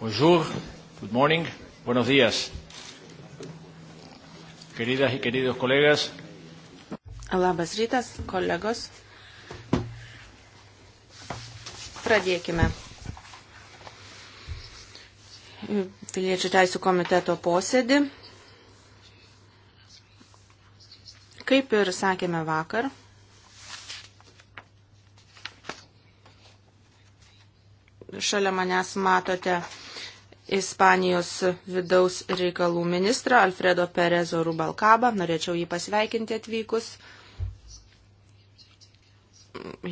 Bonjour, good morning, buenos días. Queridas y queridos colegas. Labas rytas, kolegos. Pradėkime piliečių teisų komiteto posėdį. Kaip ir sakėme vakar, šalia manęs matote Ispanijos vidaus reikalų ministrą Alfredo Perezo Rubalkabą. Norėčiau jį pasveikinti atvykus.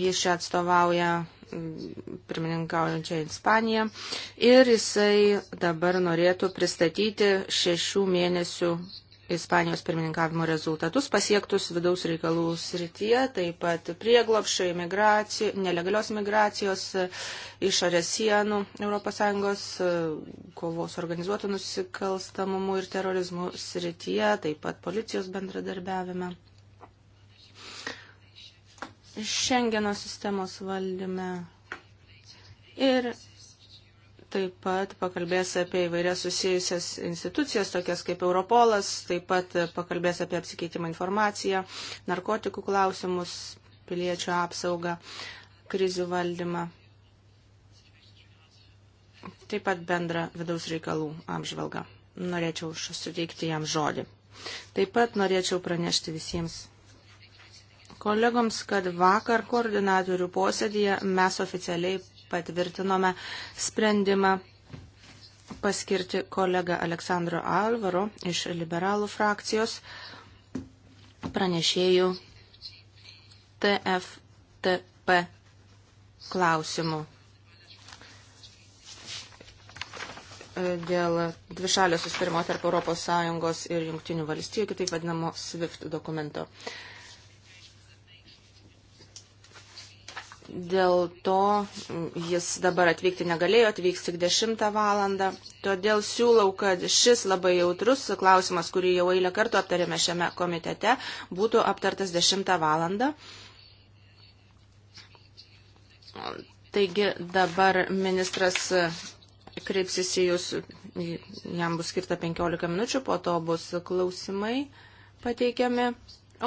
Jis čia atstovauja mm, pirmininkaujančią Ispaniją. Ir jisai dabar norėtų pristatyti šešių mėnesių Ispanijos pirmininkavimo rezultatus pasiektus vidaus reikalų srityje, taip pat prieglopšio, nelegalios migracijos, e, išorės sienų ES, e, kovos organizuotų nusikalstamumų ir terorizmų srityje, taip pat policijos bendradarbiavime. Šengeno sistemos valdyme ir taip pat pakalbės apie įvairias susijusias institucijas, tokias kaip Europolas, taip pat pakalbės apie apsikeitimą informaciją, narkotikų klausimus, piliečių apsaugą, krizių valdymą, taip pat bendrą vidaus reikalų apžvalgą. Norėčiau suteikti jam žodį. Taip pat norėčiau pranešti visiems kolegoms, kad vakar koordinatorių posėdėje mes oficialiai patvirtinome sprendimą paskirti kolegą Aleksandro Alvaro iš liberalų frakcijos pranešėjų TFTP klausimų. dėl dvišalio susitarimo tarp ES ir Junktinių valstijų, kitaip vadinamo SWIFT dokumento. Dėl to jis dabar atvykti negalėjo, atvyks tik 10 valandą. Todėl siūlau, kad šis labai jautrus klausimas, kurį jau eilę kartų aptarėme šiame komitete, būtų aptartas 10 valandą. Taigi dabar ministras kreipsis į jūs, jam bus skirta 15 minučių, po to bus klausimai pateikiami,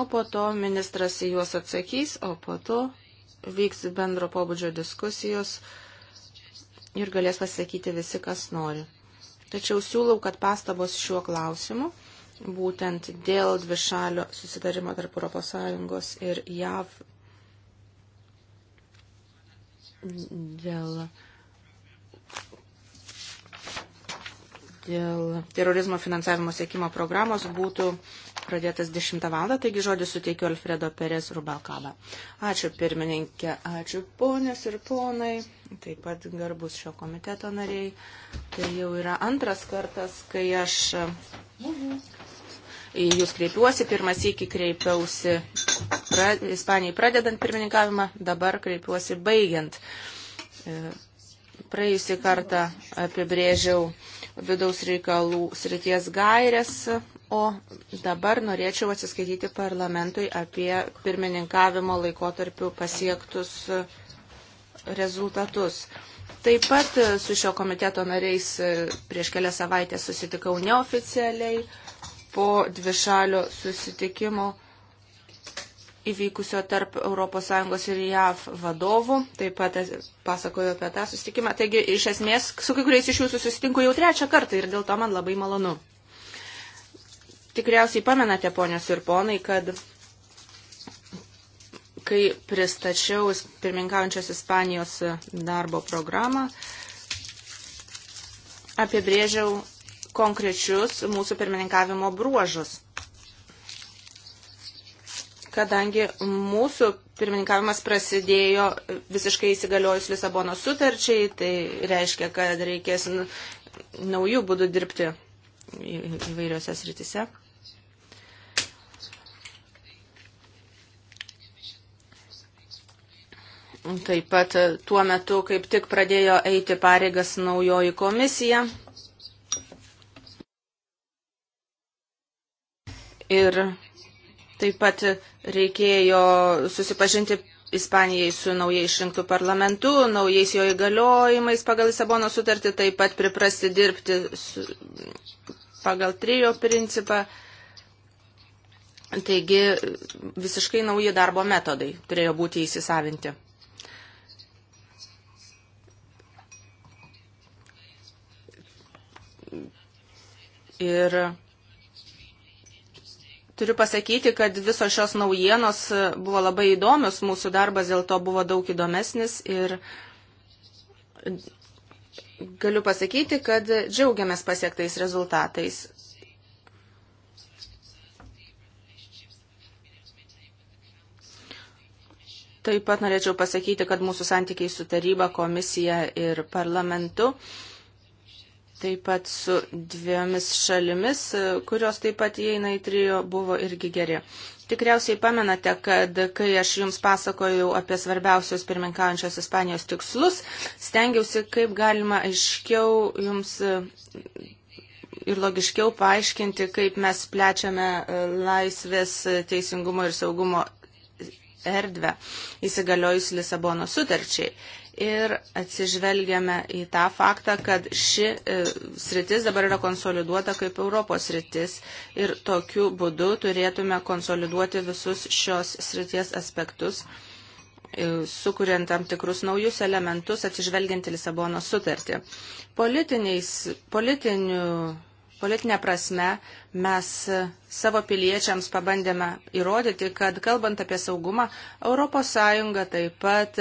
o po to ministras į juos atsakys, o po to vyks bendro pobūdžio diskusijos ir galės pasakyti visi, kas nori. Tačiau siūlau, kad pastabos šiuo klausimu, būtent dėl dvišalio susitarimo tarp ES ir JAV, dėl, dėl terorizmo finansavimo sėkimo programos būtų pradėtas 10 val. Taigi žodį suteikiu Alfredo Perez Rubalkaba. Ačiū pirmininkė, ačiū ponės ir ponai, taip pat garbus šio komiteto nariai. Tai jau yra antras kartas, kai aš į jūs kreipiuosi, pirmas iki kreipiausi pra, Ispanijai pradedant pirmininkavimą, dabar kreipiuosi baigiant. E, praėjusį kartą apibrėžiau vidaus reikalų srities gairės, o dabar norėčiau atsiskaityti parlamentui apie pirmininkavimo laikotarpių pasiektus rezultatus. Taip pat su šio komiteto nariais prieš kelias savaitės susitikau neoficialiai po dvišalio susitikimo įvykusio tarp ES ir JAV vadovų, taip pat pasakoju apie tą susitikimą. Taigi, iš esmės, su kai kuriais iš jūsų susitinku jau trečią kartą ir dėl to man labai malonu. Tikriausiai pamenate, ponios ir ponai, kad kai pristačiau pirmininkaujančios Ispanijos darbo programą, apibrėžiau konkrečius mūsų pirmininkavimo bruožus kadangi mūsų pirmininkavimas prasidėjo visiškai įsigaliojus Lisabono sutarčiai, tai reiškia, kad reikės naujų būdų dirbti įvairiose sritise. Taip pat tuo metu kaip tik pradėjo eiti pareigas naujoji komisija. Ir Taip pat reikėjo susipažinti Ispanijai su naujai išrinktų parlamentu, naujais jo įgaliojimais pagal Lisabono sutartį, taip pat priprasti dirbti su, pagal trijo principą. Taigi visiškai nauji darbo metodai turėjo būti įsisavinti. Ir Turiu pasakyti, kad visos šios naujienos e, buvo labai įdomios, mūsų darbas dėl to buvo daug įdomesnis ir galiu pasakyti, kad džiaugiamės pasiektais rezultatais. Taip pat norėčiau pasakyti, kad mūsų santykiai su taryba, komisija ir parlamentu uh, taip pat su dviemis šalimis, kurios taip pat įeina į trijo, buvo irgi geri. Tikriausiai pamenate, kad kai aš jums pasakojau apie svarbiausius pirmininkaujančios Ispanijos tikslus, stengiausi kaip galima aiškiau jums e, ir logiškiau paaiškinti, kaip mes plečiame e, laisvės, teisingumo ir saugumo erdvę įsigaliojus Lisabono sutarčiai ir atsižvelgiame į tą faktą, kad ši e, sritis dabar yra konsoliduota kaip Europos sritis ir tokiu būdu turėtume konsoliduoti visus šios srities aspektus, e, sukuriant tam tikrus naujus elementus, atsižvelgiant į Lisabono sutartį. Politiniais, politinių Politinė prasme mes savo piliečiams pabandėme įrodyti, kad kalbant apie saugumą, ES taip pat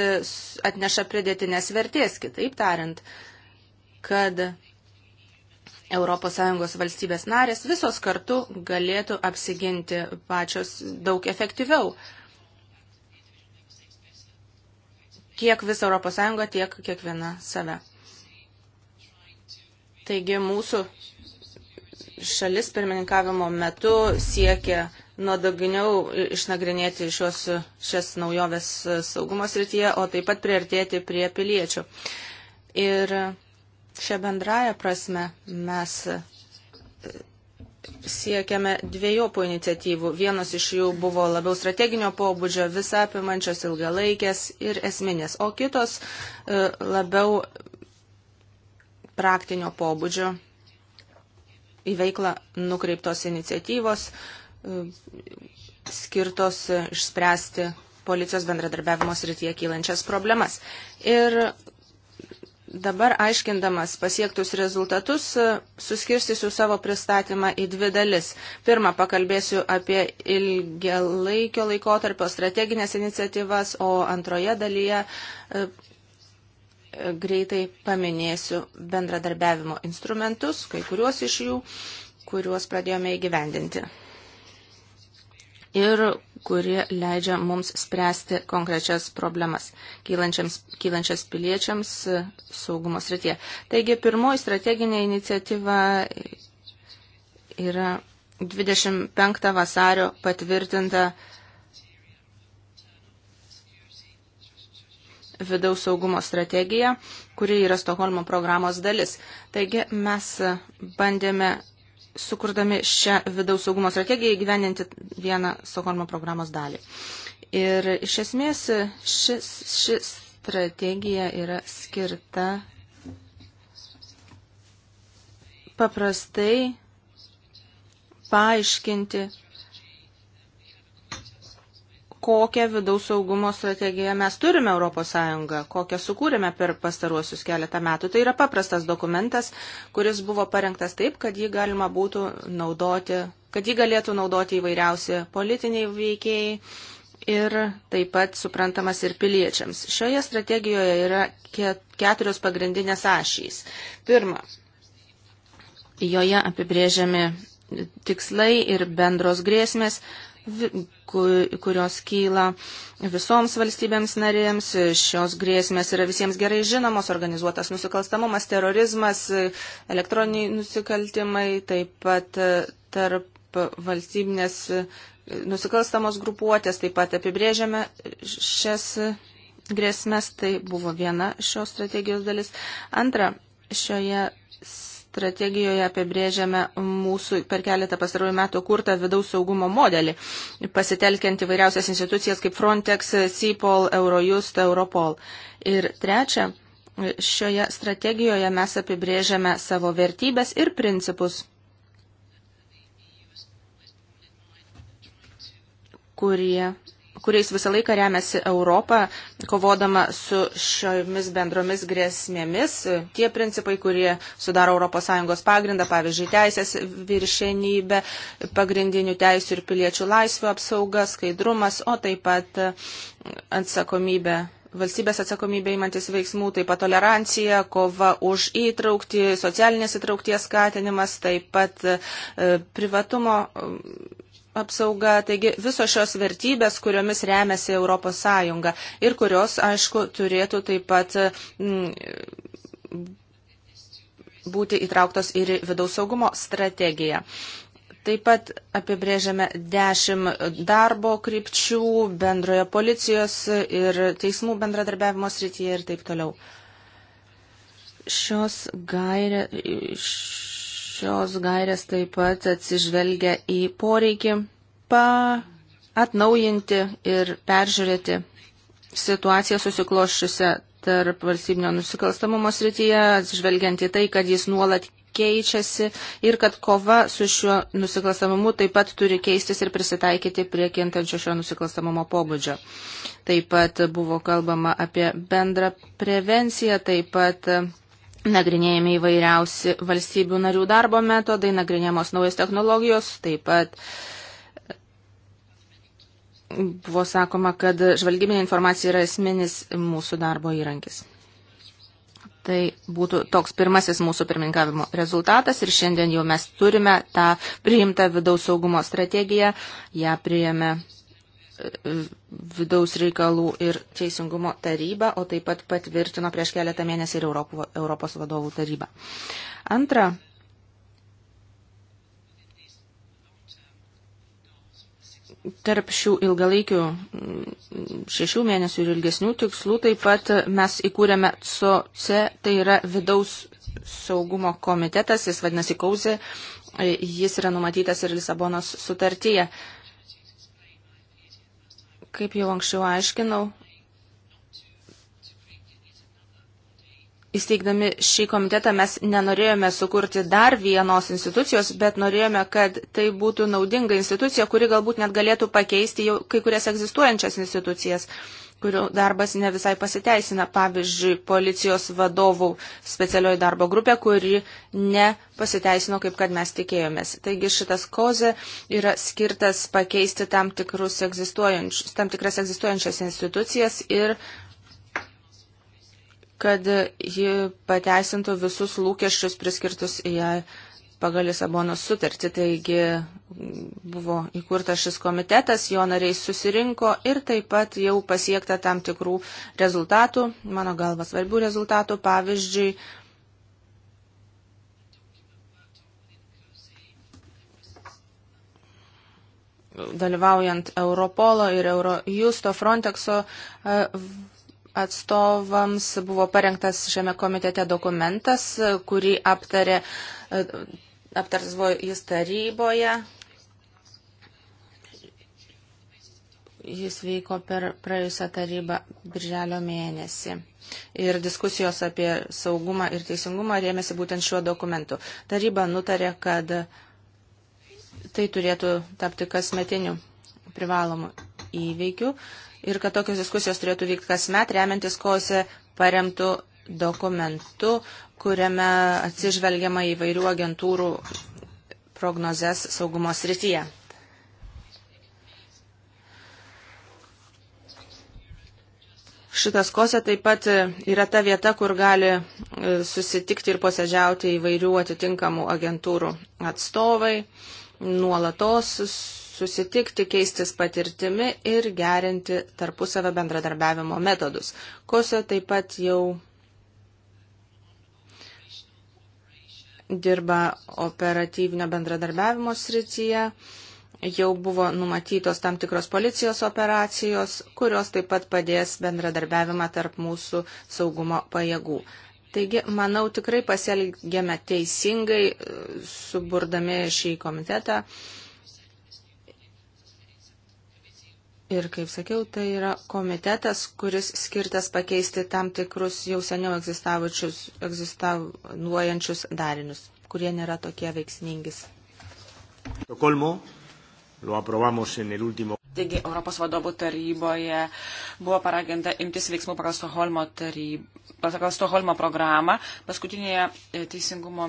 atneša pridėtinės vertės, kitaip tariant, kad ES valstybės narės visos kartu galėtų apsiginti pačios daug efektyviau. Kiek vis ES, tiek kiekviena save. Taigi mūsų šalis pirmininkavimo metu siekia nuodagniau išnagrinėti šios, šias naujoves saugumo srityje, o taip pat priartėti prie piliečių. Ir šią bendrąją prasme mes siekiame dviejopų iniciatyvų. Vienos iš jų buvo labiau strateginio pobūdžio, visapimančios ilgalaikės ir esminės, o kitos e, labiau praktinio pobūdžio į veiklą nukreiptos iniciatyvos e, skirtos išspręsti policijos bendradarbiavimo srityje kylančias problemas. Ir dabar aiškindamas pasiektus rezultatus, e, suskirstysiu savo pristatymą į dvi dalis. Pirmą pakalbėsiu apie ilgialaikio laikotarpio strateginės iniciatyvas, o antroje dalyje e, greitai paminėsiu bendradarbiavimo instrumentus, kai kuriuos iš jų, kuriuos pradėjome įgyvendinti ir kurie leidžia mums spręsti konkrečias problemas kylančias piliečiams e, saugumo srityje. Taigi, pirmoji strateginė iniciatyva yra 25 vasario patvirtinta vidaus saugumo strategiją, kuri yra Stokholmo programos dalis. Taigi mes bandėme, sukurdami šią vidaus saugumo strategiją, įgyveninti vieną Stokholmo programos dalį. Ir iš esmės ši, ši strategija yra skirta paprastai paaiškinti kokią vidaus saugumo strategiją mes turime ES, kokią sukūrėme per pastaruosius keletą metų. Tai yra paprastas dokumentas, kuris buvo parengtas taip, kad jį galima būtų naudoti, kad jį galėtų naudoti įvairiausi politiniai veikėjai ir taip pat suprantamas ir piliečiams. Šioje strategijoje yra keturios pagrindinės ašys. Pirma, joje apibrėžiami tikslai ir bendros grėsmės, kurios kyla visoms valstybėms narėms. Šios grėsmės yra visiems gerai žinomos - organizuotas nusikalstamumas, terorizmas, elektroniniai nusikaltimai, taip pat e, tarp valstybinės e, nusikalstamos grupuotės, taip pat apibrėžiame šias grėsmės, tai buvo viena šios strategijos dalis. Antra, šioje strategijoje apibrėžiame mūsų per keletą pastarųjų metų kurtą vidaus saugumo modelį, pasitelkiant įvairiausias institucijas kaip Frontex, CIPOL, Eurojust, Europol. Ir trečia, šioje strategijoje mes apibrėžiame savo vertybės ir principus, kurie kuriais visą laiką remiasi Europa, kovodama su šiomis bendromis grėsmėmis. Tie principai, kurie sudaro ES pagrindą, pavyzdžiui, teisės viršenybė, pagrindinių teisų ir piliečių laisvių apsauga, skaidrumas, o taip pat atsakomybė. Valstybės atsakomybė įmantis veiksmų, taip pat tolerancija, kova už įtraukti, socialinės įtraukties skatinimas, taip pat e, privatumo apsauga, taigi visos šios vertybės, kuriomis remiasi ES ir kurios, aišku, turėtų taip pat mm, būti įtrauktos ir vidaus saugumo strategiją. Taip pat apibrėžiame dešimt darbo krypčių bendroje policijos ir teismų bendradarbiavimo srityje ir taip toliau. Šios gairės Šios gairės taip pat atsižvelgia į poreikį pa atnaujinti ir peržiūrėti situaciją susikloščiusią tarp valstybinio nusikalstamumo srityje, atsižvelgiant į tai, kad jis nuolat keičiasi ir kad kova su šiuo nusikalstamumu taip pat turi keistis ir prisitaikyti prie kintančio šio nusikalstamumo pobūdžio. Taip pat buvo kalbama apie bendrą prevenciją, taip pat nagrinėjami įvairiausi valstybių narių darbo metodai, nagrinėjamos naujos technologijos, taip pat buvo sakoma, kad žvalgybinė informacija yra esminis mūsų darbo įrankis. Tai būtų toks pirmasis mūsų pirmininkavimo rezultatas ir šiandien jau mes turime tą priimtą vidaus saugumo strategiją, ją priėmė vidaus reikalų ir teisingumo taryba, o taip pat patvirtino prieš keletą mėnesį ir Europų, Europos vadovų taryba. Antra, tarp šių ilgalaikių šešių mėnesių ir ilgesnių tikslų taip pat mes įkūrėme SOC, tai yra vidaus saugumo komitetas, jis vadinasi Kauzė, jis yra numatytas ir Lisabonos sutartyje. Kaip jau anksčiau aiškinau, Įsteigdami šį komitetą mes nenorėjome sukurti dar vienos institucijos, bet norėjome, kad tai būtų naudinga institucija, kuri galbūt net galėtų pakeisti jau kai kurias egzistuojančias institucijas kurių darbas ne visai pasiteisina. Pavyzdžiui, policijos vadovų specialioji darbo grupė, kuri nepasiteisino, kaip kad mes tikėjomės. Taigi šitas koze yra skirtas pakeisti tam, egzistuojanč, tam tikras egzistuojančias institucijas ir kad ji pateisintų visus lūkesčius priskirtus jai pagal Lisabonos sutartį. Taigi buvo įkurtas šis komitetas, jo nariai susirinko ir taip pat jau pasiekta tam tikrų rezultatų, mano galva svarbių rezultatų. Pavyzdžiui, dalyvaujant Europolo ir Eurojusto Frontexo e, atstovams buvo parengtas šiame komitete dokumentas, kurį aptarė e, aptartas buvo jis taryboje. Jis vyko per praėjusią tarybą birželio mėnesį. Ir diskusijos apie saugumą ir teisingumą rėmėsi būtent šiuo dokumentu. Taryba nutarė, kad tai turėtų tapti kasmetiniu privalomu įveikiu ir kad tokios diskusijos turėtų vykti kasmet, remiantis kose paremtų dokumentu, kuriame atsižvelgiama įvairių agentūrų prognozes saugumo srityje. Šitas kose taip pat yra ta vieta, kur gali e, susitikti ir posėdžiauti įvairių atitinkamų agentūrų atstovai, nuolatos susitikti, keistis patirtimi ir gerinti tarpusavę bendradarbiavimo metodus. Kose taip pat jau dirba operatyvinio bendradarbiavimo srityje. Jau buvo numatytos tam tikros policijos operacijos, kurios taip pat padės bendradarbiavimą tarp mūsų saugumo pajėgų. Taigi, manau, tikrai pasielgėme teisingai, suburdami šį komitetą Ir kaip sakiau, tai yra komitetas, kuris skirtas pakeisti tam tikrus jau seniau egzistavuojančius darinius, kurie nėra tokie veiksmingis. Stokholmo, lo aprobamos en el último. Taigi Europos vadovų taryboje buvo paraginta imtis veiksmų pagal Stokholmo, taryb... pagal Stokholmo programą. Paskutinėje e, teisingumo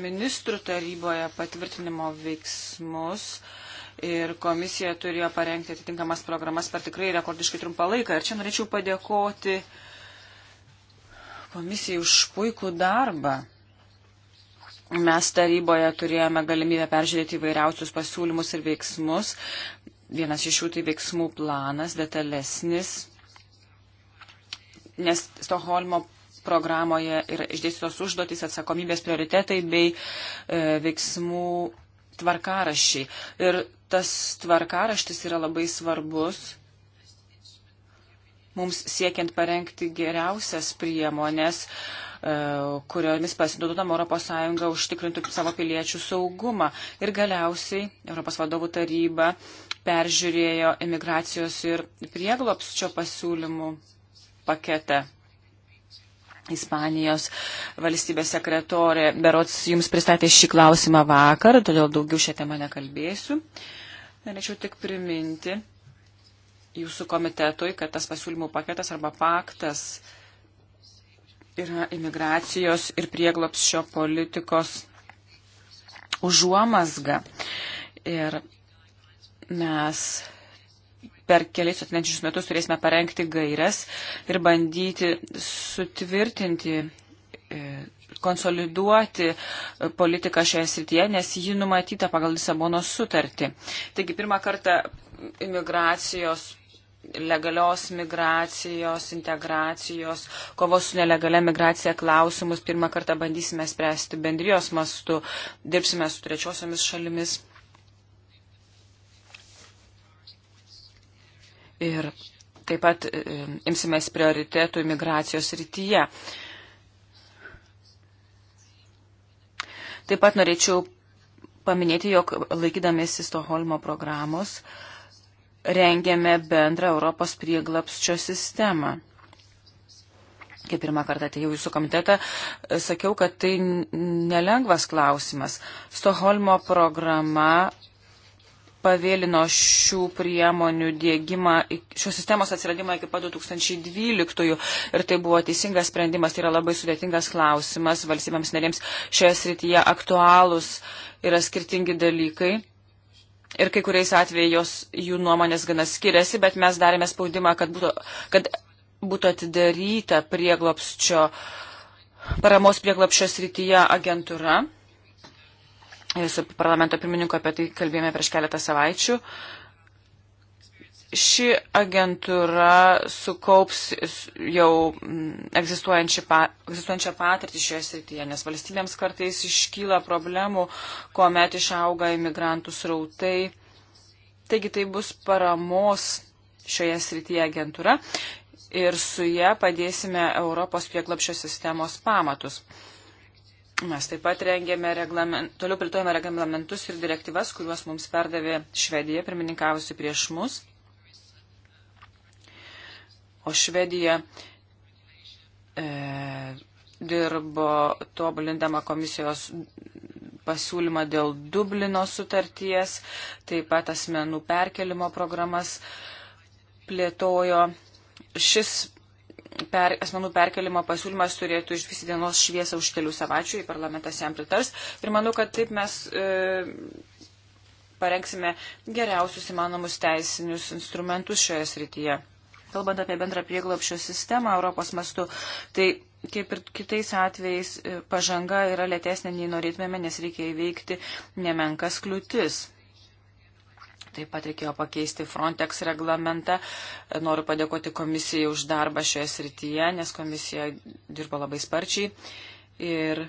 ministrų taryboje patvirtinimo veiksmus. Uh, ir komisija turėjo parengti atitinkamas programas per tikrai rekordiškai trumpą laiką. Ir čia norėčiau padėkoti komisijai už puikų darbą. Mes taryboje turėjome galimybę peržiūrėti įvairiausius pasiūlymus ir veiksmus. Vienas iš jų tai veiksmų planas, detalesnis, nes Stoholmo programoje yra išdėstytos užduotis, atsakomybės prioritetai bei e, veiksmų tvarkarašiai. Ir tas tvarkaraštis yra labai svarbus mums siekiant parengti geriausias priemonės, e, kuriomis pasinaudodama ES užtikrintų savo piliečių saugumą. Ir galiausiai ES vadovų taryba peržiūrėjo imigracijos ir prieglopsčio pasiūlymų paketą. Ispanijos valstybės sekretorė Berots jums pristatė šį klausimą vakar, todėl daugiau šią temą nekalbėsiu. Norėčiau tik priminti jūsų komitetui, kad tas pasiūlymų paketas arba paktas yra imigracijos ir prieglopsčio politikos užuomasga. Ir mes per keliais atvenčius metus turėsime parengti gairias ir bandyti sutvirtinti, e, konsoliduoti e, politiką šioje srityje, nes ji numatyta pagal Lisabono sutartį. Taigi pirmą kartą imigracijos legalios migracijos, integracijos, kovos su nelegalia migracija klausimus pirmą kartą bandysime spręsti bendrijos mastu, dirbsime su trečiosiomis šalimis ir taip pat e, imsimės prioritetų imigracijos rytyje. Taip pat norėčiau paminėti, jog laikydamėsi Stoholmo programos rengėme bendrą Europos prieglapsčio sistemą. Kai pirmą kartą atėjau jūsų komitetą, sakiau, kad tai nelengvas klausimas. Stoholmo programa pavėlino šių priemonių dėgymą, šios sistemos atsiradimą iki pat 2012 ir tai buvo teisingas sprendimas, tai yra labai sudėtingas klausimas valstybėms narėms šioje srityje aktualūs yra skirtingi dalykai. Ir kai kuriais atvejais jų nuomonės gana skiriasi, bet mes darėme spaudimą, kad būtų, kad būtų atidaryta prieglopščio, paramos prieglopščio srityje agentūra su parlamento pirmininku apie tai kalbėjome prieš keletą savaičių. Ši agentūra sukaups jau mm, egzistuojančią, egzistuojančią patirtį šioje srityje, nes valstybėms kartais iškyla problemų, kuomet išauga imigrantų srautai. Taigi tai bus paramos šioje srityje agentūra ir su ją padėsime Europos prieglapšio sistemos pamatus. Mes taip pat rengėme reglament, toliau pritojame reglamentus ir direktyvas, kuriuos mums perdavė Švedija, pirmininkavusi prieš mus. O Švedija e, dirbo tobulindama komisijos pasiūlymą dėl Dublino sutarties, taip pat asmenų perkelimo programas plėtojo. Šis per, asmenų perkelimo pasiūlymas turėtų išvysti dienos šviesą už kelių savaičių, į parlamentas jam pritars. Ir manau, kad taip mes e, parengsime geriausius įmanomus teisinius instrumentus šioje srityje. Kalbant apie bendrą prieglapšio sistemą Europos mastu, tai kaip ir kitais atvejais e, pažanga yra lėtesnė nei norėtumėme, nes reikia įveikti nemenkas kliūtis. Taip pat reikėjo pakeisti Frontex reglamentą. Noriu padėkoti komisijai už darbą šioje srityje, nes komisija dirbo labai sparčiai. Ir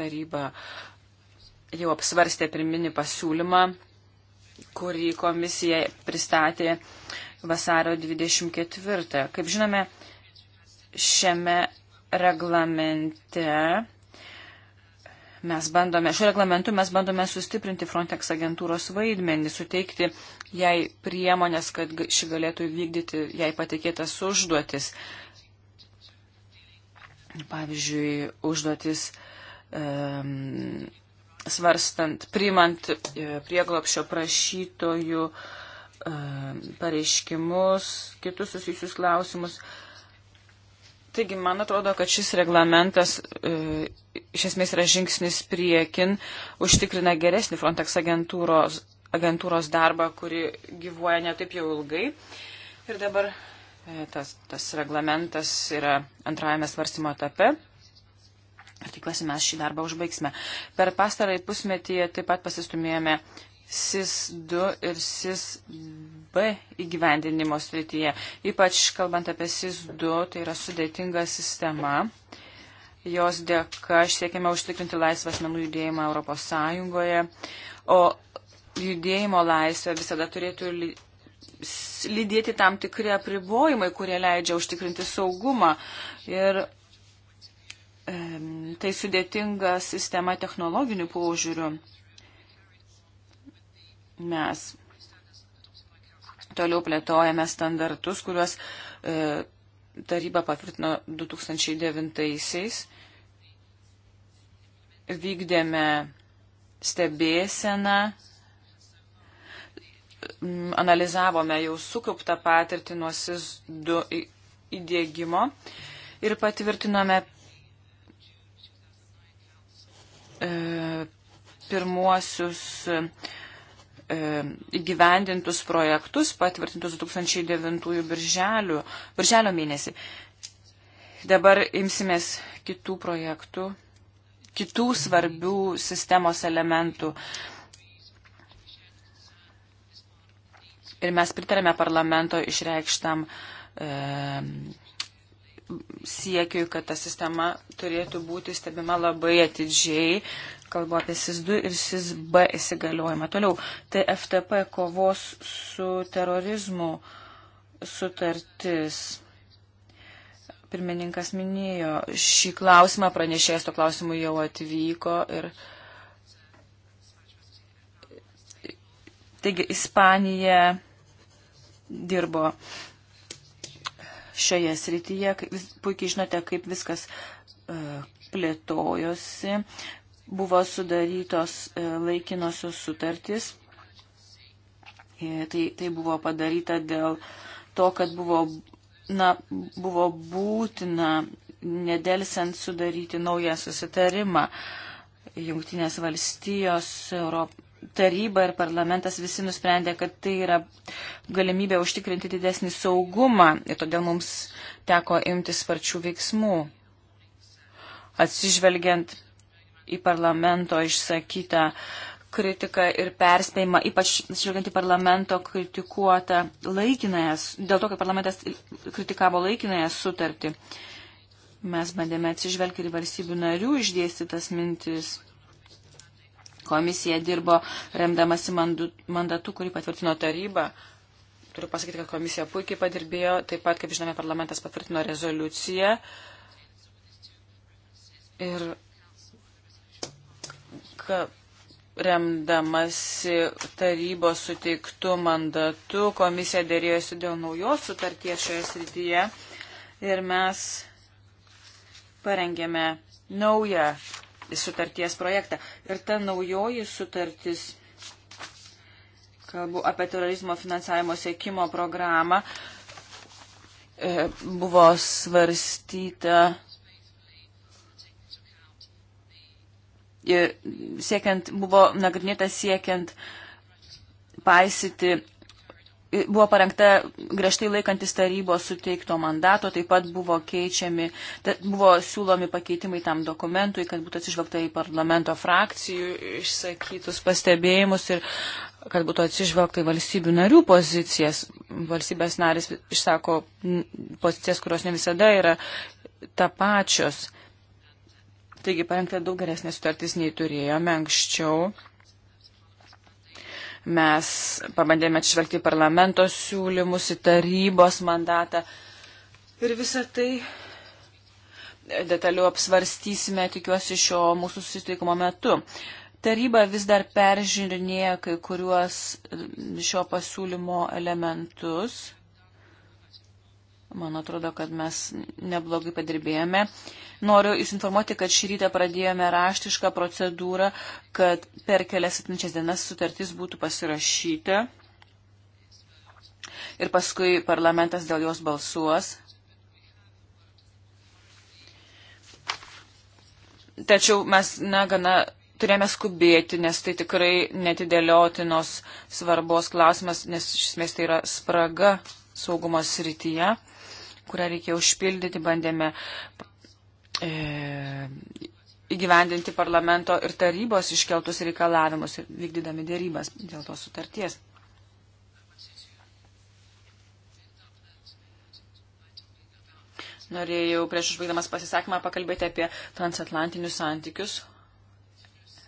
taryba jau apsvarstė pirminį pasiūlymą, kurį komisija pristatė vasario 24. Kaip žinome, šiame reglamente mes bandome, šiuo reglamentu mes bandome sustiprinti Frontex agentūros vaidmenį, suteikti jai priemonės, kad ši galėtų vykdyti jai patikėtas užduotis. Pavyzdžiui, užduotis um, svarstant, priimant e, prieglopšio prašytojų um, pareiškimus, kitus susijusius klausimus. Uh, Taigi, man atrodo, kad šis reglamentas e, iš esmės yra žingsnis priekin, užtikrina geresnį Frontex agentūros, agentūros darbą, kuri gyvuoja netaip jau ilgai. Ir dabar e, tas, tas reglamentas yra antrajame svarstymo etape. Ir tikiuosi, mes šį darbą užbaigsime. Per pastarąjį pusmetį taip pat pasistumėjome SIS-2 ir SIS-B įgyvendinimo srityje. Ypač kalbant apie SIS-2, tai yra sudėtinga sistema. Jos dėka siekiame užtikrinti laisvą asmenų judėjimą Europos Sąjungoje, o judėjimo laisvę visada turėtų lydėti tam tikri apribojimai, kurie leidžia užtikrinti saugumą. Ir tai sudėtinga sistema technologinių požiūrių. Mes toliau plėtojame standartus, kuriuos e, taryba patvirtino 2009-aisiais. Vykdėme stebėseną, analizavome jau sukauptą patirtį nuo SIS 2 įdėgymo ir patvirtinome e, pirmuosius e, E, įgyvendintus projektus patvirtintus 2009 birželio, birželio mėnesį. Dabar imsimės kitų projektų, kitų svarbių sistemos elementų. Ir mes pritarėme parlamento išreikštam e, siekiui, kad ta sistema turėtų būti stebima labai atidžiai. Kalbu apie SIS-2 ir SIS-B įsigaliojimą. Toliau, tai FTP kovos su terorizmu sutartis. Pirmininkas minėjo šį klausimą, pranešėjas to klausimu jau atvyko ir. Taigi, Ispanija dirbo šioje srityje. Puikiai žinote, kaip viskas e, plėtojosi. Buvo sudarytos e, laikinosios sutartys. E, tai, tai buvo padaryta dėl to, kad buvo, na, buvo būtina nedelsiant sudaryti naują susitarimą. Jungtinės valstijos, Europ, taryba ir parlamentas visi nusprendė, kad tai yra galimybė užtikrinti didesnį saugumą ir todėl mums teko imtis sparčių veiksmų. Atsižvelgiant į parlamento išsakytą kritiką ir perspėjimą, ypač žiūrint į parlamento kritikuotą laikinąją, dėl to, kad parlamentas kritikavo laikinąją sutartį, mes bandėme atsižvelgti ir valstybių narių išdėstytas mintis Komisija dirbo remdamasi mandatu, kurį patvirtino taryba. Turiu pasakyti, kad komisija puikiai padirbėjo. Taip pat, kaip žinome, parlamentas patvirtino rezoliuciją. Ir remdamasi tarybos suteiktų mandatų, komisija dėrėjosi dėl naujos sutarties šioje srityje. Ir mes parengėme naują sutarties projektą. Ir ta naujoji sutartis, kalbu apie terorizmo finansavimo sėkimo programą, e, buvo svarstyta e, siekiant, buvo nagrinėta siekiant paisyti buvo parengta griežtai laikantis tarybos suteikto mandato, taip pat buvo keičiami, buvo siūlomi pakeitimai tam dokumentui, kad būtų atsižvelgta į parlamento frakcijų išsakytus pastebėjimus ir kad būtų atsižvelgta į valstybių narių pozicijas. Valstybės narės išsako pozicijas, kurios ne visada yra ta pačios. Taigi parengta daug geresnė sutartis nei turėjome anksčiau. Mes pabandėme atšvelgti parlamento siūlymus, į tarybos mandatą. Ir visą tai detaliu apsvarstysime, tikiuosi, šio mūsų susitikimo metu. Taryba vis dar peržiūrinėja kai kuriuos šio pasiūlymo elementus Man atrodo, kad mes neblogai padirbėjome. Noriu Jūs informuoti, kad šį rytą pradėjome raštišką procedūrą, kad per kelias atminčias dienas sutartis būtų pasirašyta ir paskui parlamentas dėl jos balsuos. Tačiau mes, na, gana turėjome skubėti, nes tai tikrai netidėliotinos svarbos klausimas, nes iš esmės tai yra spraga saugumos srityje kurią reikėjo užpildyti, bandėme e, įgyvendinti parlamento ir tarybos iškeltus reikalavimus ir vykdydami dėrybas dėl tos sutarties. Norėjau prieš užbaigdamas pasisakymą pakalbėti apie transatlantinius santykius,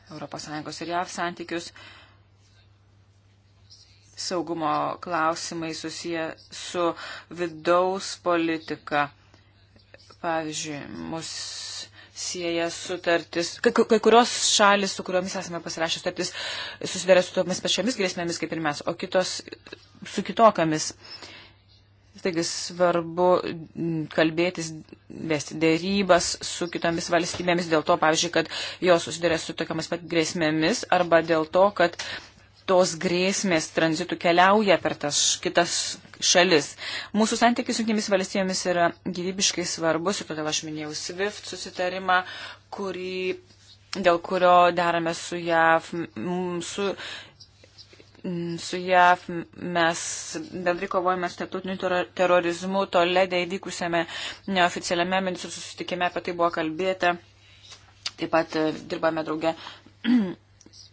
ES ir JAV santykius. E, saugumo klausimai susiję su vidaus politika. Pavyzdžiui, mus sieja sutartis, kai, kai kurios šalis, su kuriomis esame pasirašę sutartis, susidarė su tomis pačiamis grėsmėmis kaip ir mes, o kitos su kitokiamis. Taigi svarbu kalbėtis, vesti dėrybas su kitomis valstybėmis dėl to, pavyzdžiui, kad jos susidarė su tokiamis pat grėsmėmis arba dėl to, kad tos grėsmės tranzitų keliauja per tas kitas šalis. Mūsų santykiai su jungtinėmis valstijomis yra gyvybiškai svarbus ir todėl aš minėjau SWIFT susitarimą, kurį, dėl kurio darome su JAV, su, su JAV mes bendrai kovojame su tarptautiniu terorizmu, toledė įvykusiame neoficialiame ministrų susitikime apie tai buvo kalbėta. Taip pat e, dirbame drauge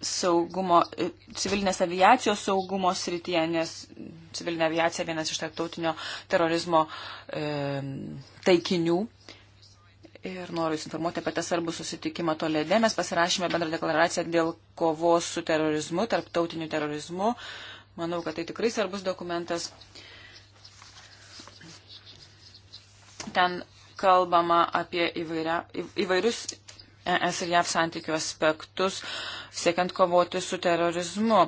saugumo, e, civilinės aviacijos saugumo srityje, nes civilinė aviacija vienas iš tarptautinio terorizmo e, taikinių. Ir noriu Jūs informuoti apie tą svarbų susitikimą Toledė. Mes pasirašėme bendrą deklaraciją dėl kovos su terorizmu, tarptautiniu terorizmu. Manau, kad tai tikrai svarbus dokumentas. Ten kalbama apie įvairia, įvairius ES ir JAV santykių aspektus, siekiant kovoti su terorizmu.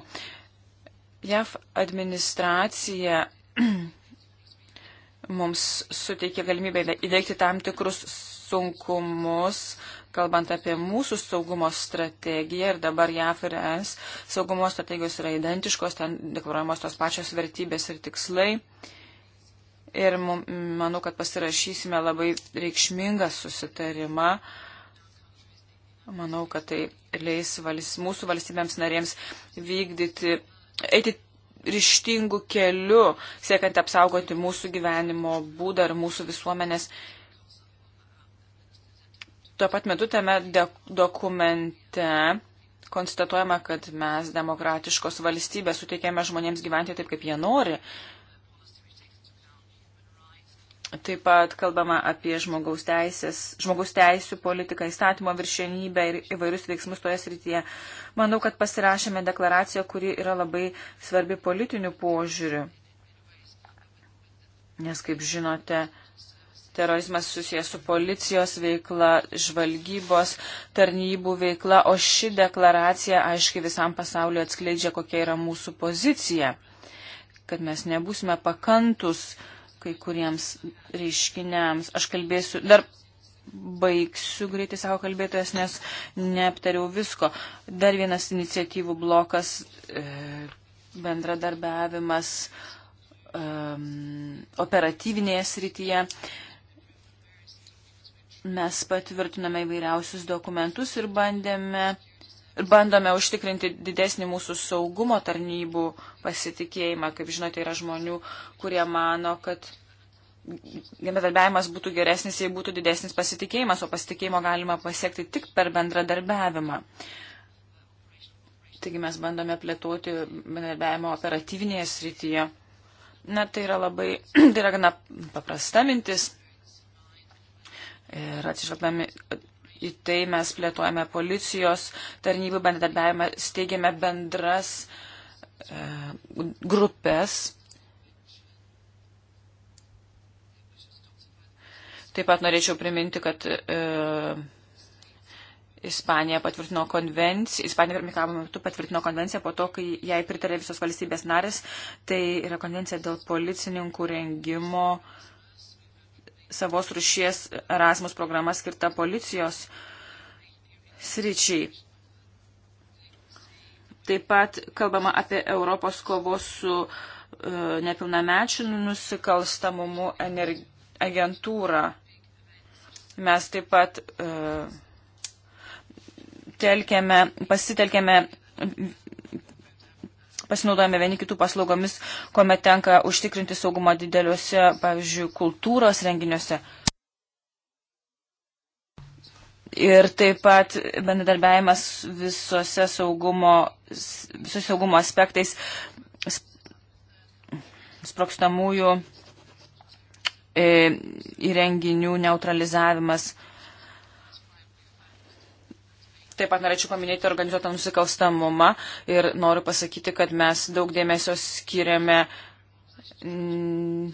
JAV administracija mums suteikė galimybę įveikti tam tikrus sunkumus, kalbant apie mūsų saugumo strategiją ir dabar JAF ir ES saugumo strategijos yra identiškos, ten deklaruojamos tos pačios vertybės ir tikslai. Ir manau, kad pasirašysime labai reikšmingą susitarimą, uh, Manau, kad tai leis vals, mūsų valstybėms narėms vykdyti, eiti ryštingų kelių, siekiant apsaugoti mūsų gyvenimo būdą ir mūsų visuomenės. Tuo pat metu tame dokumente konstatuojama, kad mes demokratiškos valstybės suteikėme žmonėms gyventi taip, kaip jie nori. Uh, Taip pat kalbama apie žmogaus, teisės, žmogaus teisų politiką, įstatymo viršenybę ir įvairius veiksmus toje srityje. Manau, kad pasirašėme deklaraciją, kuri yra labai svarbi politinių požiūrių. Nes, kaip žinote, terorizmas susijęs su policijos veikla, žvalgybos tarnybų veikla, o ši deklaracija aiškiai visam pasauliu atskleidžia, kokia yra mūsų pozicija. Kad mes nebūsime pakantus uh, kai kuriems reiškiniams. Aš kalbėsiu, dar baigsiu greitai savo kalbėtojas, nes neaptariau visko. Dar vienas iniciatyvų blokas, e, bendradarbiavimas operatyvinėje srityje. Mes patvirtiname įvairiausius dokumentus ir bandėme ir bandome užtikrinti didesnį mūsų saugumo tarnybų pasitikėjimą. Kaip žinote, yra žmonių, kurie mano, kad bendradarbiavimas būtų geresnis, jei būtų didesnis pasitikėjimas, o pasitikėjimo galima pasiekti tik per bendradarbiavimą. Taigi mes bandome plėtoti bendradarbiavimo operatyvinėje srityje. Na, tai yra labai, tai yra gana paprasta mintis. Ir atsižvelgdami į tai mes plėtojame policijos tarnybų bendradarbiavimą, steigiame bendras e, grupės. Taip pat norėčiau priminti, kad e, Ispanija patvirtino konvenciją, Ispanija pirmikavimo metu patvirtino konvenciją po to, kai jai pritarė visos valstybės narės, tai yra konvencija dėl policininkų rengimo e, savos rušies Erasmus programa skirta policijos sričiai. Taip pat kalbama apie Europos kovos su uh, nepilnamečių nusikalstamumu agentūrą. Mes taip pat uh, e, telkėme, pasitelkėme pasinaudojame vieni kitų paslaugomis, kuomet tenka užtikrinti saugumą dideliuose, pavyzdžiui, kultūros renginiuose. Ir taip pat bendradarbiavimas visose saugumo, visos saugumo aspektais sprokstamųjų e, įrenginių neutralizavimas. E, Taip pat norėčiau paminėti organizuotą nusikalstamumą ir noriu pasakyti, kad mes daug dėmesio skiriame mm,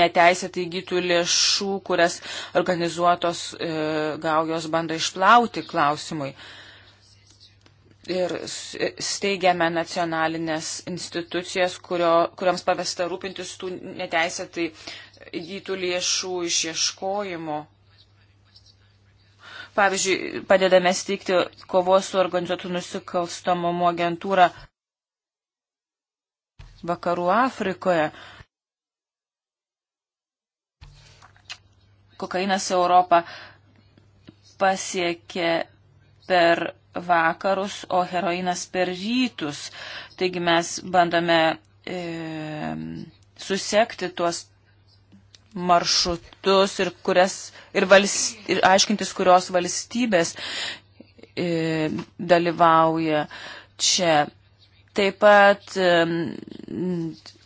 neteisėtai įgytų lėšų, kurias organizuotos e, gaujos bando išplauti klausimui. Ir e, steigiame nacionalinės institucijas, kurio, kuriams pavesta rūpintis tų neteisėtai įgytų lėšų išieškojimo Pavyzdžiui, padedame steigti kovos su organizuotų nusikalstamumo agentūrą vakarų Afrikoje. Kokainas Europą pasiekė per vakarus, o heroinas per rytus. Taigi mes bandome e, susekti tuos maršrutus ir, kurias, ir, valst, ir aiškintis, kurios valstybės e, dalyvauja čia. Taip pat e,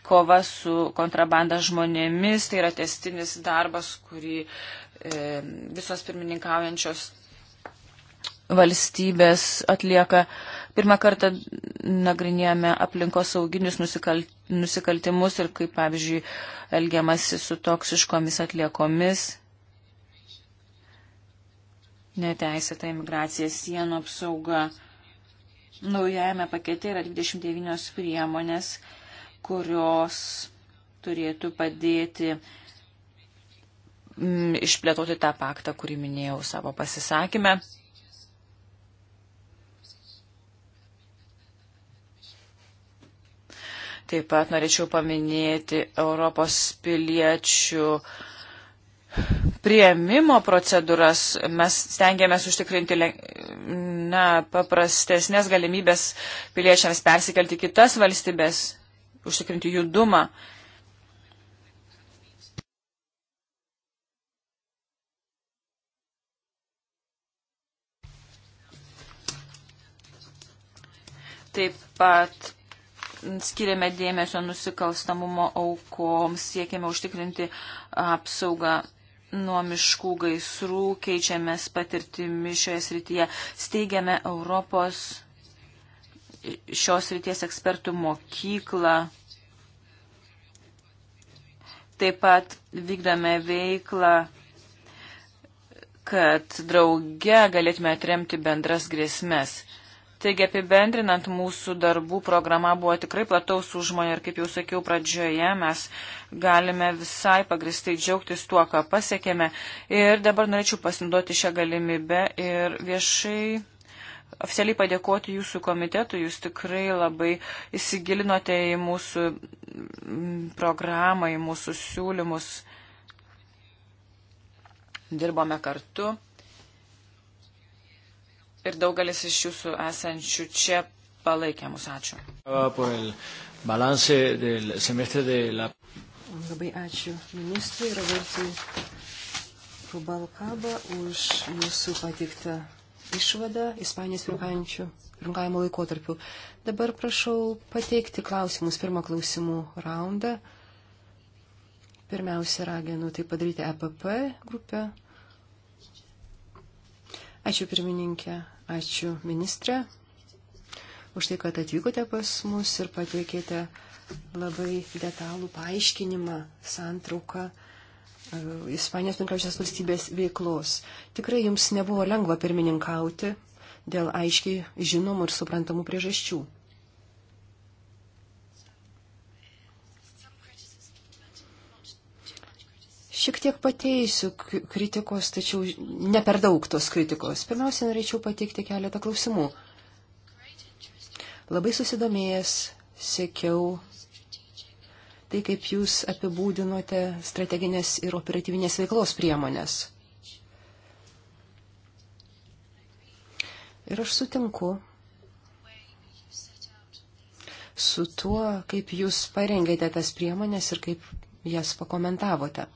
kova su kontrabanda žmonėmis, tai yra testinis darbas, kurį e, visos pirmininkaujančios valstybės atlieka. E, Pirmą kartą nagrinėjome aplinkos sauginius nusikalt, nusikaltimus ir kaip, pavyzdžiui, elgiamasi su toksiškomis atliekomis, neteisėta imigracija, sienų apsauga. Naujajame pakete yra 29 priemonės, kurios turėtų padėti m, mm, išplėtoti tą paktą, kurį minėjau savo pasisakymę. Taip pat norėčiau paminėti Europos piliečių prieimimo procedūras. Mes stengiamės užtikrinti na, paprastesnės galimybės piliečiams persikelti kitas valstybės, užtikrinti judumą. Taip pat skiriame dėmesio nusikalstamumo aukoms, siekiame užtikrinti apsaugą nuo miškų gaisrų, keičiamės patirtimi šioje srityje, steigiame Europos šios ryties ekspertų mokyklą, taip pat vykdome veiklą, kad drauge galėtume atremti bendras grėsmės. Taigi apibendrinant mūsų darbų programa buvo tikrai plataus užmojo ir kaip jau sakiau pradžioje, mes galime visai pagristai džiaugtis tuo, ką pasiekėme. Ir dabar norėčiau pasinaudoti šią galimybę ir viešai. Oficialiai padėkoti jūsų komitetui, jūs tikrai labai įsigilinote į mūsų mm, programą, į mūsų siūlymus. Dirbome kartu ir daugelis iš jūsų esančių čia palaikė mus. Ačiū. Labai ačiū ministrui Robertui Rubalkaba už jūsų patiktą išvadą Ispanijos pirmkavimo laikotarpiu. Dabar prašau pateikti klausimus, pirmą klausimų raundą. Pirmiausia, raginu tai padaryti EPP grupę. Ačiū pirmininkė, ačiū ministrė už tai, kad atvykote pas mus ir pateikėte labai detalų paaiškinimą, santrauką e, Ispanijos penkiausios valstybės veiklos. Tikrai jums nebuvo lengva pirmininkauti dėl aiškiai žinomų ir suprantamų priežasčių. šiek tiek pateisiu kritikos, tačiau ne per daug tos kritikos. Pirmiausia, norėčiau pateikti keletą klausimų. Labai susidomėjęs sekiau tai, kaip jūs apibūdinote strateginės ir operatyvinės veiklos priemonės. Ir aš sutinku su tuo, kaip jūs parengėte tas priemonės ir kaip jas pakomentavote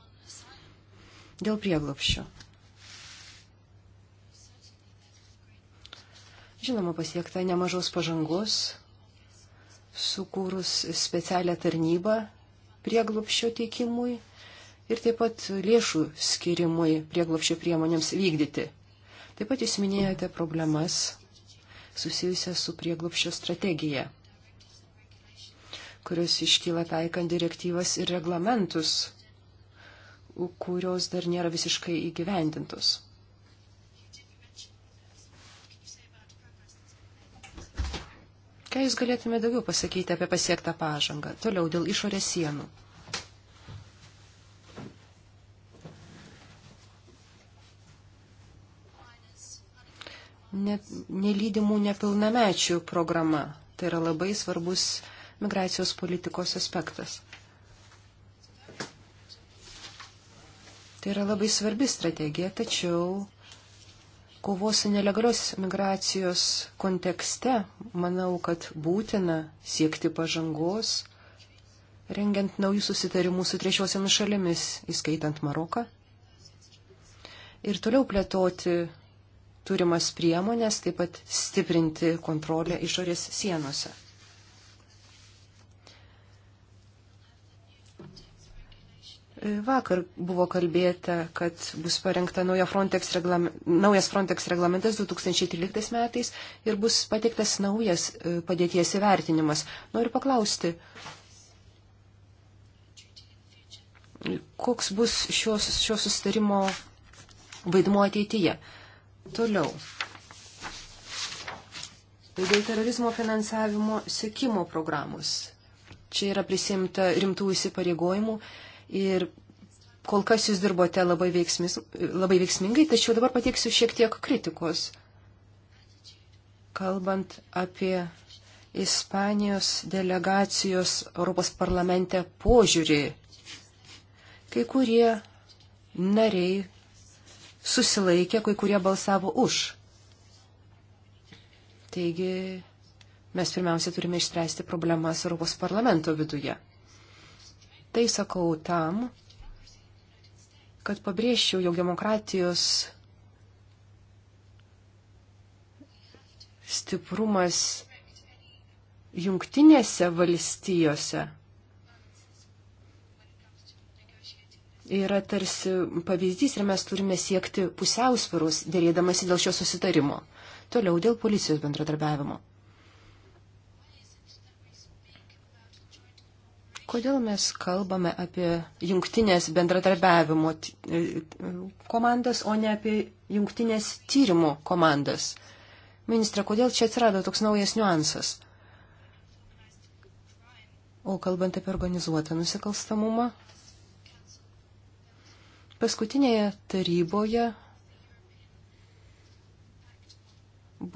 dėl prieglopščio. Žinoma, pasiekta nemažos pažangos, sukūrus specialią tarnybą prieglopščio teikimui ir taip pat lėšų skirimui prieglopščio priemonėms vykdyti. Taip pat jūs minėjote problemas susijusias su prieglopščio strategija, kurios iškyla taikant direktyvas ir reglamentus kurios dar nėra visiškai įgyvendintos. Ką Jūs galėtume daugiau pasakyti apie pasiektą pažangą? Toliau dėl išorės sienų. Ne, nelydimų nepilnamečių programa. Tai yra labai svarbus migracijos politikos aspektas. Tai yra labai svarbi strategija, tačiau kovos su nelegalios migracijos kontekste manau, kad būtina siekti pažangos, rengiant naujus susitarimus su trečiosiamis šalimis, įskaitant Maroką, ir toliau plėtoti turimas priemonės, taip pat stiprinti kontrolę išorės sienose. Vakar buvo kalbėta, kad bus parengta Frontex reglame, naujas Frontex reglamentas 2013 metais ir bus pateiktas naujas e, padėties įvertinimas. Noriu paklausti, koks bus šio, šio sustarimo vaidmuo ateityje. Toliau. Dėl terorizmo finansavimo sekimo programos. Čia yra prisimta rimtų įsipareigojimų ir kol kas jūs dirbote labai, veiksmis, labai veiksmingai, tačiau dabar pateiksiu šiek tiek kritikos, kalbant apie Ispanijos delegacijos Europos parlamente požiūrį. Kai kurie nariai susilaikė, kai kurie balsavo už. Taigi mes pirmiausia turime išspręsti problemas Europos parlamento viduje. Tai sakau tam, kad pabrėžčiau, jog demokratijos stiprumas jungtinėse valstijose yra tarsi pavyzdys ir mes turime siekti pusiausvirus dėrėdamasi dėl šio susitarimo. Toliau dėl policijos bendradarbiavimo. Kodėl mes kalbame apie jungtinės bendradarbiavimo e, komandas, o ne apie jungtinės tyrimų komandas? Ministra, kodėl čia atsirado toks naujas niuansas? O kalbant apie organizuotą nusikalstamumą, paskutinėje taryboje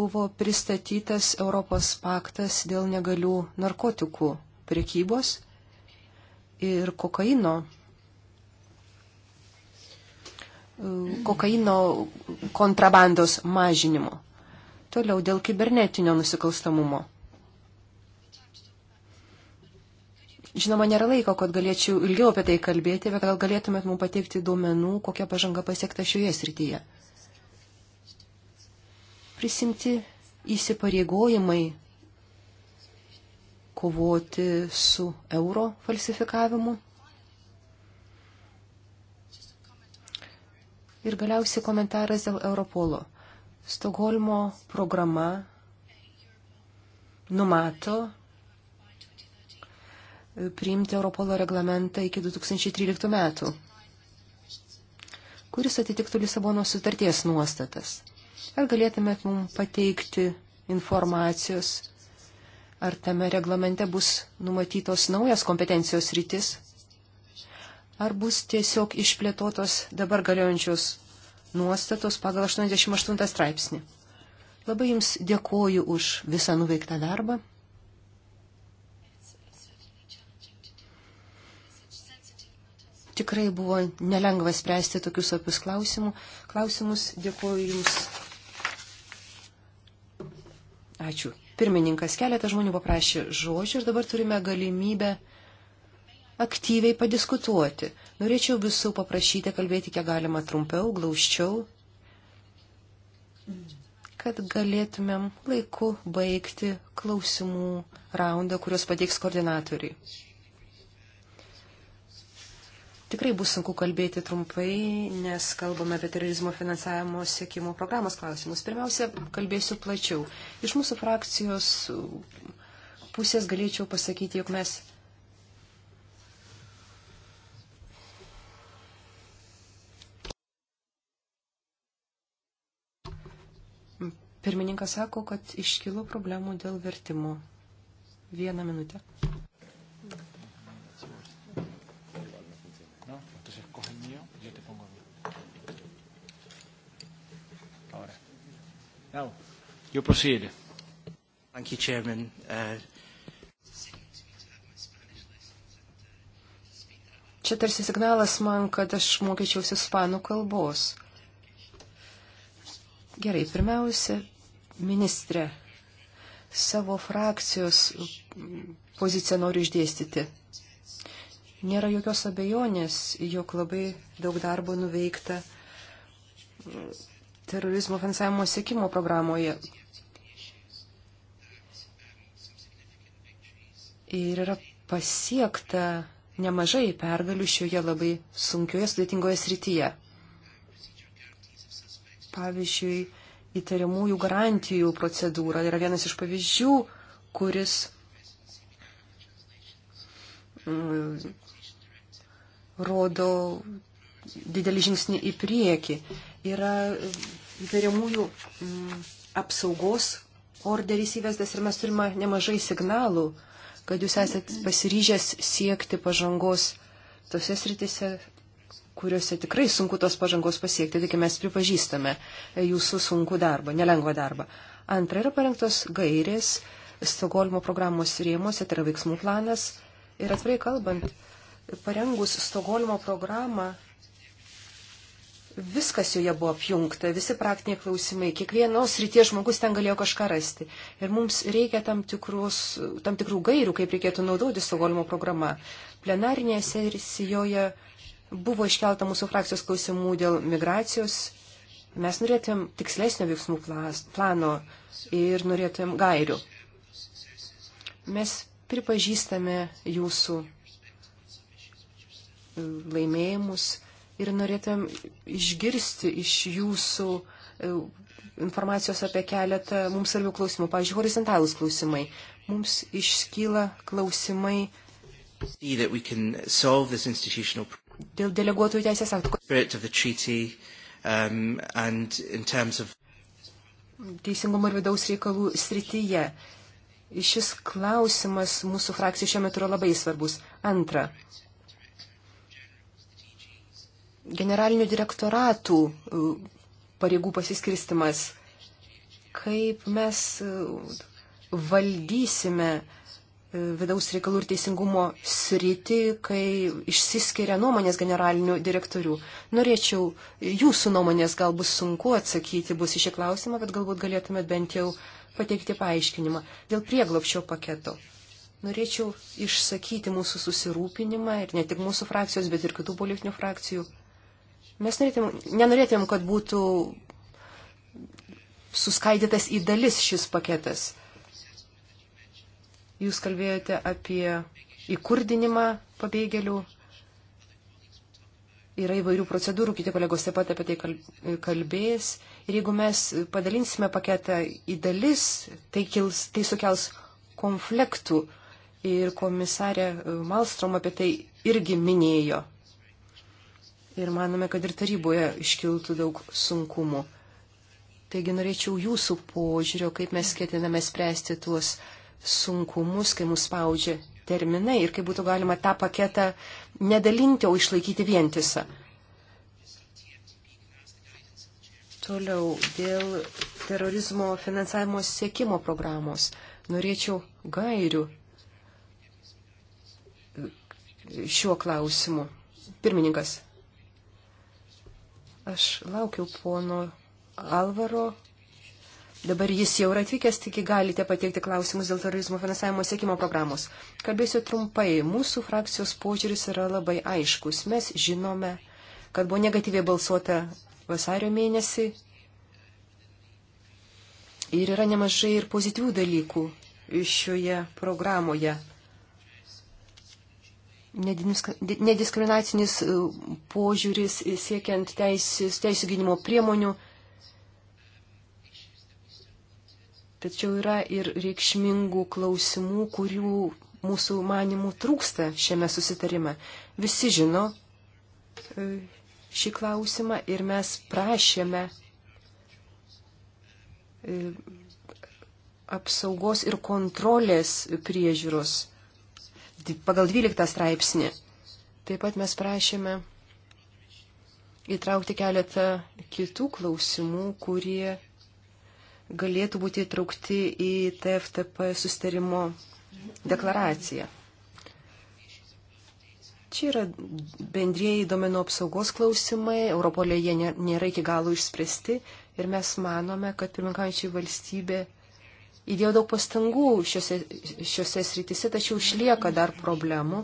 buvo pristatytas Europos paktas dėl negalių narkotikų prekybos ir kokaino. kokaino kontrabandos mažinimo. Toliau dėl kibernetinio nusikalstamumo. Žinoma, nėra laiko, kad galėčiau ilgiau apie tai kalbėti, bet gal galėtumėt mums pateikti duomenų, kokia pažanga pasiekta šioje srityje. Prisimti įsipareigojimai kovoti su euro falsifikavimu. Ir galiausiai komentaras dėl Europolo. Stokholmo programa numato priimti Europolo reglamentą iki 2013 metų, kuris atitiktų Lisabono sutarties nuostatas. Ar galėtumėt mums pateikti informacijos ar tame reglamente bus numatytos naujas kompetencijos rytis, ar bus tiesiog išplėtotos dabar galiojančios nuostatos pagal 88 straipsnį. Labai Jums dėkoju už visą nuveiktą darbą. Tikrai buvo nelengva spręsti tokius opius klausimų. klausimus. Dėkoju Jums. Ačiū. Pirmininkas, keletas žmonių paprašė žodžių ir dabar turime galimybę aktyviai padiskutuoti. Norėčiau visų paprašyti kalbėti kiek galima trumpiau, glaučiau, kad galėtumėm laiku baigti klausimų raundą, kuriuos pateiks koordinatoriai. Tikrai bus sunku kalbėti trumpai, nes kalbame apie terorizmo finansavimo sėkimo programos klausimus. Pirmiausia, kalbėsiu plačiau. Iš mūsų frakcijos pusės galėčiau pasakyti, jog mes. Pirmininkas sako, kad iškilo problemų dėl vertimo. Vieną minutę. Hell, you proceed. Thank you, Chairman. Uh, Čia tarsi signalas man, kad aš mokyčiausi ispanų kalbos. Gerai, pirmiausia, ministrė, savo frakcijos poziciją noriu išdėstyti. Nėra jokios abejonės, jog labai daug darbo nuveikta terorizmo finansavimo sėkimo programoje. Ir yra pasiekta nemažai pergalių šioje labai sunkioje, sudėtingoje srityje. Pavyzdžiui, įtariamųjų garantijų procedūra yra vienas iš pavyzdžių, kuris mm, rodo didelį žingsnį į priekį yra įtariamųjų mm, apsaugos orderis įvestas ir mes turime nemažai signalų, kad jūs esate pasiryžęs siekti pažangos tose sritise, kuriuose tikrai sunku tos pažangos pasiekti, tik mes pripažįstame jūsų sunku darbą, nelengvą darbą. Antra yra parengtos gairės, Stokholmo programos rėmose, tai yra veiksmų planas. Ir atvirai kalbant, parengus Stokholmo programą, viskas joje buvo apjungta, visi praktiniai klausimai, kiekvienos ryties žmogus ten galėjo kažką rasti. Ir mums reikia tam, tikrus, tam tikrų gairių, kaip reikėtų naudoti Stokholmo programą. Plenarinėje sesijoje buvo iškelta mūsų frakcijos klausimų dėl migracijos. Mes norėtum tikslesnio veiksmų plano ir norėtum gairių. Mes pripažįstame jūsų e, laimėjimus ir norėtum išgirsti iš jūsų e, informacijos apie keletą mums svarbių klausimų. Pavyzdžiui, horizontalūs klausimai. Mums iškyla klausimai dėl deleguotojų teisės aktų. Um, of... Teisingumo ir vidaus reikalų srityje. Šis klausimas mūsų frakcijai šiuo metu yra labai svarbus. Antra, generalinių direktoratų e, pareigų pasiskirstimas, kaip mes e, valdysime e, vidaus reikalų ir teisingumo sritį, kai išsiskiria nuomonės generalinių direktorių. Norėčiau jūsų nuomonės, gal bus sunku atsakyti bus į šį klausimą, bet galbūt galėtumėt bent jau pateikti paaiškinimą dėl prieglopščio paketo. Norėčiau išsakyti mūsų susirūpinimą ir ne tik mūsų frakcijos, bet ir kitų politinių frakcijų Mes norėtum, nenorėtum, kad būtų suskaidytas į dalis šis paketas. Jūs kalbėjote apie įkurdinimą pabėgėlių. Yra įvairių procedūrų, kiti kolegos taip pat apie tai kalbės. Ir jeigu mes padalinsime paketą į dalis, tai, kils, tai sukels konfliktų. Ir komisarė Malstrom apie tai irgi minėjo ir manome, kad ir taryboje iškiltų daug sunkumų. Taigi norėčiau jūsų požiūrio, kaip mes ketiname spręsti tuos sunkumus, kai mus spaudžia terminai ir kaip būtų galima tą paketą nedalinti, o išlaikyti vientisą. Toliau dėl terorizmo finansavimo siekimo programos. Norėčiau gairių šiuo klausimu. Pirmininkas. Aš laukiu pono Alvaro. Dabar jis jau yra atvykęs, tik galite pateikti klausimus dėl terorizmo finansavimo sėkimo programos. Kalbėsiu trumpai. Mūsų frakcijos požiūris yra labai aiškus. Mes žinome, kad buvo negatyviai balsuota vasario mėnesį. Ir yra nemažai ir pozityvių dalykų šioje programoje nediskriminacinis e, požiūris siekiant teisės, teisų gynimo priemonių. Tačiau yra ir reikšmingų klausimų, kurių mūsų manimų trūksta šiame susitarime. Visi žino e, šį klausimą ir mes prašėme e, apsaugos ir kontrolės priežiūros pagal 12 straipsnį. Taip pat mes prašėme įtraukti keletą kitų klausimų, kurie galėtų būti įtraukti į TFTP sustarimo deklaraciją. Čia yra bendrėjai domenų apsaugos klausimai, Europolė jie nėra iki galo išspręsti ir mes manome, kad pirmininkaujančiai valstybė įdėjo daug pastangų šiuose, šiuose srityse, tačiau išlieka dar problemų.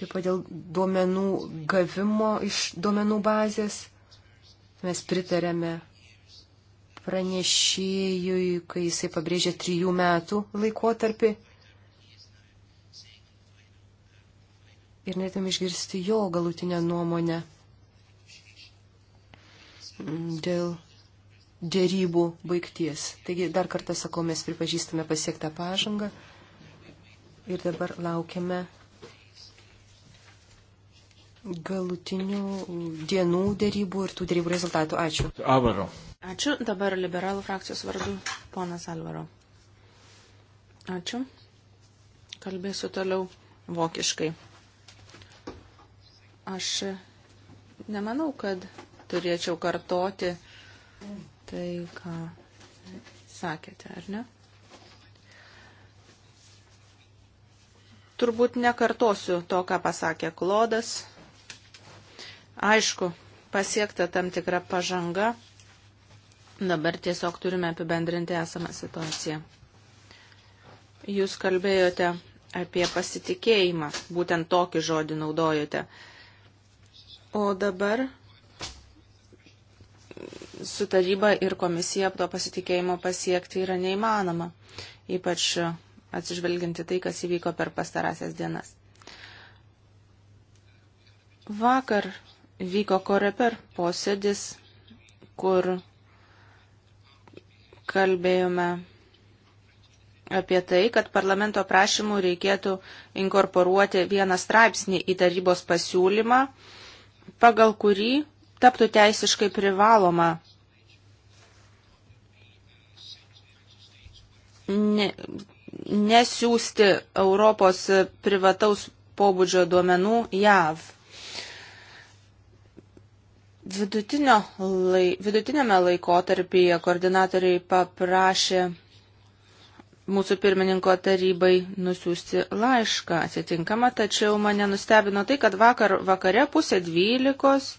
Taip pat dėl duomenų gavimo iš duomenų bazės mes pritarėme pranešėjui, kai jisai pabrėžė trijų metų laikotarpį. Ir norėtum išgirsti jo galutinę nuomonę dėl dėrybų baigties. Taigi dar kartą sakau, mes pripažįstame pasiektą pažangą ir dabar laukiame galutinių dienų dėrybų ir tų dėrybų rezultatų. Ačiū. Alvaro. Ačiū. Dabar liberalų frakcijos vardu ponas Alvaro. Ačiū. Kalbėsiu toliau vokiškai. Aš nemanau, kad turėčiau kartoti tai, ką sakėte, ar ne? Turbūt nekartosiu to, ką pasakė Klodas. Aišku, pasiekta tam tikra pažanga. Dabar tiesiog turime apibendrinti esamą situaciją. Jūs kalbėjote apie pasitikėjimą, būtent tokį žodį naudojote. O dabar su taryba ir komisija to pasitikėjimo pasiekti yra neįmanoma, ypač atsižvelginti tai, kas įvyko per pastarąsias dienas. Vakar vyko koreper posėdis, kur kalbėjome apie tai, kad parlamento prašymų reikėtų inkorporuoti vieną straipsnį į tarybos pasiūlymą, pagal kurį taptų teisiškai privaloma ne, nesiųsti Europos privataus pobūdžio duomenų JAV. Vidutinio lai, vidutinėme laikotarpyje koordinatoriai paprašė mūsų pirmininko tarybai nusiųsti laišką atitinkamą, tačiau mane nustebino tai, kad vakar vakare pusė dvylikos,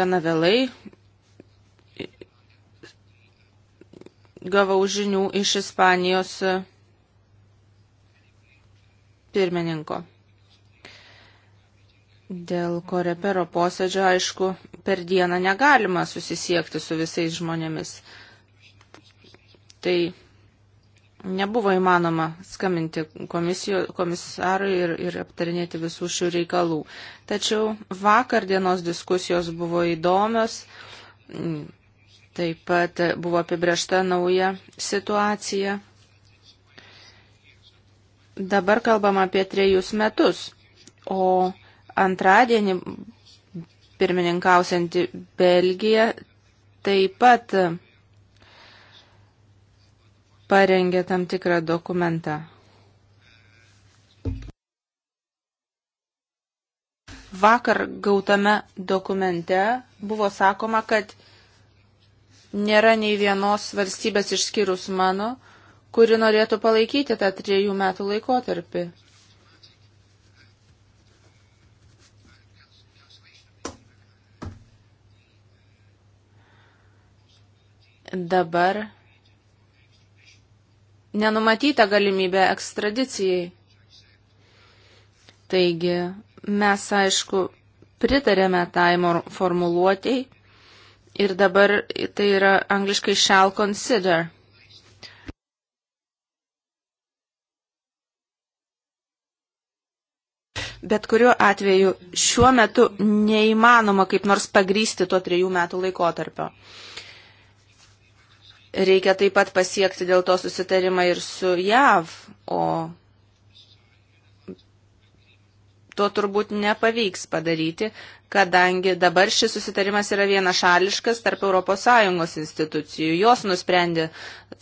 gana vėlai, gavau žinių iš Ispanijos e, pirmininko. Dėl korepero posėdžio, aišku, per dieną negalima susisiekti su visais žmonėmis. Tai nebuvo įmanoma skambinti komisijo, komisarui ir, ir aptarinėti visų šių reikalų. Tačiau vakar dienos diskusijos buvo įdomios mm, Taip pat buvo apibriešta nauja situacija. Dabar kalbam apie trejus metus, o antradienį pirmininkausianti Belgija taip pat parengė tam tikrą dokumentą. Vakar gautame dokumente buvo sakoma, kad Nėra nei vienos valstybės išskyrus mano, kuri norėtų palaikyti tą trijų metų laikotarpį. Dabar nenumatyta galimybė ekstradicijai. Taigi, mes aišku pritarėme tai formuluotėjai ir dabar tai yra angliškai shall consider. Bet kuriuo atveju šiuo metu neįmanoma kaip nors pagrysti to trejų metų laikotarpio. Reikia taip pat pasiekti dėl to susitarimą ir su JAV, o to turbūt nepavyks padaryti, kadangi dabar šis susitarimas yra vienašališkas tarp ES institucijų. Jos nusprendė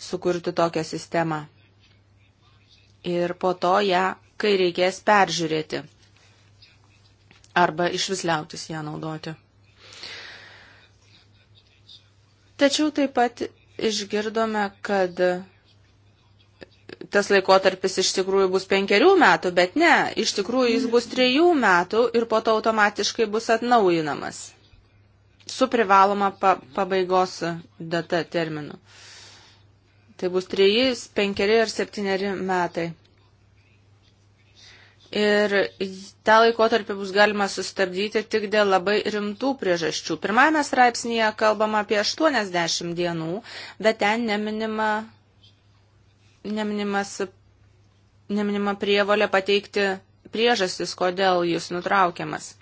sukurti tokią sistemą. Ir po to ją, kai reikės peržiūrėti. Arba iš vis liautis ją naudoti. Tačiau taip pat išgirdome, kad tas laikotarpis iš tikrųjų bus penkerių metų, bet ne, iš tikrųjų jis bus trejų metų ir po to automatiškai bus atnaujinamas su privaloma pa pabaigos data terminu. Tai bus trejus, penkeri ar septyneri metai. Ir tą laikotarpį bus galima sustabdyti tik dėl labai rimtų priežasčių. Pirmame straipsnėje kalbama apie 80 dienų, bet ten neminima neminimas, neminima prievolė pateikti priežastis, kodėl jis nutraukiamas.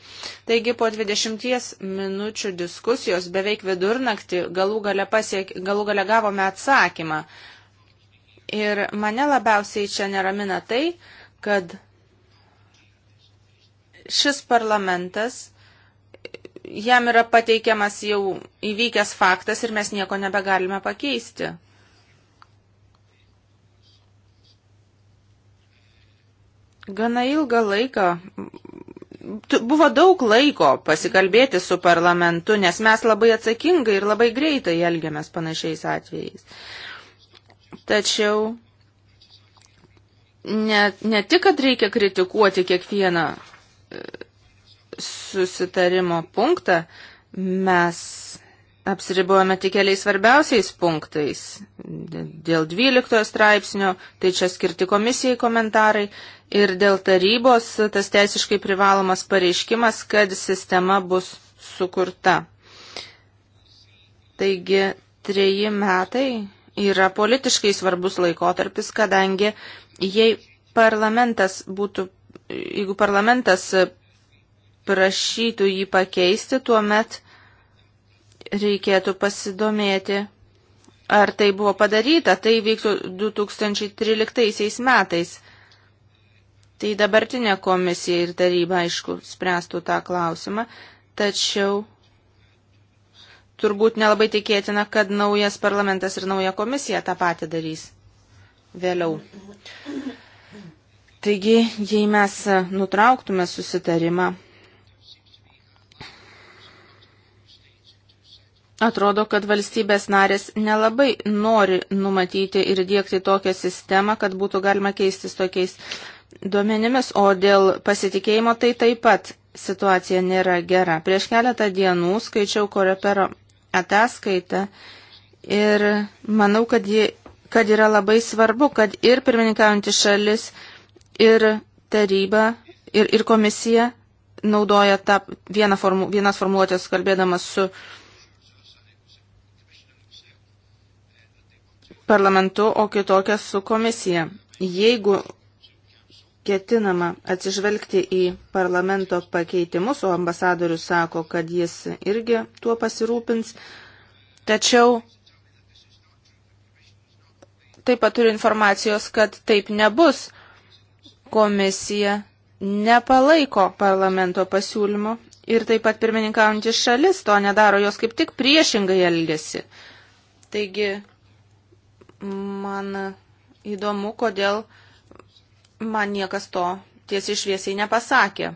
Taigi po 20 minučių diskusijos beveik vidurnakti galų gale, pasiek, galų gale gavome atsakymą. Ir mane labiausiai čia neramina tai, kad šis parlamentas, jam yra pateikiamas jau įvykęs faktas ir mes nieko nebegalime pakeisti. gana ilgą laiką. Buvo daug laiko pasikalbėti su parlamentu, nes mes labai atsakingai ir labai greitai elgiamės panašiais atvejais. Tačiau ne, ne tik, kad reikia kritikuoti kiekvieną e, susitarimo punktą, mes Apsiribuojame tik keliais svarbiausiais punktais. Dėl 12 straipsnio, tai čia skirti komisijai komentarai, ir dėl tarybos tas teisiškai privalomas pareiškimas, kad sistema bus sukurta. Taigi, treji metai yra politiškai svarbus laikotarpis, kadangi jei parlamentas būtų, jeigu parlamentas prašytų jį pakeisti, tuomet reikėtų pasidomėti, ar tai buvo padaryta, tai vyktų 2013 metais. Tai dabartinė komisija ir taryba, aišku, spręstų tą klausimą, tačiau turbūt nelabai tikėtina, kad naujas parlamentas ir nauja komisija tą patį darys vėliau. Taigi, jei mes nutrauktume susitarimą, Atrodo, kad valstybės narės nelabai nori numatyti ir dėkti tokią sistemą, kad būtų galima keistis tokiais duomenimis, o dėl pasitikėjimo tai taip pat situacija nėra gera. Prieš keletą dienų skaičiau korepero ataskaitą ir manau, kad, ji, kad yra labai svarbu, kad ir pirmininkaujantis šalis, ir taryba, ir, ir komisija naudoja tą vieną formu, vienas formuluotės kalbėdamas su parlamentu, o kitokią su komisija. Jeigu ketinama atsižvelgti į parlamento pakeitimus, o ambasadorius sako, kad jis irgi tuo pasirūpins, tačiau taip pat turiu informacijos, kad taip nebus. Komisija nepalaiko parlamento pasiūlymo ir taip pat pirmininkaujantis šalis to nedaro, jos kaip tik priešingai elgesi. Taigi Man įdomu, kodėl man niekas to tiesiai šviesiai nepasakė.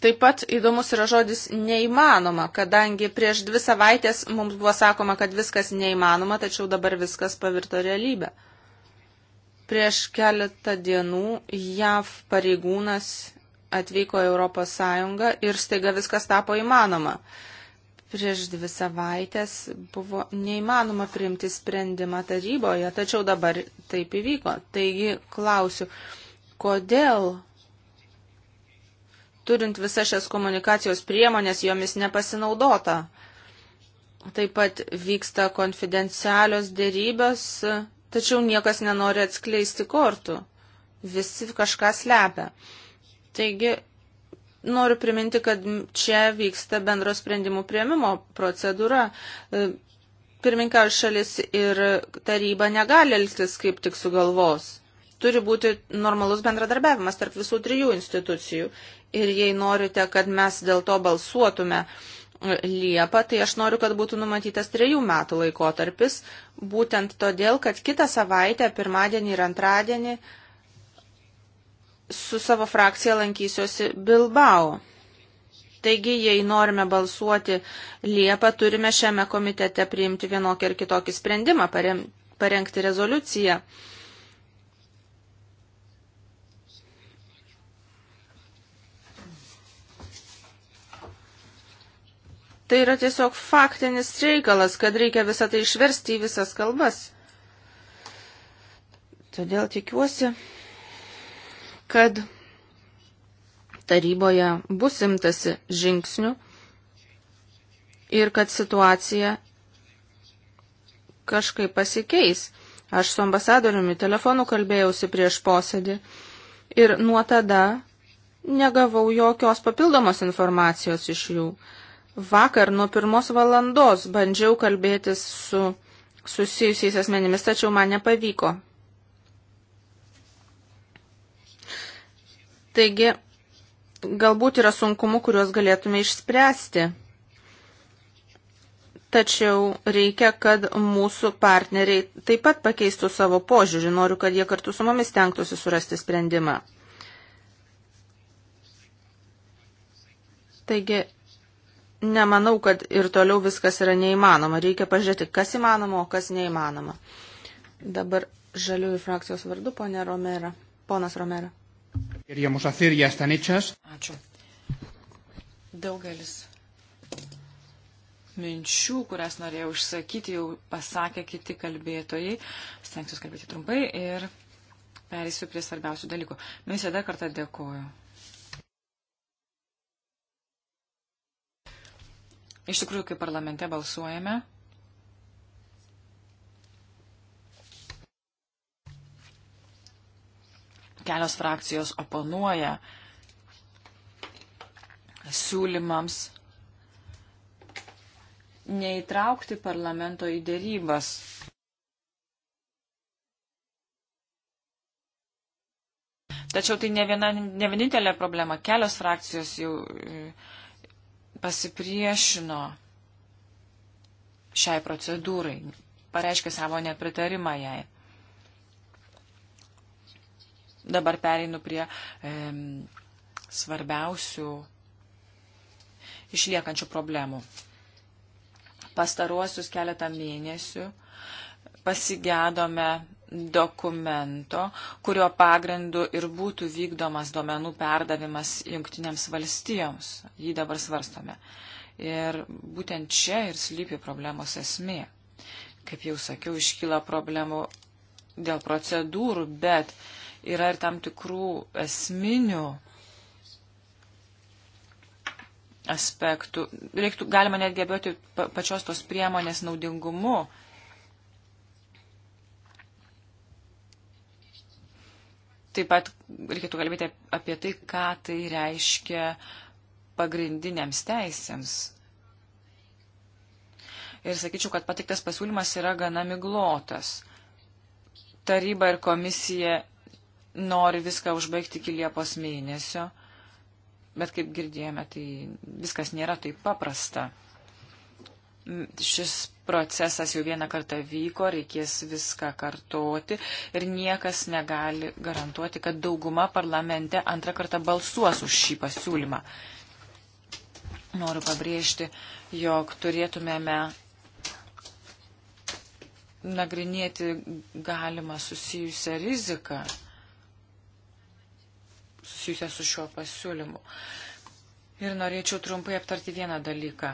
Taip pat įdomus yra žodis neįmanoma, kadangi prieš dvi savaitės mums buvo sakoma, kad viskas neįmanoma, tačiau dabar viskas pavirto realybę. Prieš keletą dienų JAV pareigūnas atvyko Europos Sąjungą ir staiga viskas tapo įmanoma. Prieš dvi savaitės buvo neįmanoma priimti sprendimą taryboje, tačiau dabar taip įvyko. Taigi klausiu, kodėl, turint visas šias komunikacijos priemonės, jomis nepasinaudota? Taip pat vyksta konfidencialios dėrybės, tačiau niekas nenori atskleisti kortų. Visi kažką slepia. Taigi Noriu priminti, kad čia vyksta bendro sprendimų prieimimo procedūra. E, Pirminkiausia šalis ir taryba negali elgtis kaip tik sugalvos. Turi būti normalus bendradarbiavimas tarp visų trijų institucijų. Ir jei norite, kad mes dėl to balsuotume, Liepą, tai aš noriu, kad būtų numatytas trejų metų laikotarpis, būtent todėl, kad kitą savaitę, pirmadienį ir antradienį, su savo frakcija lankysiuosi Bilbao. Taigi, jei norime balsuoti Liepą, turime šiame komitete priimti vienokį ar kitokį sprendimą, parengti rezoliuciją. Tai yra tiesiog faktinis reikalas, kad reikia visą tai išversti į visas kalbas. Todėl tikiuosi, kad taryboje bus imtasi žingsnių ir kad situacija kažkaip pasikeis. Aš su ambasadoriumi telefonu kalbėjausi prieš posėdį ir nuo tada negavau jokios papildomos informacijos iš jų. Vakar nuo pirmos valandos bandžiau kalbėtis su susijusiais asmenimis, tačiau man nepavyko. Taigi, galbūt yra sunkumų, kuriuos galėtume išspręsti. Tačiau reikia, kad mūsų partneriai taip pat pakeistų savo požiūrį. Noriu, kad jie kartu su mumis tenktųsi surasti sprendimą. Taigi, nemanau, kad ir toliau viskas yra neįmanoma. Reikia pažiūrėti, kas įmanoma, o kas neįmanoma. Dabar žaliųjų frakcijos vardu, ponė Romera. Ponas Romera queríamos hacer ya están hechas. Ačiū. Daugelis minčių, kurias norėjau išsakyti, jau pasakė kiti kalbėtojai. Stengsiu kalbėti trumpai ir perėsiu prie svarbiausių dalykų. Mes visada kartą dėkoju. Iš tikrųjų, kai parlamente balsuojame, Kelios frakcijos oponuoja siūlymams neįtraukti parlamento į dėrybas. Tačiau tai ne, viena, ne vienintelė problema. Kelios frakcijos jau e, pasipriešino šiai procedūrai, pareiškė savo nepritarimą jai. Dabar pereinu prie e, svarbiausių išliekančių problemų. Pastaruosius keletą mėnesių pasigėdome dokumento, kurio pagrindu ir būtų vykdomas duomenų perdavimas jungtinėms valstijoms. Jį dabar svarstome. Ir būtent čia ir slypi problemos esmė. Kaip jau sakiau, iškyla problemų dėl procedūrų, bet uh, yra ir tam tikrų esminių aspektų. Reiktų, galima netgi abejoti pačios tos priemonės naudingumu. Taip pat reikėtų kalbėti apie tai, ką tai reiškia pagrindiniams teisėms. Ir sakyčiau, kad patiktas pasiūlymas yra gana miglotas. Taryba ir komisija nori viską užbaigti iki Liepos mėnesio, bet kaip girdėjome, tai viskas nėra taip paprasta. Šis procesas jau vieną kartą vyko, reikės viską kartoti ir niekas negali garantuoti, kad dauguma parlamente antrą kartą balsuos už šį pasiūlymą. Noriu pabrėžti, jog turėtumėme nagrinėti galimą susijusią riziką susijusią su šiuo pasiūlymu. Ir norėčiau trumpai aptarti vieną dalyką.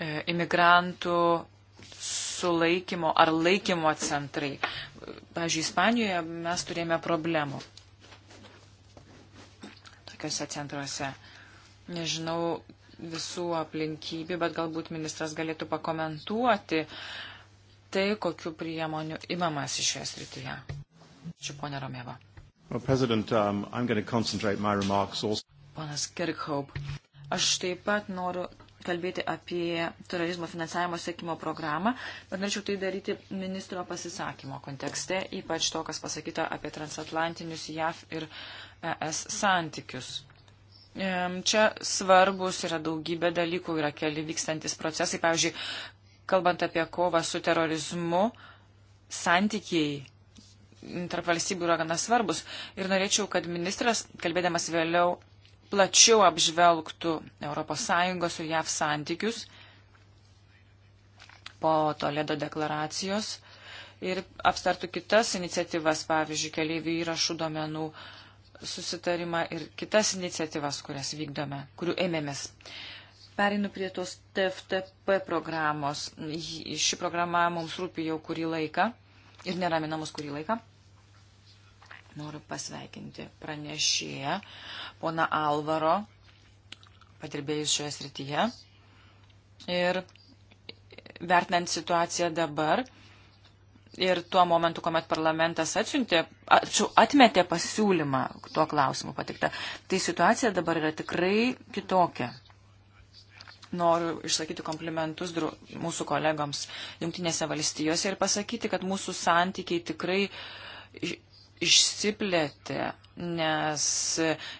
E, imigrantų sulaikymo ar laikymo centrai. Pavyzdžiui, Ispanijoje mes turėjome problemų tokiuose centruose. Nežinau visų aplinkybių, bet galbūt ministras galėtų pakomentuoti tai, kokiu priemoniu imamas iš šioje srityje. Ačiū, ponė Romėva. Well, um, Ponas Kirkhope, aš taip pat noriu kalbėti apie terorizmo finansavimo sėkimo programą, bet norėčiau tai daryti ministro pasisakymo kontekste, ypač to, kas pasakyta apie transatlantinius JAF ir ES santykius. Čia svarbus yra daugybė dalykų, yra keli vykstantis procesai. Pavyzdžiui, kalbant apie kovą su terorizmu, santykiai tarp valstybių yra gana svarbus. Ir norėčiau, kad ministras, kalbėdamas vėliau, plačiau apžvelgtų ES ir JAV santykius po Toledo deklaracijos ir apstartų kitas iniciatyvas, pavyzdžiui, keliaivių įrašų duomenų susitarimą ir kitas iniciatyvas, kurias vykdome, kurių ėmėmės. Perinu prie tos TFTP programos. Ši programa mums rūpi jau kurį laiką ir neramina mus kurį laiką. Noriu pasveikinti pranešėją, pona Alvaro, padirbėjus šioje srityje. Ir vertinant situaciją dabar ir tuo momentu, kuomet parlamentas atsiuntė, atmetė pasiūlymą tuo klausimu patiktą, tai situacija dabar yra tikrai kitokia noriu išsakyti komplimentus mūsų kolegoms Junktinėse valstijose ir pasakyti, kad mūsų santykiai tikrai išsiplėtė, nes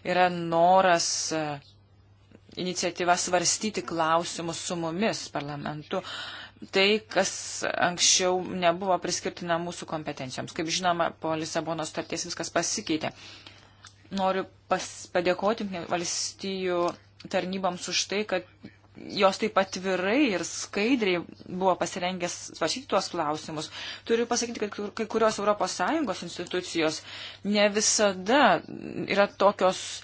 yra noras e, iniciatyva svarstyti klausimus su mumis parlamentu. Tai, kas anksčiau nebuvo priskirtina mūsų kompetencijoms. Kaip žinoma, po Lisabono starties viskas pasikeitė. Noriu pas, padėkoti valstijų tarnyboms už tai, kad jos taip atvirai ir skaidriai buvo pasirengęs svarstyti tuos klausimus. Turiu pasakyti, kad kai kurios ES institucijos ne visada yra tokios,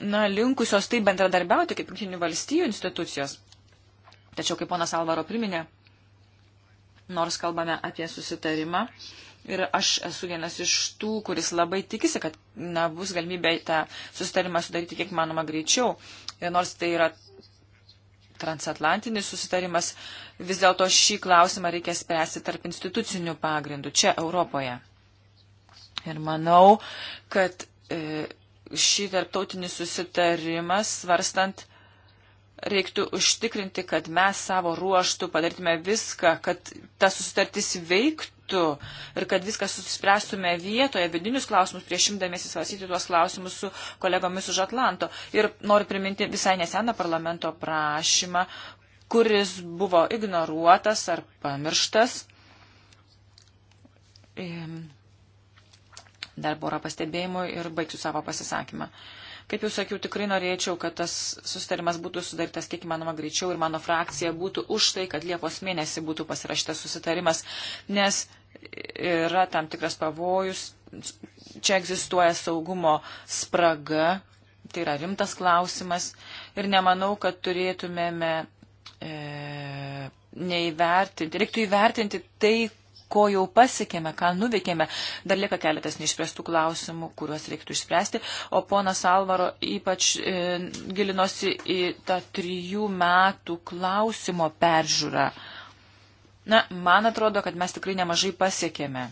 na, linkusios taip bendradarbiauti kaip Junktinių valstybių institucijos. Tačiau, kaip ponas Alvaro priminė, nors kalbame apie susitarimą, Ir aš esu vienas iš tų, kuris labai tikisi, kad na, bus galimybė tą susitarimą sudaryti kiek manoma greičiau. Ir nors tai yra transatlantinis susitarimas, vis dėlto šį klausimą reikia spręsti tarp institucinių pagrindų čia Europoje. Ir manau, kad e, šį tarptautinį susitarimą svarstant reiktų užtikrinti, kad mes savo ruoštų padarytume viską, kad ta susitartis veiktų kartu ir kad viską susispręstume vietoje, vidinius klausimus, prieš imdamėsi svarsyti tuos klausimus su kolegomis už Atlanto. Ir noriu priminti visai neseną parlamento prašymą, kuris buvo ignoruotas ar pamirštas. Ehm, dar porą pastebėjimų ir baigsiu savo pasisakymą. Uh, Kaip jau sakiau, tikrai norėčiau, kad tas susitarimas būtų sudarytas kiek įmanoma greičiau ir mano frakcija būtų už tai, kad Liepos mėnesį būtų pasirašytas susitarimas, nes yra tam tikras pavojus, čia egzistuoja saugumo spraga, tai yra rimtas klausimas ir nemanau, kad turėtumėme. E, neįvertinti, reiktų įvertinti tai, ko jau pasiekėme, ką nuveikėme. Dar lieka keletas neišspręstų klausimų, kuriuos reiktų išspręsti. O ponas Alvaro ypač e, gilinosi į tą trijų metų klausimo peržiūrą. Na, man atrodo, kad mes tikrai nemažai pasiekėme.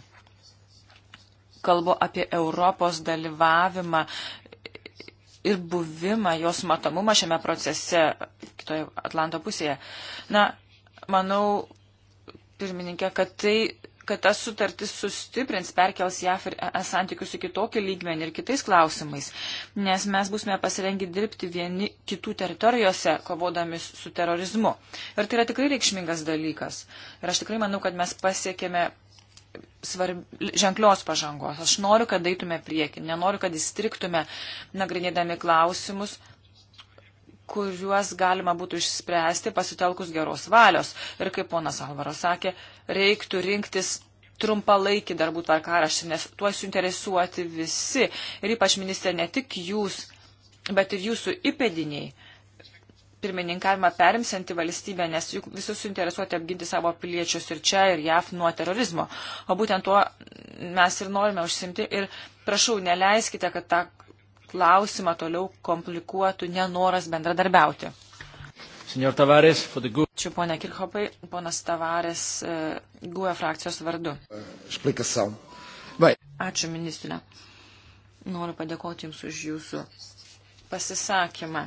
Kalbu apie Europos dalyvavimą ir buvimą, jos matomumą šiame procese kitoje Atlanto pusėje. Na, manau, pirmininkė, kad, tai, kad tas sutartis sustiprins, perkels JAF ir ES e santykius į kitokį lygmenį ir kitais klausimais, nes mes būsime pasirengi dirbti vieni kitų teritorijose, kovodami su terorizmu. Ir tai yra tikrai reikšmingas dalykas. Ir aš tikrai manau, kad mes pasiekėme svarb... ženklios pažangos. Aš noriu, kad eitume priekin, nenoriu, kad įstriktume nagrinėdami klausimus, kuriuos galima būtų išspręsti pasitelkus geros valios. Ir kaip ponas Alvaras sakė, reiktų rinktis trumpalaikį darbų tvarkaraštį, nes tuo suinteresuoti visi. Ir ypač ministrė ne tik jūs, bet ir jūsų įpėdiniai pirmininkavimą perimsianti valstybė, nes juk visi suinteresuoti apginti savo piliečius ir čia, ir JAF nuo terorizmo. O būtent tuo mes ir norime užsimti. Ir prašau, neleiskite, kad ta klausimą toliau komplikuotų nenoras bendradarbiauti. Tavares, good... E. Ačiū ponia Kirchopai, ponas Tavarės GUE e frakcijos vardu. Ačiū ministrė. Noriu padėkoti Jums už Jūsų pasisakymą.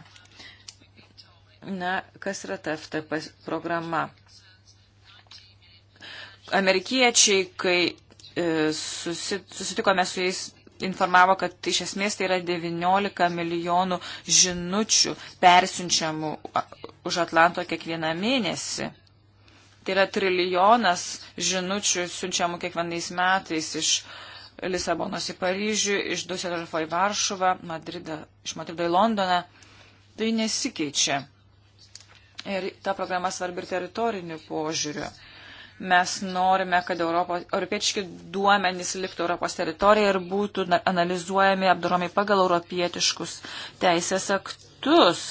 Na, kas yra ta FTP programa? Amerikiečiai, kai e, susitikome su jais informavo, kad iš esmės tai yra 19 milijonų žinučių persiunčiamų už Atlanto kiekvieną mėnesį. Tai yra trilijonas žinučių siunčiamų kiekvienais metais iš Lisabonos į Paryžių, iš Dusseldorfo į Varšuvą, Madridą, iš Madrido į Londoną. Tai nesikeičia. Ir ta programa svarbi ir teritoriniu požiūriu. Mes norime, kad Europos, europiečiai duomenys liktų Europos teritorijoje ir būtų analizuojami apdoromai pagal europietiškus teisės aktus.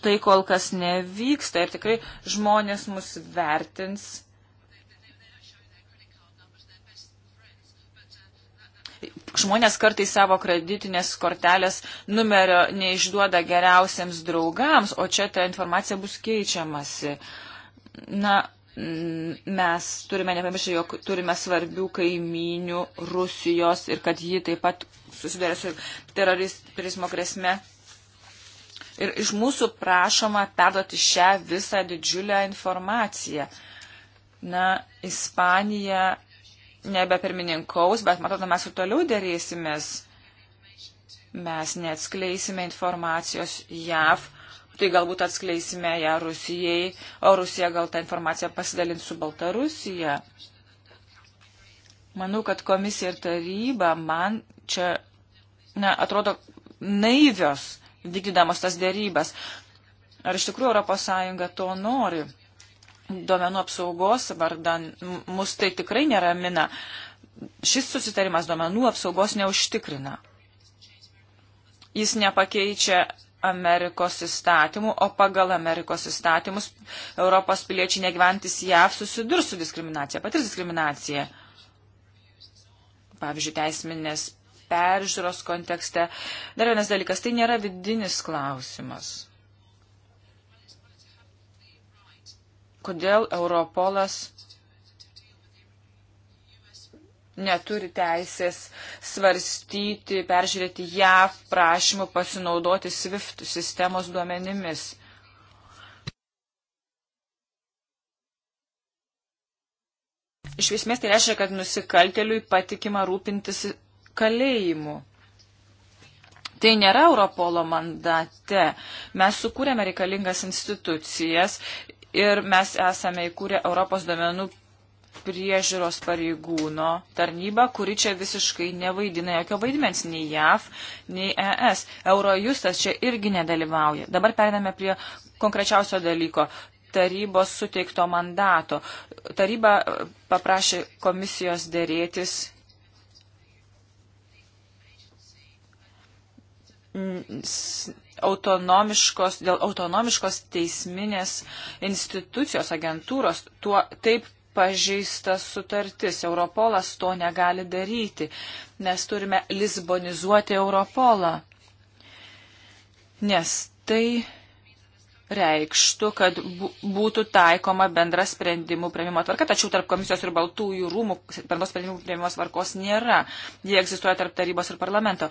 Tai kol kas nevyksta ir tikrai žmonės mus vertins žmonės kartais savo kreditinės kortelės numerio neišduoda geriausiems draugams, o čia ta informacija bus keičiamasi. Na, mes turime nepamiršti, jog turime svarbių kaimynių Rusijos ir kad ji taip pat susidarė su terorizmo grėsme. Ir iš mūsų prašoma perduoti šią visą didžiulę informaciją. Na, Ispanija nebe pirmininkaus, bet matau, mes ir toliau dėrėsimės. Mes neatskleisime informacijos JAV tai galbūt atskleisime ją Rusijai, o Rusija gal tą informaciją pasidalins su Baltarusija. Manau, kad komisija ir taryba man čia, na, atrodo naivios vykdydamos tas dėrybas. Ar iš tikrųjų ES to nori? Duomenų apsaugos vardan mus tai tikrai neramina. Šis susitarimas duomenų apsaugos neužtikrina. Jis nepakeičia Amerikos įstatymų, o pagal Amerikos įstatymus Europos piliečiai negyventis JAV susidurs su diskriminacija, patirs diskriminacija. Pavyzdžiui, teisminės peržiūros kontekste. Dar vienas dalykas, tai nėra vidinis klausimas. Kodėl Europolas neturi teisės svarstyti, peržiūrėti JAV prašymų pasinaudoti SWIFT sistemos duomenimis. Iš esmės tai reiškia, kad nusikalteliui patikima rūpintis kalėjimu. Tai nėra Europolo mandate. Mes sukūrėme reikalingas institucijas ir mes esame įkūrę Europos domenų priežiūros pareigūno tarnyba, kuri čia visiškai nevaidina jokio vaidmens nei JAV, nei ES. Eurojustas čia irgi nedalyvauja. Dabar periname prie konkrečiausio dalyko tarybos suteikto mandato. Taryba e, paprašė komisijos dėrėtis autonomiškos, dėl autonomiškos teisminės institucijos agentūros. Tuo, taip pažeista sutartis. Europolas to negali daryti, nes turime lisbonizuoti Europolą. Nes tai reikštų, kad būtų taikoma bendra sprendimų prieimimo tvarka, tačiau tarp komisijos ir baltųjų rūmų bendros sprendimų prieimimo tvarkos nėra. Jie egzistuoja tarp tarybos ir parlamento.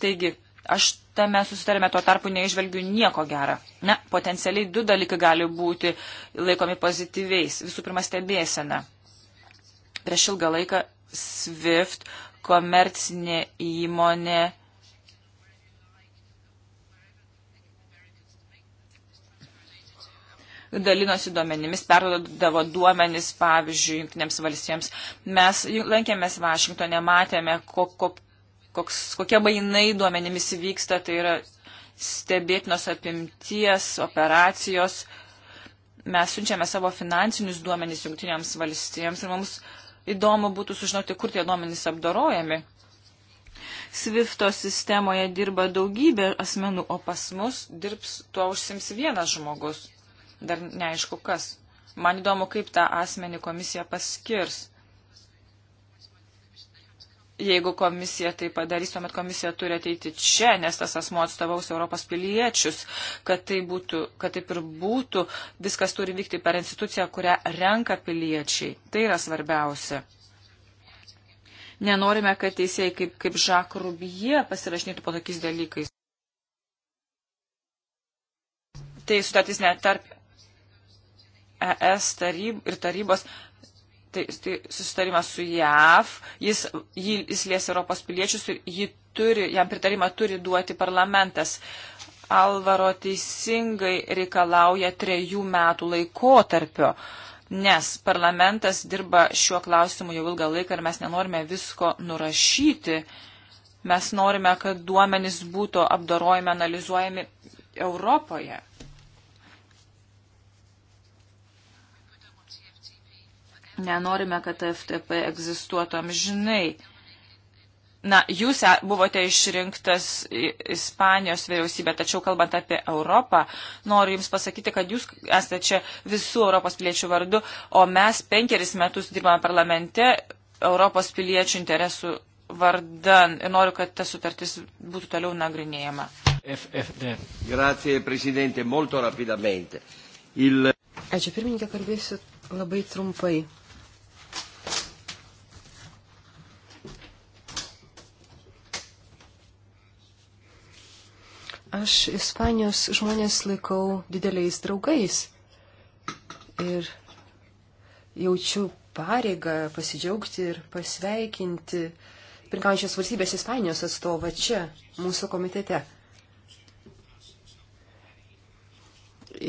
Taigi, Aš tame susitarime tuo tarpu neižvelgiu nieko gerą. Na, potencialiai du dalykai gali būti laikomi pozityviais. Visų pirma, stebėsena. Prieš ilgą laiką SWIFT komercinė įmonė dalinosi duomenimis, perdodavo duomenis, pavyzdžiui, jungtinėms valstijoms. Mes lankėmės Vašingtonė, matėme, ko, ko, koks, kokie mainai duomenimis vyksta, tai yra stebėtinos apimties operacijos. Mes siunčiame savo finansinius duomenys jungtinėms valstijams ir mums įdomu būtų sužinoti, kur tie duomenys apdorojami. Svifto sistemoje dirba daugybė asmenų, o pas mus dirbs tuo užsims vienas žmogus. Dar neaišku kas. Man įdomu, kaip tą asmenį komisija paskirs jeigu komisija tai padarys, tuomet komisija turi ateiti čia, nes tas asmo atstovaus Europos piliečius, kad, tai būtų, kad taip ir būtų, viskas turi vykti per instituciją, kurią renka piliečiai. Tai yra svarbiausia. Nenorime, kad teisėjai kaip, kaip Žak Rubie pasirašinėtų po tokiais dalykais. Tai sutartis net tarp ES taryb ir tarybos tai, tai susitarimas su JAV, jis, jis lies Europos piliečius ir jį turi, jam pritarimą turi duoti parlamentas. Alvaro teisingai reikalauja trejų metų laikotarpio, nes parlamentas dirba šiuo klausimu jau ilgą laiką ir mes nenorime visko nurašyti. Mes norime, kad duomenys būtų apdorojami, analizuojami Europoje. Nenorime, kad FTP egzistuotų amžinai. Na, jūs e, buvote išrinktas Ispanijos vyriausybė, tačiau kalbant apie Europą, noriu Jums pasakyti, kad Jūs esate čia visų Europos piliečių vardu, o mes penkeris metus dirbame parlamente Europos piliečių interesų vardan ir noriu, kad ta sutartis būtų toliau nagrinėjama. FFD. Grazie, prezidentė, molto rapidamente. Il... Ačiū, pirmininkė, kalbėsiu labai trumpai. Aš Ispanijos žmonės laikau dideliais draugais ir jaučiu pareigą pasidžiaugti ir pasveikinti pirkaujančios valstybės Ispanijos atstovą čia, mūsų komitete.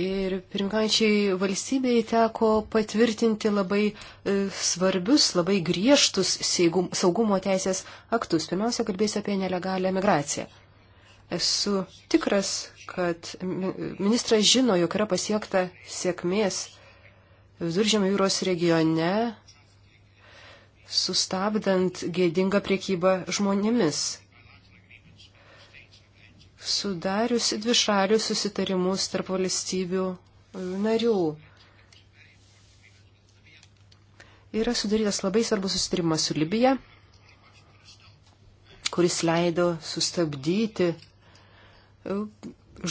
Ir pirmkaujančiai valstybei teko patvirtinti labai e, svarbius, labai griežtus saugumo teisės aktus. Pirmiausia, kalbėsiu apie nelegalią migraciją. Esu tikras, kad ministras žino, jog yra pasiekta sėkmės Viduržėmio jūros regione, sustabdant gėdingą priekybą žmonėmis, sudarius dvišalius susitarimus tarp valstybių narių. Yra sudarytas labai svarbus susitarimas su Libija, kuris leido sustabdyti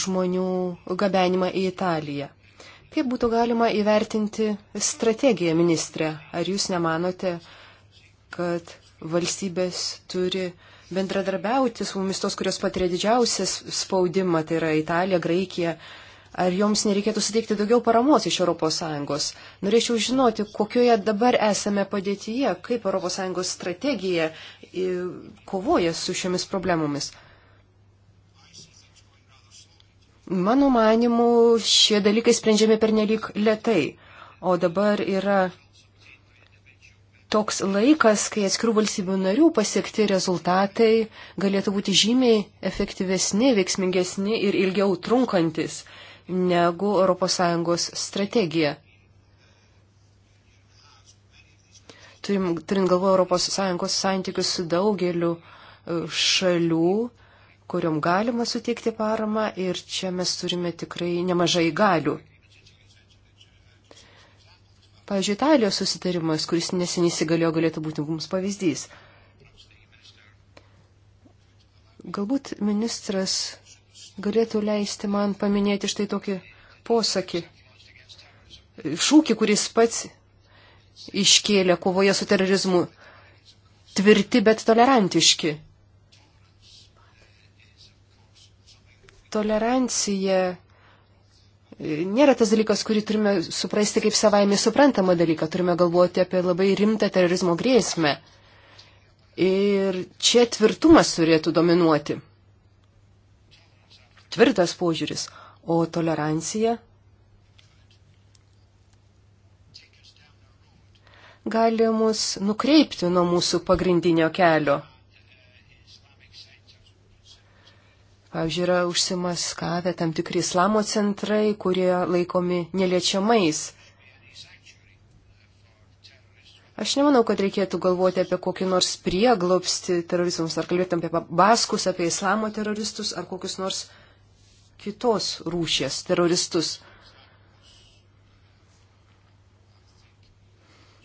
žmonių gabenimą į Italiją. Kaip būtų galima įvertinti strategiją, ministrė? Ar jūs nemanote, kad valstybės turi bendradarbiauti su mumis tos, kurios patiria didžiausias spaudimą, tai yra Italija, Graikija, ar joms nereikėtų suteikti daugiau paramos iš ES. Norėčiau žinoti, kokioje dabar esame padėtyje, kaip ES strategija kovoja su šiomis problemomis. Mano manimu, šie dalykai sprendžiami per nelik lietai. O dabar yra toks laikas, kai atskirų valstybių narių pasiekti rezultatai galėtų būti žymiai efektyvesni, veiksmingesni ir ilgiau trunkantis negu ES strategija. Turim, turint galvo ES santykius su daugeliu e, šalių, kuriuom galima suteikti paramą ir čia mes turime tikrai nemažai galių. Pavyzdžiui, Italijos susitarimas, kuris neseniai įsigalėjo, galėtų būti mums pavyzdys. Galbūt ministras galėtų leisti man paminėti štai tokį posakį, šūkį, kuris pats iškėlė kovoje su terorizmu. Tvirti, bet tolerantiški. Tolerancija nėra tas dalykas, kurį turime suprasti kaip savaime suprantamą dalyką. Turime galvoti apie labai rimtą terorizmo grėsmę. Ir čia tvirtumas turėtų dominuoti. Tvirtas požiūris. O tolerancija gali mus nukreipti nuo mūsų pagrindinio kelio. Pavyzdžiui, yra užsimaskavę tam tikri islamo centrai, kurie laikomi neliečiamais. Aš nemanau, kad reikėtų galvoti apie kokį nors prieglopsti terorizmus, ar kalbėtum apie baskus, apie islamo teroristus, ar kokius nors kitos rūšės teroristus.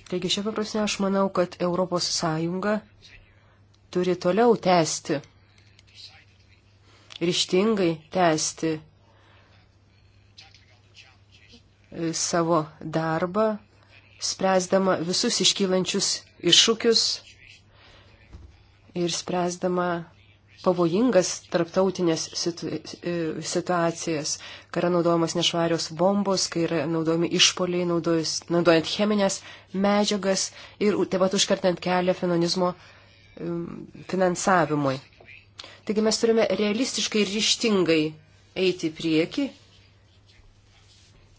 Taigi šia paprasme aš manau, kad ES turi toliau tęsti ryštingai tęsti e, savo darbą, spręsdama visus iškylančius iššūkius ir spręsdama pavojingas tarptautinės situ, e, situacijas, kai yra naudojamos nešvarios bombos, kai yra naudojami išpoliai, naudojant cheminės medžiagas ir taip pat užkartant kelią finonizmo finansavimui. Taigi mes turime realistiškai ir ryštingai eiti į priekį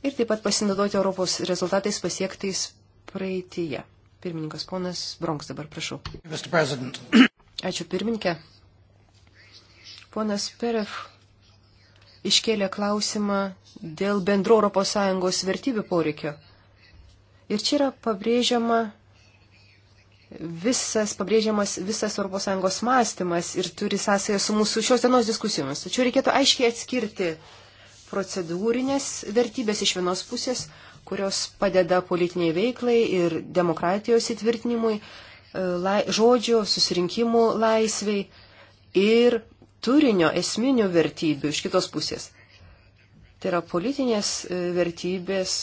ir taip pat pasinaudoti Europos rezultatais pasiektais praeitįje. Pirmininkas ponas Bronks dabar prašau. Ačiū pirmininkė. Ponas Peref iškėlė klausimą dėl bendro ES vertybių poreikio. Ir čia yra pabrėžiama visas pabrėžiamas visas ES mąstymas ir turi sąsąją su mūsų šios dienos diskusijomis. Tačiau reikėtų aiškiai atskirti procedūrinės vertybės iš vienos pusės, kurios padeda politiniai veiklai ir demokratijos įtvirtinimui, e, lai, žodžio, susirinkimų laisviai ir turinio esminių vertybių iš kitos pusės. Tai yra politinės e, vertybės,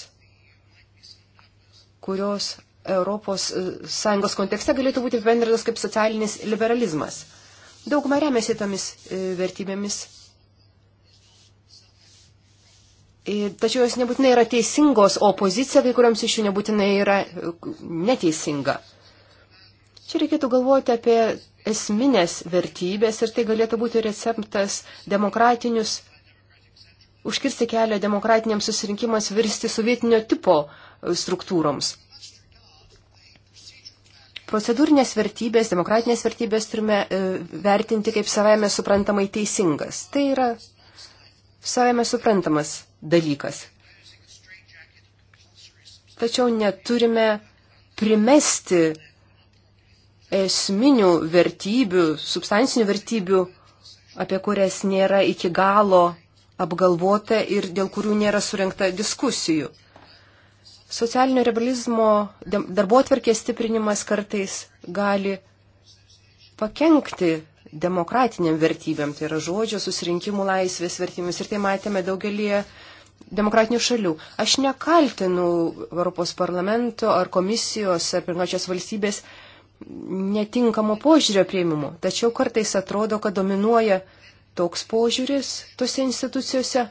kurios ES e, kontekste galėtų būti apibendrintas kaip socialinis liberalizmas. Dauguma remiasi tomis e, vertybėmis. Tačiau jos nebūtinai yra teisingos, o pozicija kai kuriams iš jų nebūtinai yra e, neteisinga. Čia reikėtų galvoti apie esminės vertybės ir tai galėtų būti receptas demokratinius, užkirsti kelią demokratiniams susirinkimams virsti sovietinio tipo struktūroms. Procedūrinės vertybės, demokratinės vertybės turime e, vertinti kaip savame suprantamai teisingas. Tai yra savame suprantamas dalykas. Tačiau neturime primesti esminių vertybių, substancinių vertybių, apie kurias nėra iki galo apgalvota ir dėl kurių nėra surinkta diskusijų. Socialinio liberalizmo darbuotvarkės stiprinimas kartais gali pakenkti demokratiniam vertybėm, tai yra žodžio susirinkimų laisvės vertybėmis ir tai matėme daugelie demokratinių šalių. Aš nekaltinu Europos parlamento ar komisijos ar pirmačios valstybės netinkamo požiūrio prieimimo, tačiau kartais atrodo, kad dominuoja toks požiūris tose institucijose,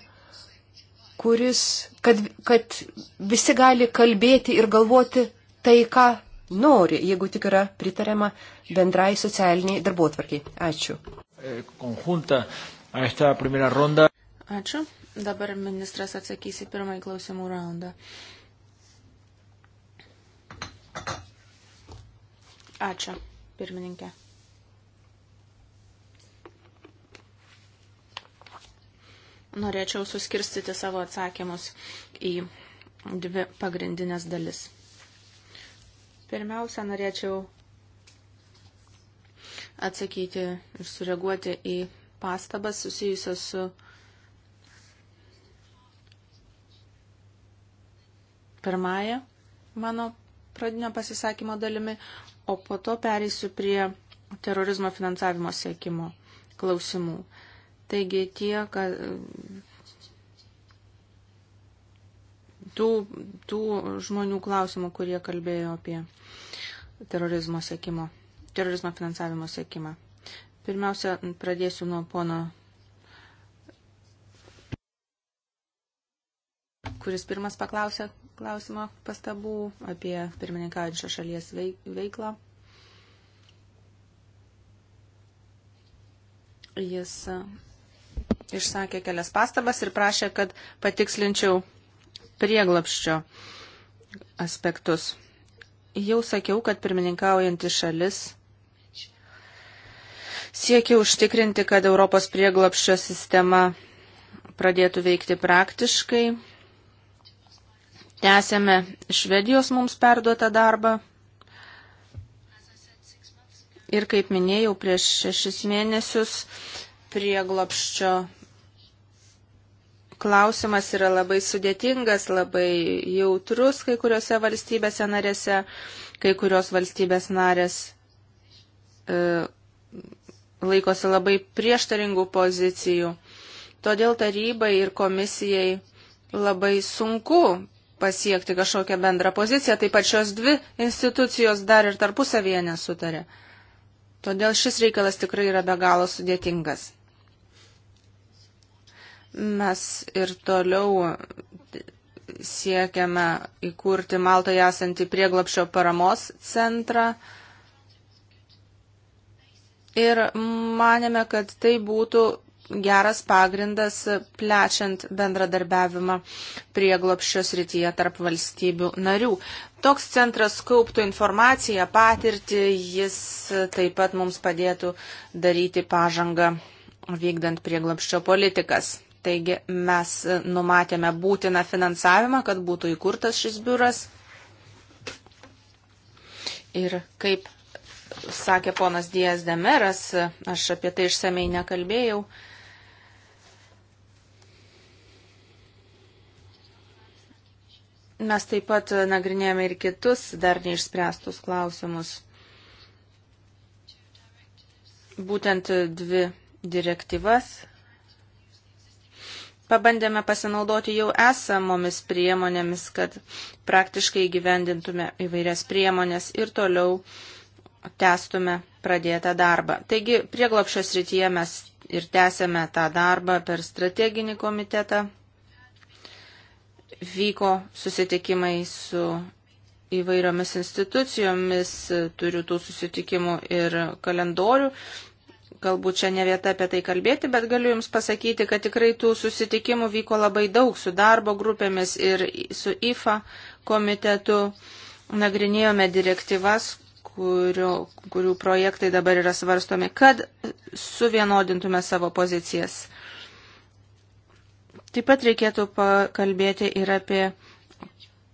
kuris, kad, kad visi gali kalbėti ir galvoti tai, ką nori, jeigu tik yra pritariama bendrai socialiniai darbotvarkiai. Ačiū. E, Ačiū. Dabar ministras atsakys į pirmąjį klausimų raundą. Ačiū, pirmininkė. norėčiau suskirstyti savo atsakymus į dvi pagrindinės dalis. Pirmiausia, norėčiau atsakyti ir sureaguoti į pastabas susijusios su pirmąją mano pradinio pasisakymo dalimi, o po to pereisiu prie terorizmo finansavimo siekimo klausimų. Taigi tie, kad tų, tų žmonių klausimų, kurie kalbėjo apie terorizmo sėkimo, terorizmo finansavimo sėkimą. Pirmiausia, pradėsiu nuo pono, kuris pirmas paklausė klausimo pastabų apie pirmininkaujančio šalies veiklą. Jis išsakė kelias pastabas ir prašė, kad patikslinčiau prieglapščio aspektus. Jau sakiau, kad pirmininkaujantis šalis siekia užtikrinti, kad Europos prieglapščio sistema pradėtų veikti praktiškai. Tęsėme Švedijos mums perduotą darbą. Ir kaip minėjau, prieš šešis mėnesius prieglopščio klausimas yra labai sudėtingas, labai jautrus kai kuriuose valstybėse narėse, kai kurios valstybės narės e, laikosi labai prieštaringų pozicijų. Todėl tarybai ir komisijai labai sunku pasiekti kažkokią bendrą poziciją, taip pat šios dvi institucijos dar ir tarpusavėje nesutarė. Todėl šis reikalas tikrai yra be galo sudėtingas. Mes ir toliau siekiame įkurti Maltoje esantį prieglapšio paramos centrą. Ir manėme, kad tai būtų geras pagrindas plečiant bendradarbiavimą prieglopščio srityje tarp valstybių narių. Toks centras kauptų informaciją, patirtį, jis taip pat mums padėtų daryti pažangą vykdant prieglopščio politikas. Taigi mes numatėme būtiną finansavimą, kad būtų įkurtas šis biuras. Ir kaip sakė ponas Dijas Demeras, aš apie tai išsamei nekalbėjau. Mes taip pat nagrinėjame ir kitus dar neišspręstus klausimus. Būtent dvi direktyvas pabandėme pasinaudoti jau esamomis priemonėmis, kad praktiškai gyvendintume įvairias priemonės ir toliau testume pradėtą darbą. Taigi prieglopšio srityje mes ir tęsėme tą darbą per strateginį komitetą. Vyko susitikimai su įvairiomis institucijomis, turiu tų susitikimų ir kalendorių galbūt čia ne vieta apie tai kalbėti, bet galiu Jums pasakyti, kad tikrai tų susitikimų vyko labai daug su darbo grupėmis ir su IFA komitetu. Nagrinėjome direktyvas, kurių, kurių projektai dabar yra svarstomi, kad suvienodintume savo pozicijas. Taip pat reikėtų pakalbėti ir apie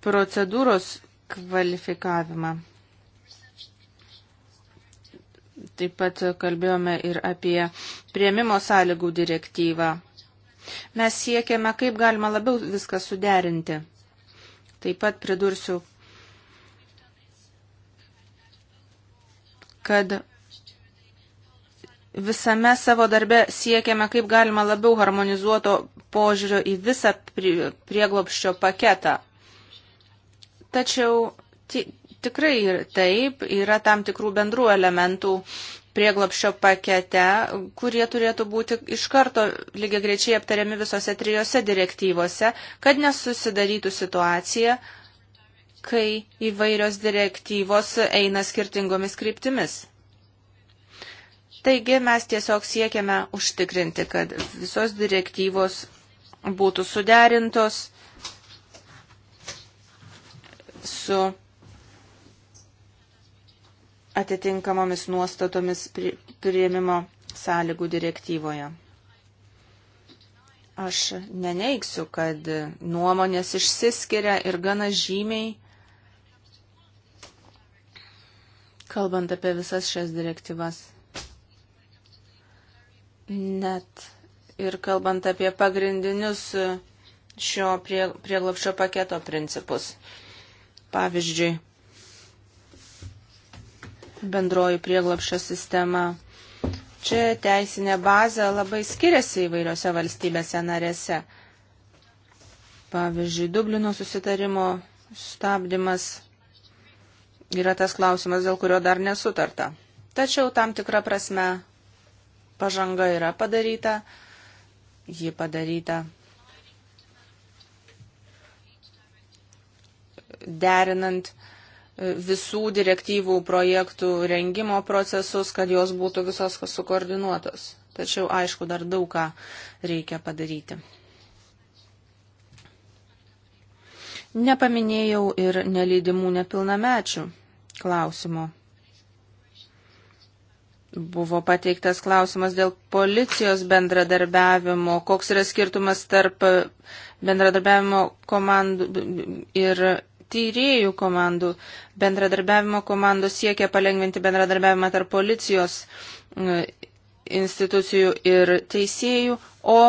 procedūros kvalifikavimą. Taip pat kalbėjome ir apie prieimimo sąlygų direktyvą. Mes siekiame, kaip galima labiau viską suderinti. Taip pat pridursiu, kad visame savo darbe siekiame, kaip galima labiau harmonizuoto požiūrio į visą prieglopščio paketą. Tačiau tikrai ir taip yra tam tikrų bendrų elementų prieglopščio pakete, kurie turėtų būti iš karto lygiai grečiai aptariami visose trijose direktyvose, kad nesusidarytų situacija, kai įvairios direktyvos eina skirtingomis kryptimis. Taigi mes tiesiog siekiame užtikrinti, kad visos direktyvos būtų suderintos su atitinkamomis nuostatomis prieimimo sąlygų direktyvoje. Aš neneiksiu, kad nuomonės išsiskiria ir gana žymiai, kalbant apie visas šias direktyvas. Net ir kalbant apie pagrindinius šio prieglapščio paketo principus. Pavyzdžiui, bendroji prieglapščio sistema. Čia teisinė bazė labai skiriasi įvairiose valstybėse narėse. Pavyzdžiui, Dublino susitarimo stabdymas yra tas klausimas, dėl kurio dar nesutarta. Tačiau tam tikra prasme pažanga yra padaryta, ji padaryta derinant uh, visų direktyvų projektų rengimo procesus, kad jos būtų visos sukoordinuotos. Tačiau, aišku, dar daug ką reikia padaryti. Nepaminėjau ir nelydimų nepilnamečių klausimo. Buvo pateiktas klausimas dėl policijos bendradarbiavimo, koks yra skirtumas tarp bendradarbiavimo komandų ir tyriejų komandų bendradarbiavimo komandos siekia palengventi bendradarbiavimą tarp policijos institucijų ir teisėjų, o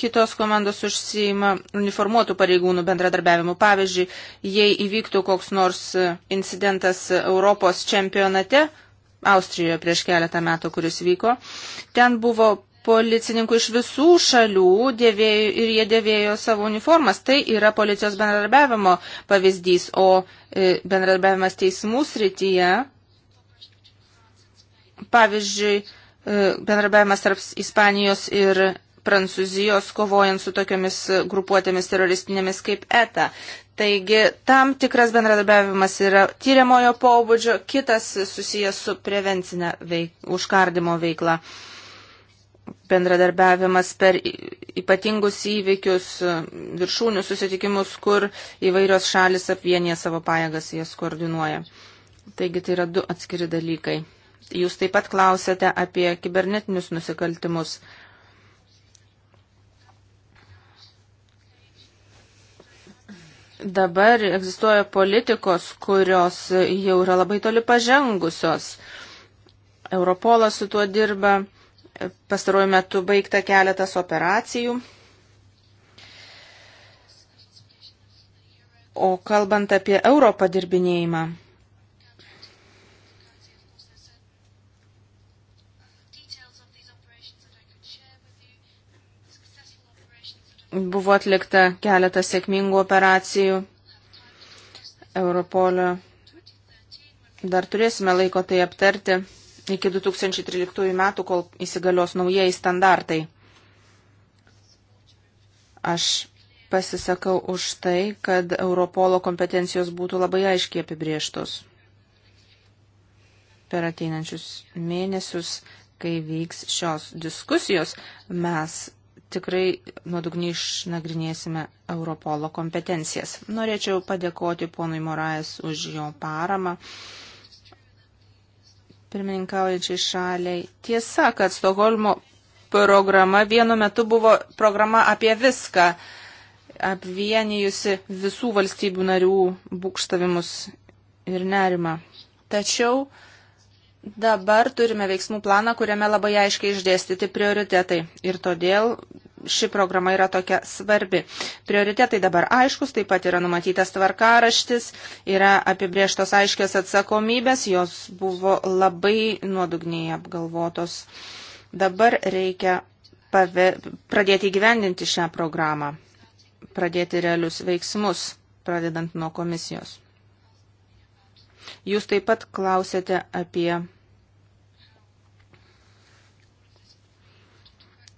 kitos komandos užsiima uniformuotų pareigūnų bendradarbiavimu. Pavyzdžiui, jei įvyktų koks nors incidentas Europos čempionate, Austrijoje prieš keletą metų, kuris vyko, ten buvo policininkų iš visų šalių dėvėjo, ir jie dėvėjo savo uniformas. Tai yra policijos bendradarbiavimo pavyzdys, o e, bendradarbiavimas teismų srityje, pavyzdžiui, e, bendradarbiavimas tarp Ispanijos ir Prancūzijos kovojant su tokiamis grupuotėmis teroristinėmis kaip ETA. Taigi tam tikras bendradarbiavimas yra tyriamojo pobūdžio, kitas susijęs su prevencinė veik, užkardimo veikla. veikla bendradarbiavimas per ypatingus įvykius, viršūnių susitikimus, kur įvairios šalis apvienė savo pajėgas, jas koordinuoja. Taigi tai yra du atskiri dalykai. Jūs taip pat klausėte apie kibernetinius nusikaltimus. Dabar egzistuoja politikos, kurios jau yra labai toli pažengusios. Europolas su tuo dirba Pastaruoju metu baigta keletas operacijų. O kalbant apie euro padirbinėjimą, buvo atlikta keletas sėkmingų operacijų Europolio. Dar turėsime laiko tai aptarti iki 2013 metų, kol įsigalios naujieji standartai. Aš pasisakau už tai, kad Europolo kompetencijos būtų labai aiškiai apibrieštos per ateinančius mėnesius, kai vyks šios diskusijos, mes tikrai nuodugniai išnagrinėsime Europolo kompetencijas. Norėčiau padėkoti ponui Morais už jo paramą pirmininkaujančiai šaliai. Tiesa, kad Stokholmo programa vienu metu buvo programa apie viską, apvienijusi visų valstybių narių būkštavimus ir nerimą. Tačiau dabar turime veiksmų planą, kuriame labai aiškiai išdėstyti prioritetai. Ir todėl ši programa yra tokia svarbi. Prioritetai dabar aiškus, taip pat yra numatytas tvarkaraštis, yra apibrieštos aiškios atsakomybės, jos buvo labai nuodugniai apgalvotos. Dabar reikia pave, pradėti gyvendinti šią programą, pradėti realius veiksmus, pradedant nuo komisijos. Jūs taip pat klausėte apie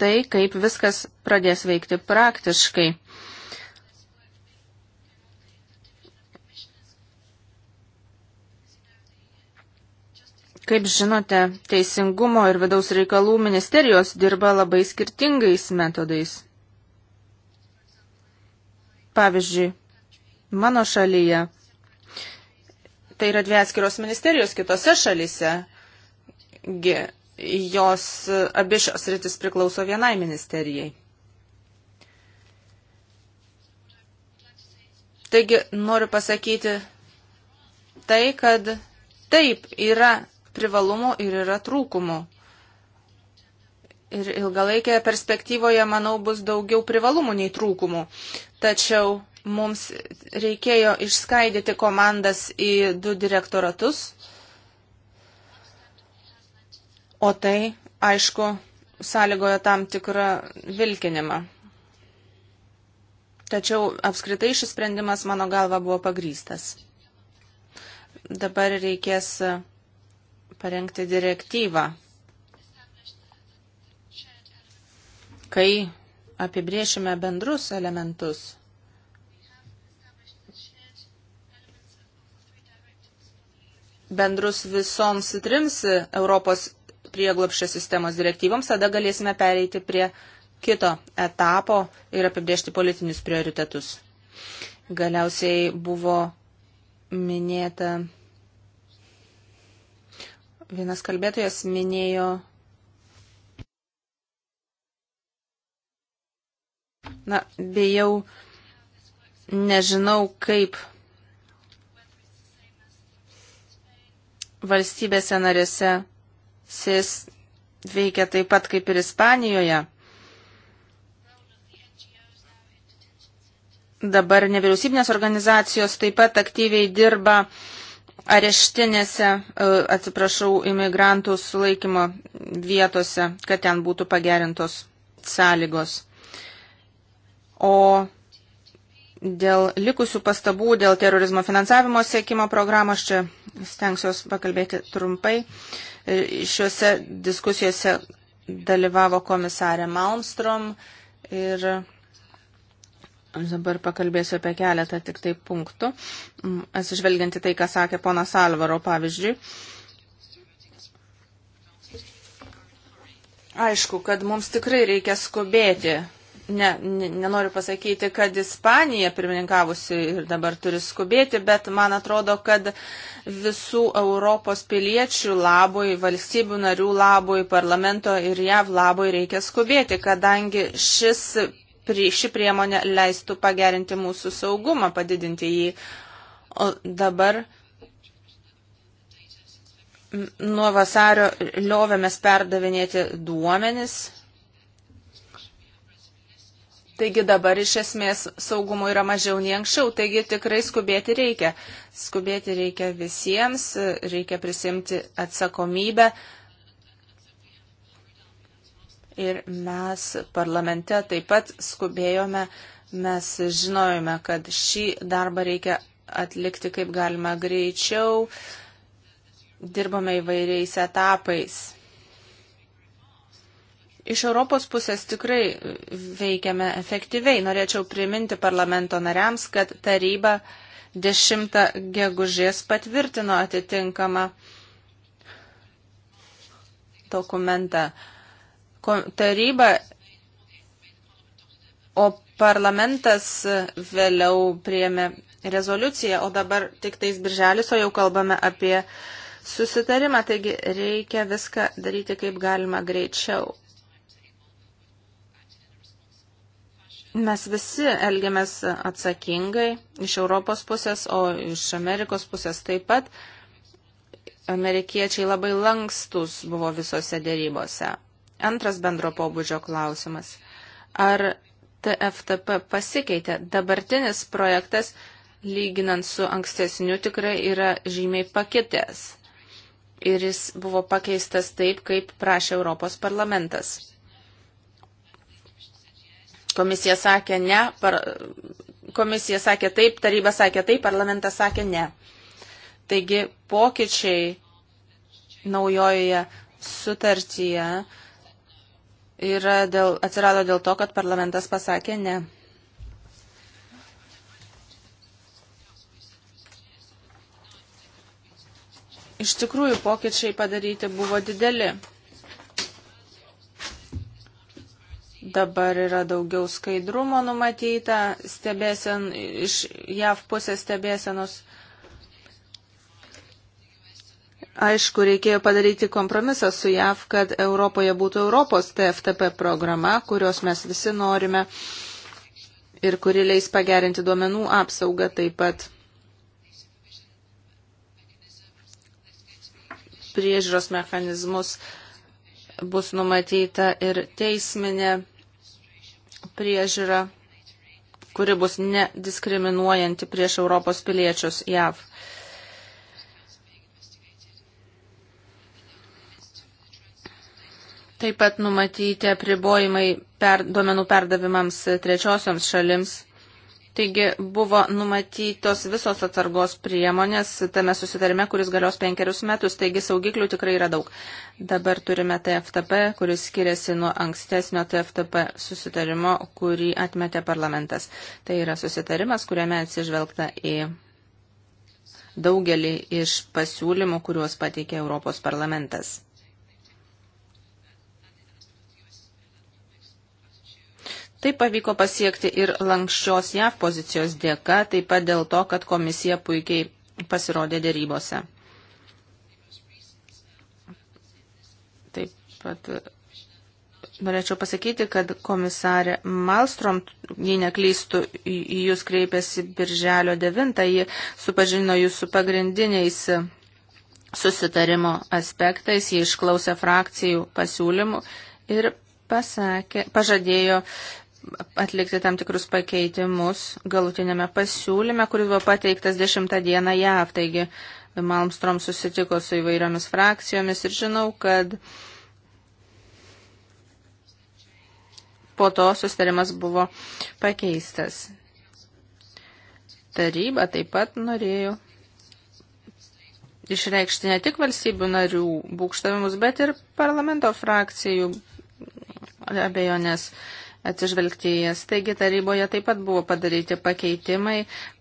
tai, kaip viskas pradės veikti praktiškai. Kaip žinote, Teisingumo ir vidaus reikalų ministerijos dirba labai skirtingais metodais. Pavyzdžiui, mano šalyje, tai yra dvi atskiros ministerijos kitose šalyse, jos abi šios rytis priklauso vienai ministerijai. Taigi noriu pasakyti tai, kad taip yra privalumų ir yra trūkumų. Ir ilgalaikėje perspektyvoje, manau, bus daugiau privalumų nei trūkumų. Tačiau mums reikėjo išskaidyti komandas į du direktoratus o tai, aišku, sąlygoja tam tikrą vilkinimą. Tačiau apskritai šis sprendimas mano galva buvo pagrystas. Dabar reikės parengti direktyvą, kai apibriešime bendrus elementus. Bendrus visoms trims Europos prieglapščio sistemos direktyvoms, tada galėsime pereiti prie kito etapo ir apibriežti politinius prioritetus. Galiausiai buvo minėta, vienas kalbėtojas minėjo Na, bijau, nežinau, kaip valstybėse narėse SIS veikia taip pat kaip ir Ispanijoje. Dabar nevyriausybinės organizacijos taip pat aktyviai dirba areštinėse, e, atsiprašau, imigrantų sulaikymo vietose, kad ten būtų pagerintos sąlygos. O dėl likusių pastabų, dėl terorizmo finansavimo sėkimo programos, čia stengsiuos pakalbėti trumpai. Uh, E, šiuose diskusijose dalyvavo komisarė Malmstrom ir dabar pakalbėsiu apie keletą tik tai punktų. Mm, Atsižvelgianti tai, ką sakė ponas Alvaro, pavyzdžiui. Aišku, kad mums tikrai reikia skubėti ne, ne, nenoriu pasakyti, kad Ispanija pirmininkavusi ir dabar turi skubėti, bet man atrodo, kad visų Europos piliečių labui, valstybių narių labui, parlamento ir JAV labui reikia skubėti, kadangi šis, ši priemonė leistų pagerinti mūsų saugumą, padidinti jį. O dabar nuo vasario liovėmės perdavinėti duomenis Taigi dabar iš esmės saugumo yra mažiau nei anksčiau, taigi tikrai skubėti reikia. Skubėti reikia visiems, reikia prisimti atsakomybę. Ir mes parlamente taip pat skubėjome, mes žinojome, kad šį darbą reikia atlikti kaip galima greičiau, dirbome įvairiais etapais. Iš Europos pusės tikrai veikiame efektyviai. Norėčiau priminti parlamento nariams, kad taryba 10 gegužės patvirtino atitinkamą dokumentą. Taryba, o parlamentas vėliau priėmė rezoliuciją, o dabar tik tais birželis, o jau kalbame apie susitarimą, taigi reikia viską daryti kaip galima greičiau. Mes visi elgiamės atsakingai iš Europos pusės, o iš Amerikos pusės taip pat. Amerikiečiai labai lankstus buvo visose dėrybose. Antras bendro pobūdžio klausimas. Ar TFTP pasikeitė? Dabartinis projektas, lyginant su ankstesniu, tikrai yra žymiai pakitęs. Ir jis buvo pakeistas taip, kaip prašė Europos parlamentas. Komisija sakė ne, par, komisija sakė taip, taryba sakė taip, parlamentas sakė ne. Taigi pokyčiai naujoje sutartyje yra dėl, atsirado dėl to, kad parlamentas pasakė ne. Iš tikrųjų pokyčiai padaryti buvo dideli. Dabar yra daugiau skaidrumo numatyta, stebėsen, iš JAV pusės stebėsenos. Aišku, reikėjo padaryti kompromisą su JAV, kad Europoje būtų Europos TFTP programa, kurios mes visi norime ir kuri leis pagerinti duomenų apsaugą taip pat. Priežiūros mechanizmus bus numatyta ir teisminė priežiūra, kuri bus nediskriminuojanti prieš Europos piliečius JAV. Taip pat numatyti apribojimai per, duomenų perdavimams trečiosioms šalims Taigi buvo numatytos visos atsargos priemonės tame susitarime, kuris galios penkerius metus, taigi saugiklių tikrai yra daug. Dabar turime TFTP, kuris skiriasi nuo ankstesnio TFTP susitarimo, kurį atmetė parlamentas. Tai yra susitarimas, kuriame atsižvelgta į daugelį iš pasiūlymų, kuriuos pateikė Europos parlamentas. Tai pavyko pasiekti ir lankščios JAV pozicijos dėka, taip pat dėl to, kad komisija puikiai pasirodė dėrybose. Taip pat uh, norėčiau pasakyti, kad komisarė Malstrom, jei neklystų, į jūs kreipėsi birželio 9, ji supažino jūs su pagrindiniais uh, susitarimo aspektais, jie išklausė frakcijų pasiūlymų ir pasakė, pažadėjo atlikti tam tikrus pakeitimus galutinėme pasiūlyme, kuris buvo pateiktas 10 dieną JAV. Taigi Malmstrom susitiko su įvairiomis frakcijomis ir žinau, kad po to susitarimas buvo pakeistas. Taryba taip pat norėjo išreikšti ne tik valstybių narių būkštavimus, bet ir parlamento frakcijų abejonės. nes atsižvelgti į jas. Taigi taryboje taip pat buvo padaryti pakeitimai,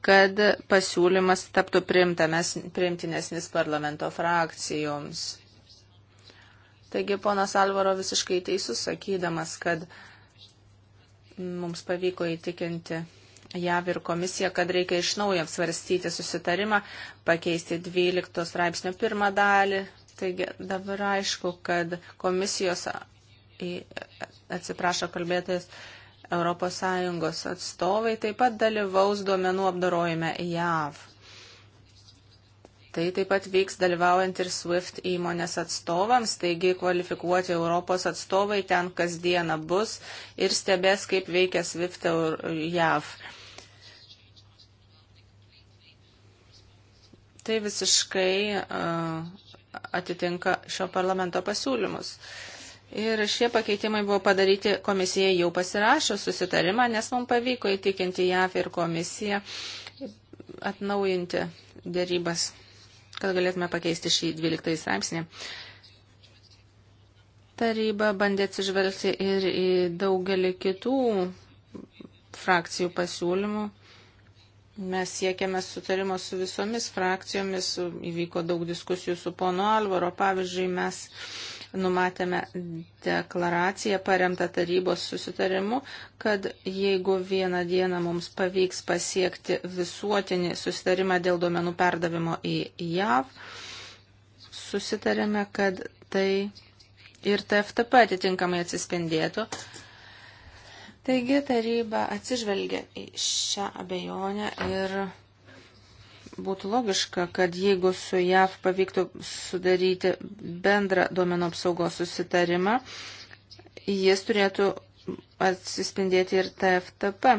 kad pasiūlymas taptų priimtinesnis parlamento frakcijoms. Taigi ponas Alvaro visiškai teisus, sakydamas, kad mums pavyko įtikinti JAV ir komisiją, kad reikia iš naujo apsvarstyti susitarimą, pakeisti 12 straipsnio pirmą dalį. Taigi dabar aišku, kad komisijos atsiprašo kalbėtojas, ES atstovai taip pat dalyvaus duomenų apdarojime JAV. Tai taip pat vyks dalyvaujant ir SWIFT įmonės atstovams, taigi kvalifikuoti Europos atstovai ten kasdieną bus ir stebės, kaip veikia SWIFT JAV. Tai visiškai uh, atitinka šio parlamento pasiūlymus. Uh, Ir šie pakeitimai buvo padaryti komisija jau pasirašo susitarimą, nes mums pavyko įtikinti JAF ir komisiją atnaujinti dėrybas, kad galėtume pakeisti šį 12 straipsnį. Taryba bandė atsižvelgti ir į daugelį kitų frakcijų pasiūlymų. Mes siekiame sutarimo su visomis frakcijomis, įvyko daug diskusijų su pono Alvaro, pavyzdžiui, mes numatėme deklaraciją paremtą tarybos susitarimu, kad jeigu vieną dieną mums pavyks pasiekti visuotinį susitarimą dėl duomenų perdavimo į JAV, susitarėme, kad tai ir TFTP atitinkamai atsispindėtų. Taigi taryba atsižvelgia į šią abejonę ir būtų logiška, kad jeigu su JAV pavyktų sudaryti bendrą duomenų apsaugos susitarimą, jis turėtų atsispindėti ir TFTP.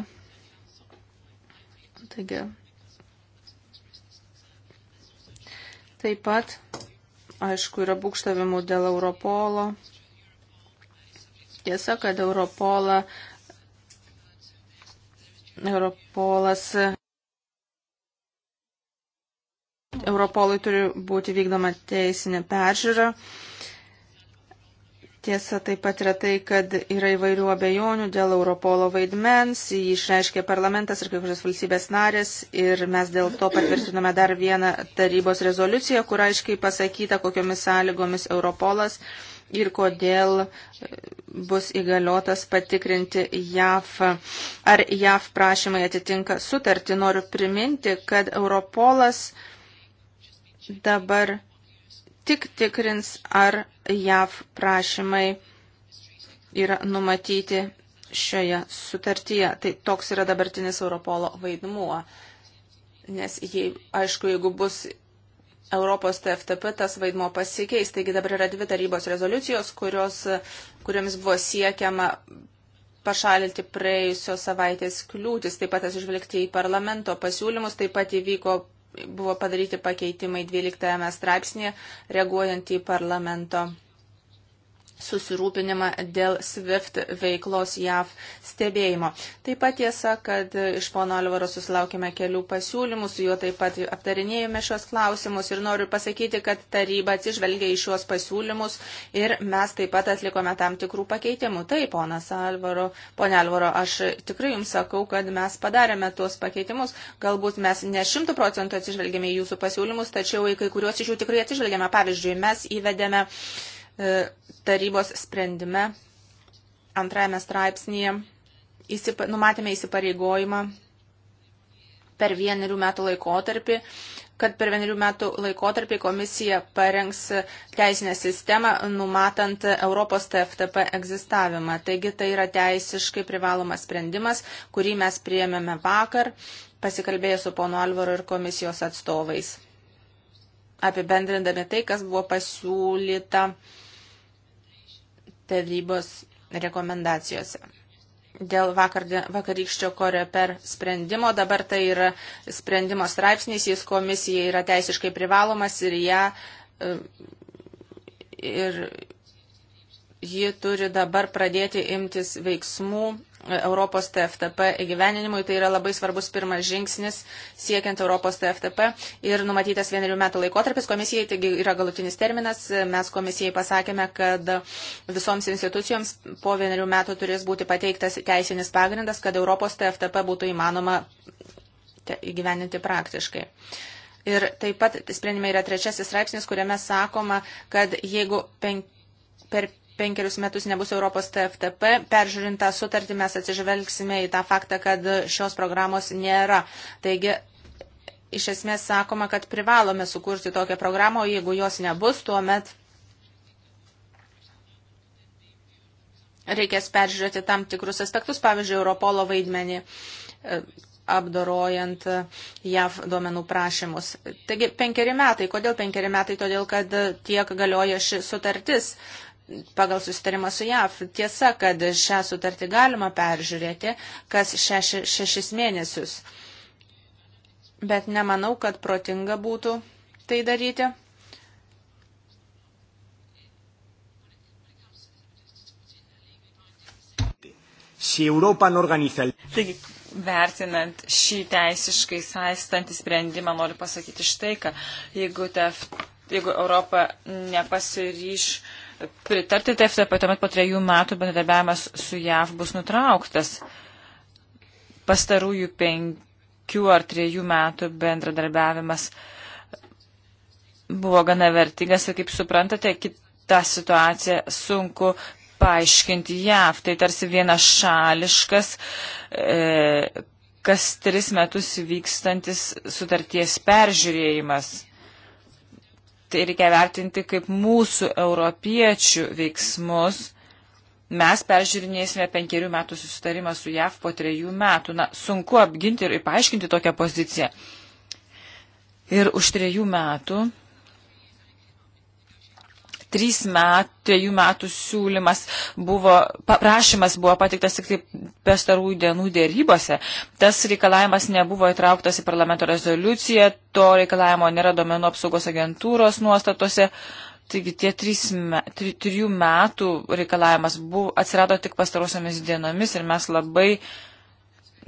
Taigi, taip pat, aišku, yra būkštavimų dėl Europolo. Tiesa, kad Europola, Europolas Europolui turi būti vykdoma teisinė peržiūra. Tiesa taip pat yra tai, kad yra įvairių abejonių dėl Europolo vaidmens, jį išreiškė parlamentas ir kai kurios valstybės narės ir mes dėl to patvirtinome dar vieną tarybos rezoliuciją, kur aiškiai pasakyta, kokiomis sąlygomis Europolas ir kodėl bus įgaliotas patikrinti JAF, ar JAF prašymai atitinka sutartį. Noriu priminti, kad Europolas dabar tik tikrins, ar JAV prašymai yra numatyti šioje sutartyje. Tai toks yra dabartinis Europolo vaidmuo. Nes jei, aišku, jeigu bus Europos TFTP, tas vaidmo pasikeis. Taigi dabar yra dvi tarybos rezoliucijos, kurios, kuriomis buvo siekiama pašalinti praėjusios savaitės kliūtis, taip pat atsižvelgti į parlamento pasiūlymus, taip pat įvyko buvo padaryti pakeitimai 12 straipsnėje, reaguojant į parlamento susirūpinimą dėl SWIFT veiklos JAV stebėjimo. Taip pat tiesa, kad iš pono Alvaro susilaukime kelių pasiūlymų, su juo taip pat aptarinėjome šios klausimus ir noriu pasakyti, kad taryba atsižvelgia į šios pasiūlymus ir mes taip pat atlikome tam tikrų pakeitimų. Taip, ponas Alvaro, ponė Alvaro, aš tikrai jums sakau, kad mes padarėme tuos pakeitimus. Galbūt mes ne šimtų procentų atsižvelgėme į jūsų pasiūlymus, tačiau į kai kuriuos iš jų tikrai atsižvelgėme. Pavyzdžiui, mes įvedėme uh, E, tarybos sprendime antrajame straipsnėje įsipa, numatėme įsipareigojimą per vienerių metų laikotarpį, kad per vienerių metų laikotarpį komisija parengs teisinę sistemą, numatant Europos TFTP egzistavimą. Taigi tai yra teisiškai privalomas sprendimas, kurį mes priėmėme vakar, pasikalbėję su pono Alvaro ir komisijos atstovais. Apibendrindami tai, kas buvo pasiūlyta tarybos rekomendacijose. Dėl vakar, vakarykščio koreo per sprendimo, dabar tai yra sprendimo straipsnis, jis komisija yra teisiškai privalomas ir ją ir ji turi dabar pradėti imtis veiksmų Europos TFTP įgyveninimui. Tai yra labai svarbus pirmas žingsnis siekiant Europos TFTP ir numatytas vienerių metų laikotarpis. Komisijai taigi yra galutinis terminas. Mes komisijai pasakėme, kad visoms institucijoms po vienerių metų turės būti pateiktas teisinis pagrindas, kad Europos TFTP būtų įmanoma įgyveninti praktiškai. Ir taip pat sprendime yra trečiasis straipsnis, kuriame sakoma, kad jeigu penk, per penkerius metus nebus Europos TFTP. Peržiūrint tą sutartį mes atsižvelgsime į tą faktą, kad šios programos nėra. Taigi, iš esmės sakoma, kad privalome sukurti tokią programą, o jeigu jos nebus, tuomet reikės peržiūrėti tam tikrus aspektus, pavyzdžiui, Europolo vaidmenį e, apdorojant JAV duomenų prašymus. Taigi penkeri metai. Kodėl penkeri metai? Todėl, kad tiek galioja ši sutartis pagal susitarimą su JAF. Tiesa, kad šią sutartį galima peržiūrėti kas šeši, šešis mėnesius. Bet nemanau, kad protinga būtų tai daryti. Si Europa no organiza... Taigi, vertinant šį teisiškai saistantį sprendimą, noriu pasakyti štai, kad jeigu, tef, jeigu Europa nepasiryš uh, pritarti TFTP, tai tuomet po trejų metų bendradarbiavimas su JAV bus nutrauktas. Pastarųjų penkių ar trejų metų bendradarbiavimas buvo gana vertingas ir, kaip suprantate, kitą situaciją sunku paaiškinti JAV. Tai tarsi vienas šališkas, e, kas tris metus vykstantis sutarties peržiūrėjimas tai reikia vertinti kaip mūsų europiečių veiksmus. Mes peržiūrinėsime penkerių metų susitarimą su JAV po trejų metų. Na, sunku apginti ir paaiškinti tokią poziciją. Ir už trejų metų trys metų, dviejų metų siūlymas buvo, paprašymas buvo patiktas tik taip pastarųjų dienų dėrybose. Tas reikalavimas nebuvo įtrauktas į parlamento rezoliuciją, to reikalavimo nėra domenų apsaugos agentūros nuostatose. Taigi tie trys, tri, trijų metų reikalavimas buvo, atsirado tik pastarosiamis dienomis ir mes labai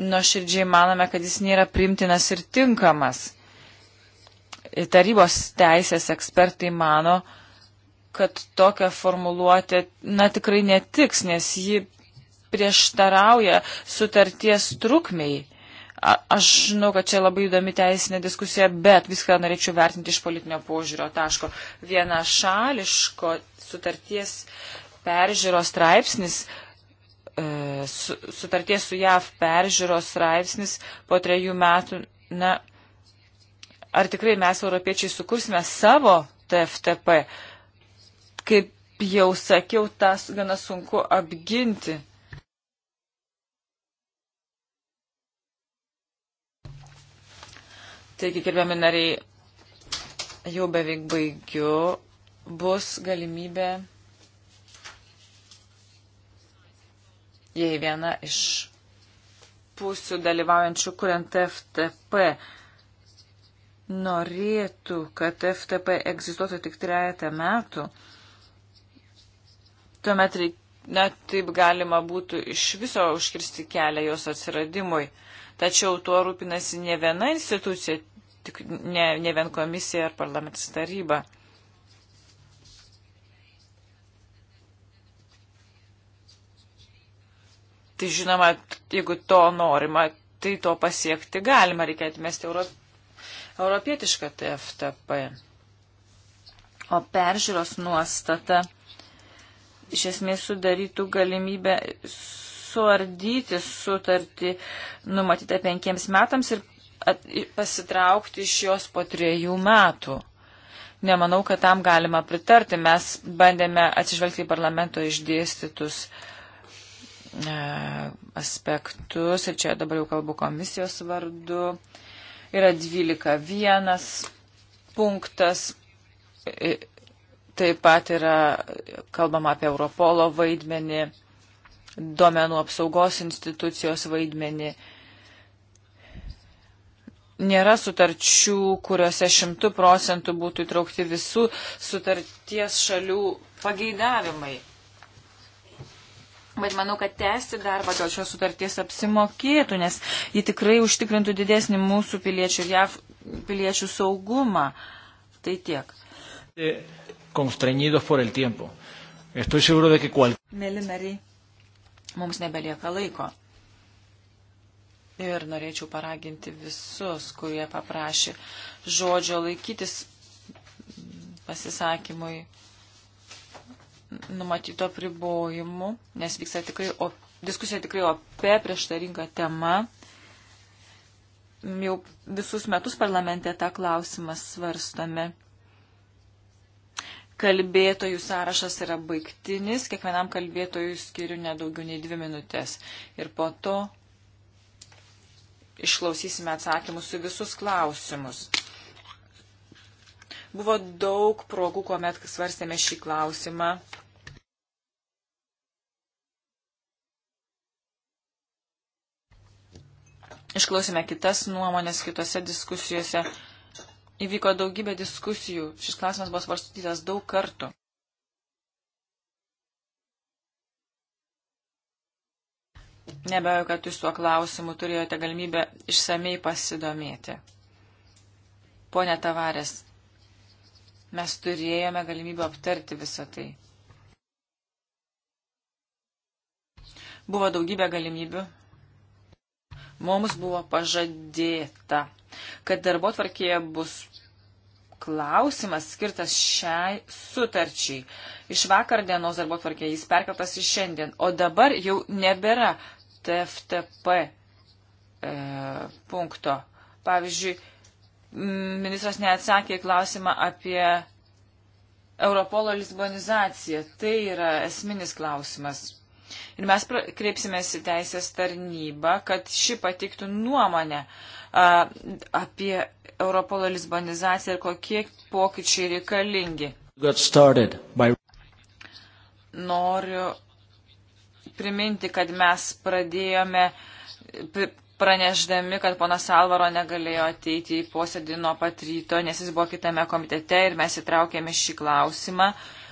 nuoširdžiai manome, kad jis nėra primtinas ir tinkamas. Tarybos teisės ekspertai mano, kad tokia formuluotė, na, tikrai netiks, nes ji prieštarauja sutarties trukmei. A, aš žinau, kad čia labai įdomi teisinė diskusija, bet viską norėčiau vertinti iš politinio požiūrio taško. Viena šališko sutarties peržiūros straipsnis, e, su, sutarties su JAV peržiūros straipsnis po trejų metų, na, ar tikrai mes europiečiai sukursime savo TFTP? kaip jau sakiau, tas gana sunku apginti. Taigi, gerbiami nariai, jau beveik baigiu. Bus galimybė, jei viena iš pusių dalyvaujančių kuriant FTP norėtų, kad FTP egzistuotų tik trejata metų, Tuomet net taip galima būtų iš viso užkirsti kelią jos atsiradimui. Tačiau tuo rūpinasi ne viena institucija, tik ne, ne vien komisija ar parlamentas taryba. Tai žinoma, jeigu to norima, tai to pasiekti galima, reikia atmesti euro, europietišką TFTP. O peržiūros nuostata iš esmės sudarytų galimybę suardyti sutartį numatytą penkiems metams ir at, pasitraukti iš jos po trejų metų. Nemanau, kad tam galima pritarti. Mes bandėme atsižvelgti į parlamento išdėstytus e, aspektus ir čia dabar jau kalbu komisijos vardu. Yra 12.1 punktas e, Taip pat yra kalbama apie Europolo vaidmenį, duomenų apsaugos institucijos vaidmenį. Nėra sutarčių, kuriuose šimtų procentų būtų įtraukti visų sutarties šalių pageidavimai. Bet manau, kad tęsti darbą dėl šios sutarties apsimokėtų, nes ji tikrai užtikrintų didesnį mūsų piliečių ir JAV piliečių saugumą. Tai tiek. Yeah constreñidos por el tiempo. Estoy seguro de que cual... Mėly nariai, mums nebelieka laiko. Ir norėčiau paraginti visus, kurie paprašė žodžio laikytis pasisakymui numatyto pribojimu, nes vyksta tikrai, o, diskusija tikrai opė prieštaringa tema. Jau visus metus parlamente tą klausimą svarstame. Kalbėtojų sąrašas yra baigtinis, kiekvienam kalbėtojui skiriu nedaugiau nei dvi minutės. Ir po to išklausysime atsakymus į visus klausimus. Buvo daug progų, kuomet svarstėme šį klausimą. Išklausime kitas nuomonės kitose diskusijose. Įvyko daugybė diskusijų. Šis klausimas buvo svarstytas daug kartų. Nebejoju, kad jūs tuo klausimu turėjote galimybę išsamei pasidomėti. Pone Tavarės, mes turėjome galimybę aptarti visą tai. Buvo daugybė galimybių Mums buvo pažadėta, kad darbo tvarkėje bus klausimas skirtas šiai sutarčiai. Iš vakar dienos darbo tvarkė jis perkeltas į šiandien, o dabar jau nebėra TFTP e, punkto. Pavyzdžiui, ministras neatsakė į klausimą apie Europolo lisbonizaciją. Tai yra esminis klausimas. Ir mes kreipsimės į teisės tarnybą, kad ši patiktų nuomonę a, apie Europolo Lisbonizaciją ir kokie pokyčiai reikalingi. By... Noriu priminti, kad mes pradėjome pranešdami, kad ponas Alvaro negalėjo ateiti į posėdį nuo pat ryto, nes jis buvo kitame komitete ir mes įtraukėme šį klausimą. Uh,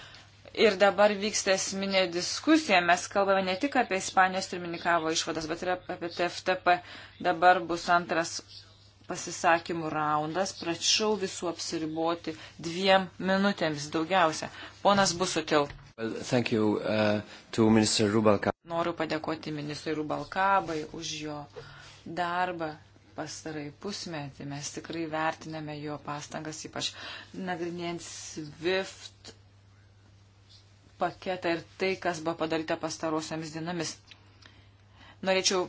Ir dabar vyksta esminė diskusija. Mes kalbame ne tik apie Ispanijos pirmininkavo išvadas, bet ir apie TFTP. Dabar bus antras pasisakymų raundas. Prašau visų apsiriboti dviem minutėms daugiausia. Ponas Busutil. Well, you, uh, Noriu padėkoti ministrui Rubalkabai už jo darbą pastarai pusmetį. Mes tikrai vertiname jo pastangas, ypač nagrinėjant SWIFT paketą ir tai, kas buvo padaryta pastarosiamis dienomis. Norėčiau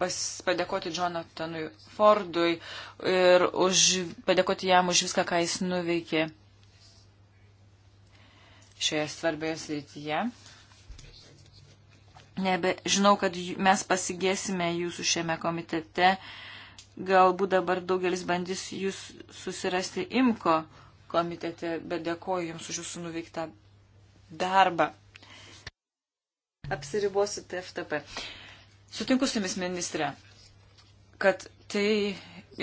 pas, padėkoti Jonathanui Fordui ir už, padėkoti jam už viską, ką jis nuveikė šioje svarbioje srityje. Nebe, žinau, kad mes pasigėsime jūsų šiame komitete. Galbūt dabar daugelis bandys jūs susirasti imko komitete, bet dėkoju Jums už Jūsų nuveiktą darbą. Apsiribosiu TFTP. Sutinku su jumis, ministrė, kad tai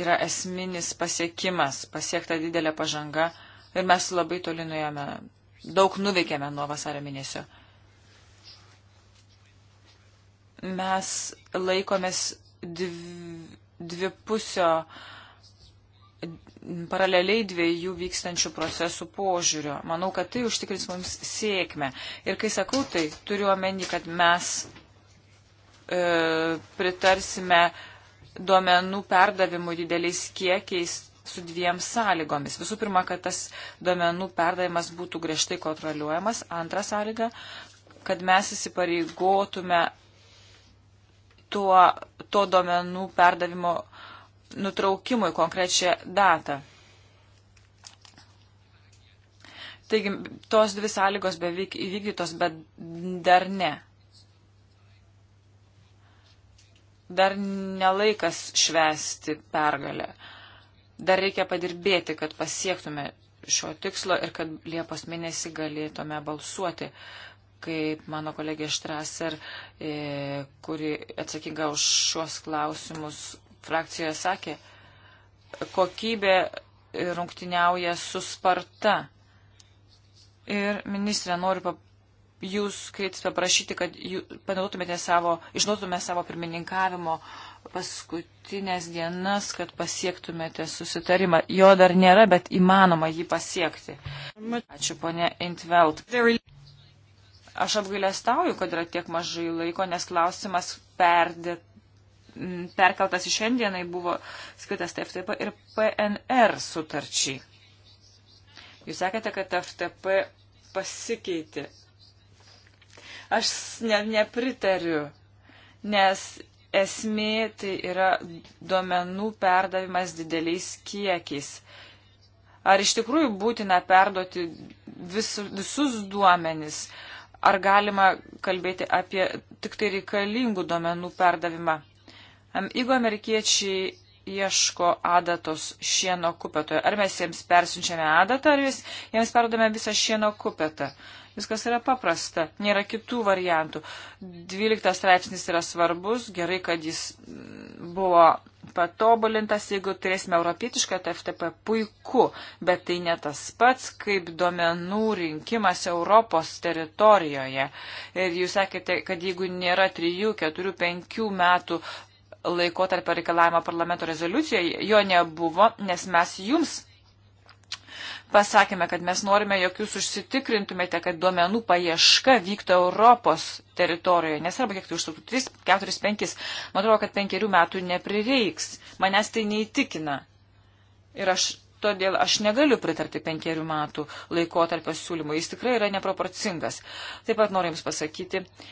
yra esminis pasiekimas, pasiekta didelė pažanga ir mes labai toli nuėjome, daug nuveikėme nuo vasario mėnesio. Mes laikomės dv, dvipusio uh, paraleliai dviejų vykstančių procesų požiūrio. Manau, kad tai užtikrins mums sėkmę. Ir kai sakau tai, turiu omeny, kad mes e, pritarsime duomenų perdavimų dideliais kiekiais su dviem sąlygomis. Visų pirma, kad tas duomenų perdavimas būtų griežtai kontroliuojamas. Antra sąlyga, kad mes įsipareigotume tuo, to duomenų perdavimo uh, nutraukimui konkrečią datą. Taigi, tos dvi sąlygos beveik įvykdytos, bet dar ne. Dar nelaikas švesti pergalę. Dar reikia padirbėti, kad pasiektume šio tikslo ir kad Liepos mėnesį galėtume balsuoti, kaip mano kolegė Štraser, e, kuri atsakinga už šios klausimus, frakcijoje sakė, kokybė rungtiniauja su sparta. Ir ministrė, noriu jūs kreiptis paprašyti, kad panaudotumėte savo, išnaudotumėte savo pirmininkavimo paskutinės dienas, kad pasiektumėte susitarimą. Jo dar nėra, bet įmanoma jį pasiekti. Ačiū, ponė Intveld. Aš apgailestauju, kad yra tiek mažai laiko, nes klausimas perdėt perkeltas į šiandienai buvo skirtas TFTP ir PNR sutarčiai. Jūs sakėte, kad TFTP pasikeitė. Aš ne, nepritariu, nes esmė tai yra duomenų perdavimas dideliais kiekiais. Ar iš tikrųjų būtina perduoti vis, visus duomenis? Ar galima kalbėti apie tik tai reikalingų duomenų perdavimą? Jeigu amerikiečiai ieško adatos šieno kupetoje, ar mes jiems persiunčiame adatą, ar jis, jiems perdodame visą šieno kupetą. Viskas yra paprasta, nėra kitų variantų. 12 straipsnis yra svarbus, gerai, kad jis mm, buvo patobulintas, jeigu turėsime europietišką TFTP, puiku, bet tai ne tas pats, kaip duomenų rinkimas Europos teritorijoje. Ir jūs sakėte, kad jeigu nėra 3, 4, 5 metų laikotarpio reikalavimo parlamento rezoliucijoje, jo nebuvo, nes mes jums pasakėme, kad mes norime, jog jūs užsitikrintumėte, kad duomenų paieška vyktų Europos teritorijoje, nes arba kiek tai užtruktų, 3, 4, 5, man atrodo, kad penkerių metų neprireiks, manęs tai neįtikina. Ir aš todėl aš negaliu pritarti penkerių metų laikotarpio siūlymui, jis tikrai yra neproporcingas. Taip pat noriu Jums pasakyti, uh,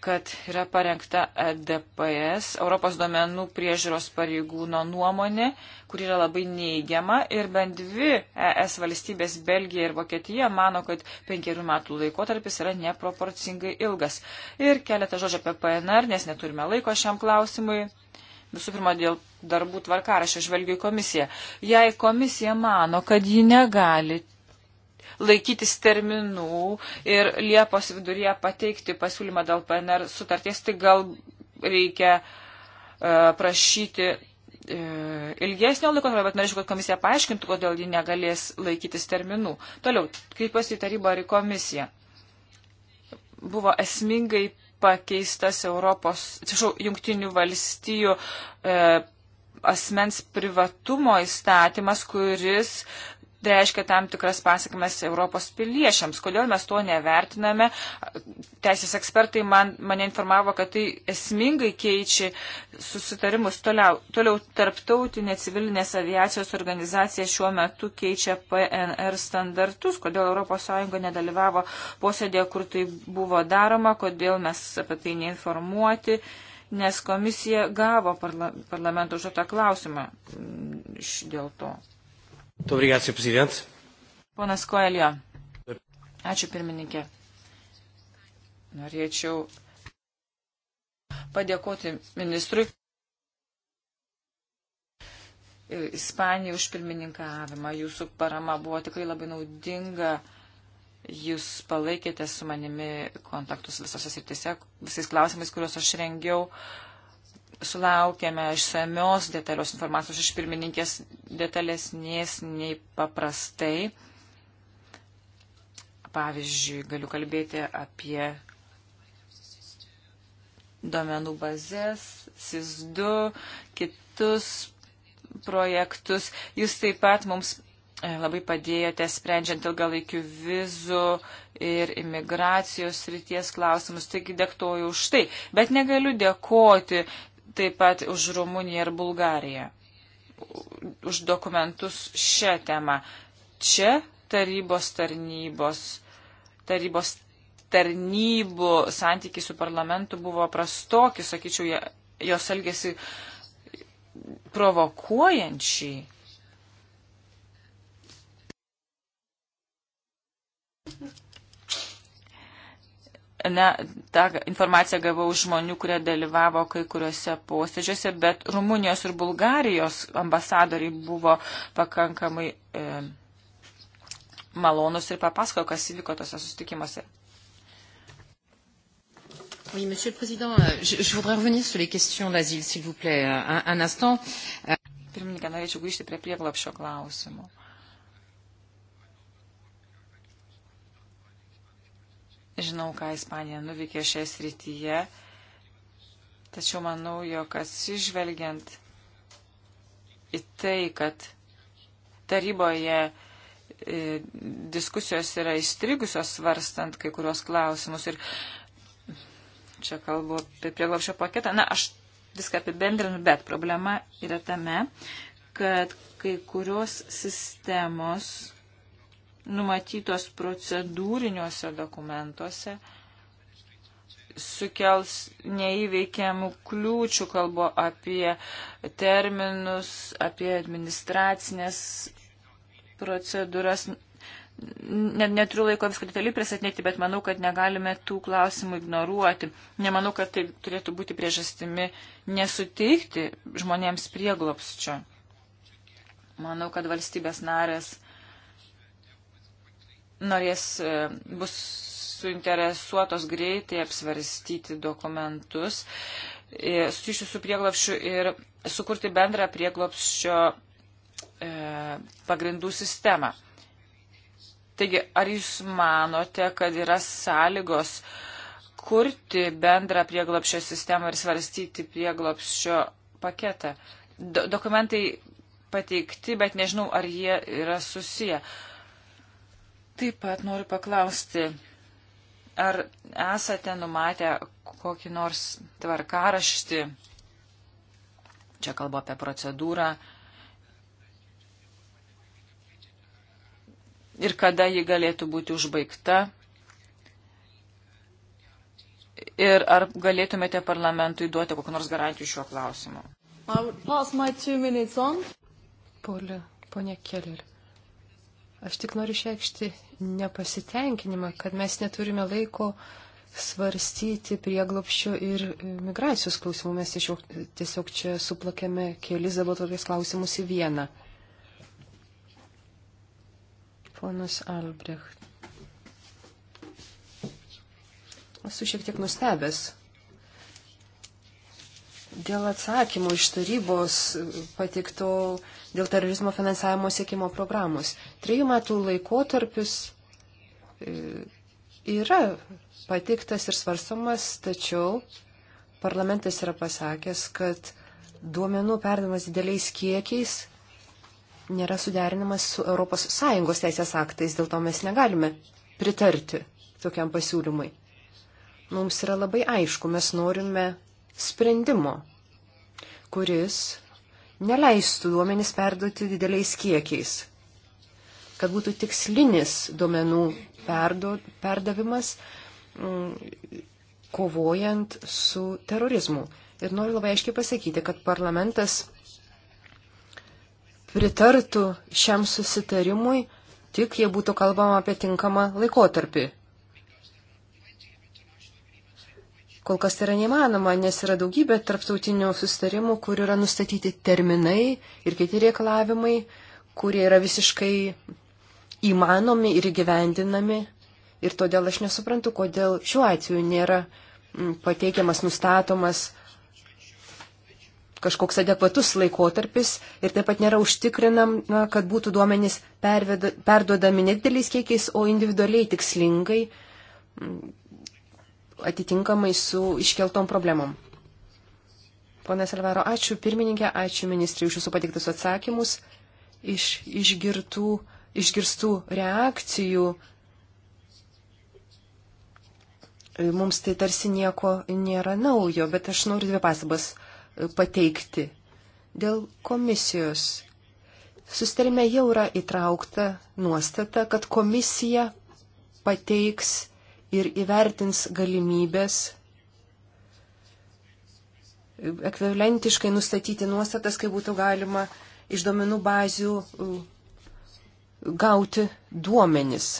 kad yra parengta EDPS, Europos domenų priežiūros pareigūno nuomonė, kuri yra labai neigiama ir bent dvi ES valstybės Belgija ir Vokietija mano, kad penkerių metų laikotarpis yra neproporcingai ilgas. Ir keletą žodžių apie PNR, nes neturime laiko šiam klausimui. Visų pirma, dėl darbų tvarkarašio žvelgiu į komisiją. Jei komisija mano, kad ji negali laikytis terminų ir Liepos viduryje pateikti pasiūlymą dėl PNR sutarties, tai gal reikia e, prašyti e, ilgesnio laiko, bet norėčiau, kad komisija paaiškintų, kodėl ji negalės laikytis terminų. Toliau, kreipiuosi į tarybą ar į komisiją. Buvo esmingai pakeistas Europos, atsiprašau, jungtinių valstijų e, asmens privatumo įstatymas, kuris Tai reiškia tam tikras pasiekmes Europos piliečiams. Kodėl mes to nevertiname? Teisės ekspertai man, mane informavo, kad tai esmingai keičia susitarimus. Toliau, toliau tarptautinė civilinės aviacijos organizacija šiuo metu keičia PNR standartus. Kodėl ES nedalyvavo posėdėje, kur tai buvo daroma, kodėl mes apie tai neinformuoti nes komisija gavo parla, parlamento užduotą klausimą dėl to. Obrigado, Sr. Presidente. Ponas Koelio. Ačiū, pirmininkė. Norėčiau padėkoti ministrui ir Ispanijai už pirmininkavimą. Jūsų parama buvo tikrai labai naudinga. Jūs palaikėte su manimi kontaktus visose srityse, visais klausimais, kuriuos aš rengiau. Uh, sulaukėme išsamios detalios informacijos iš pirmininkės detalesnės nei paprastai. Pavyzdžiui, galiu kalbėti apie duomenų bazės, SIS2, kitus projektus. Jūs taip pat mums e, labai padėjote sprendžiant ilgalaikių vizų ir imigracijos ryties klausimus, taigi dėktoju už tai. Bet negaliu dėkoti taip pat už Rumuniją ir Bulgariją, už dokumentus šią temą. Čia tarybos tarnybos, tarybos tarnybų santykiai su parlamentu buvo prastoki, sakyčiau, jos elgesi provokuojančiai ne, tą informaciją gavau žmonių, kurie dalyvavo kai kuriuose posėdžiuose, bet Rumunijos ir Bulgarijos ambasadoriai buvo pakankamai e, malonus ir papasako, kas įvyko tose susitikimuose. Oui, Monsieur le Président, euh, je, je voudrais revenir sur les questions d'asile, s'il vous plaît, euh, un, un instant. Euh, Pirmininkė, norėčiau grįžti prie prieglapšio klausimų. Žinau, ką Ispanija nuveikė šią srityje, tačiau manau, jog atsižvelgiant į tai, kad taryboje e, diskusijos yra įstrigusios svarstant kai kurios klausimus ir čia kalbu apie prieglapšio paketą. Na, aš viską apibendrinu, bet problema yra tame, kad kai kurios sistemos numatytos procedūriniuose dokumentuose sukels neįveikiamų kliūčių, kalbu apie terminus, apie administracinės procedūras. Net neturiu laiko viską detaliai pristatinėti, bet manau, kad negalime tų klausimų ignoruoti. Nemanau, kad tai turėtų būti priežastimi nesuteikti žmonėms prieglopsčio. Manau, kad valstybės narės norės, e, bus suinteresuotos greitai apsvarstyti dokumentus e, susijusiu su prieglapščiu ir sukurti bendrą prieglapščio e, pagrindų sistemą. Taigi, ar jūs manote, kad yra sąlygos kurti bendrą prieglapščio sistemą ir svarstyti prieglapščio paketą? Do dokumentai pateikti, bet nežinau, ar jie yra susiję. Uh, Taip pat noriu paklausti, ar esate numatę kokį nors tvarkaraštį, čia kalbu apie procedūrą, ir kada ji galėtų būti užbaigta. Ir ar galėtumėte parlamentui duoti kokią nors garantijų šiuo klausimu? Polė, ponė Keller. Aš tik noriu išreikšti nepasitenkinimą, kad mes neturime laiko svarstyti prieglopščio ir migracijos klausimų. Mes tiesiog, tiesiog čia suplakėme kelis dabar tokius klausimus į vieną. Ponas Albrecht. Esu šiek tiek nustebęs. Dėl atsakymų iš tarybos patikto uh, dėl terorizmo finansavimo sėkimo programos. Trejų metų laikotarpis e, yra patiktas ir svarstomas, tačiau parlamentas yra pasakęs, kad duomenų perdamas dideliais kiekiais nėra suderinamas su ES teisės aktais, dėl to mes negalime pritarti tokiam pasiūlymui. Mums yra labai aišku, mes norime sprendimo, kuris neleistų duomenis perduoti dideliais kiekiais, kad būtų tikslinis duomenų perdo, perdavimas m, mm, kovojant su terorizmu. Ir noriu labai aiškiai pasakyti, kad parlamentas pritartų šiam susitarimui, tik jei būtų kalbama apie tinkamą laikotarpį. kol kas yra neįmanoma, nes yra daugybė tarptautinių sustarimų, kur yra nustatyti terminai ir kiti reikalavimai, kurie yra visiškai įmanomi ir gyvendinami. Ir todėl aš nesuprantu, kodėl šiuo atveju nėra mm, pateikiamas, nustatomas kažkoks adekvatus laikotarpis ir taip pat nėra užtikrinama, kad būtų duomenys perduodami nedideliais kiekiais, o individualiai tikslingai mm, atitinkamai su iškeltom problemom. Ponas Alvaro, ačiū pirmininkė, ačiū ministrė už jūsų patiktus atsakymus. Iš išgirtų, išgirstų reakcijų e, mums tai tarsi nieko nėra naujo, bet aš noriu dvi pastabas e, pateikti. Dėl komisijos. Sustarime jau yra įtraukta nuostata, kad komisija pateiks ir įvertins galimybės ekvivalentiškai nustatyti nuostatas, kai būtų galima iš duomenų bazių uh, gauti duomenis.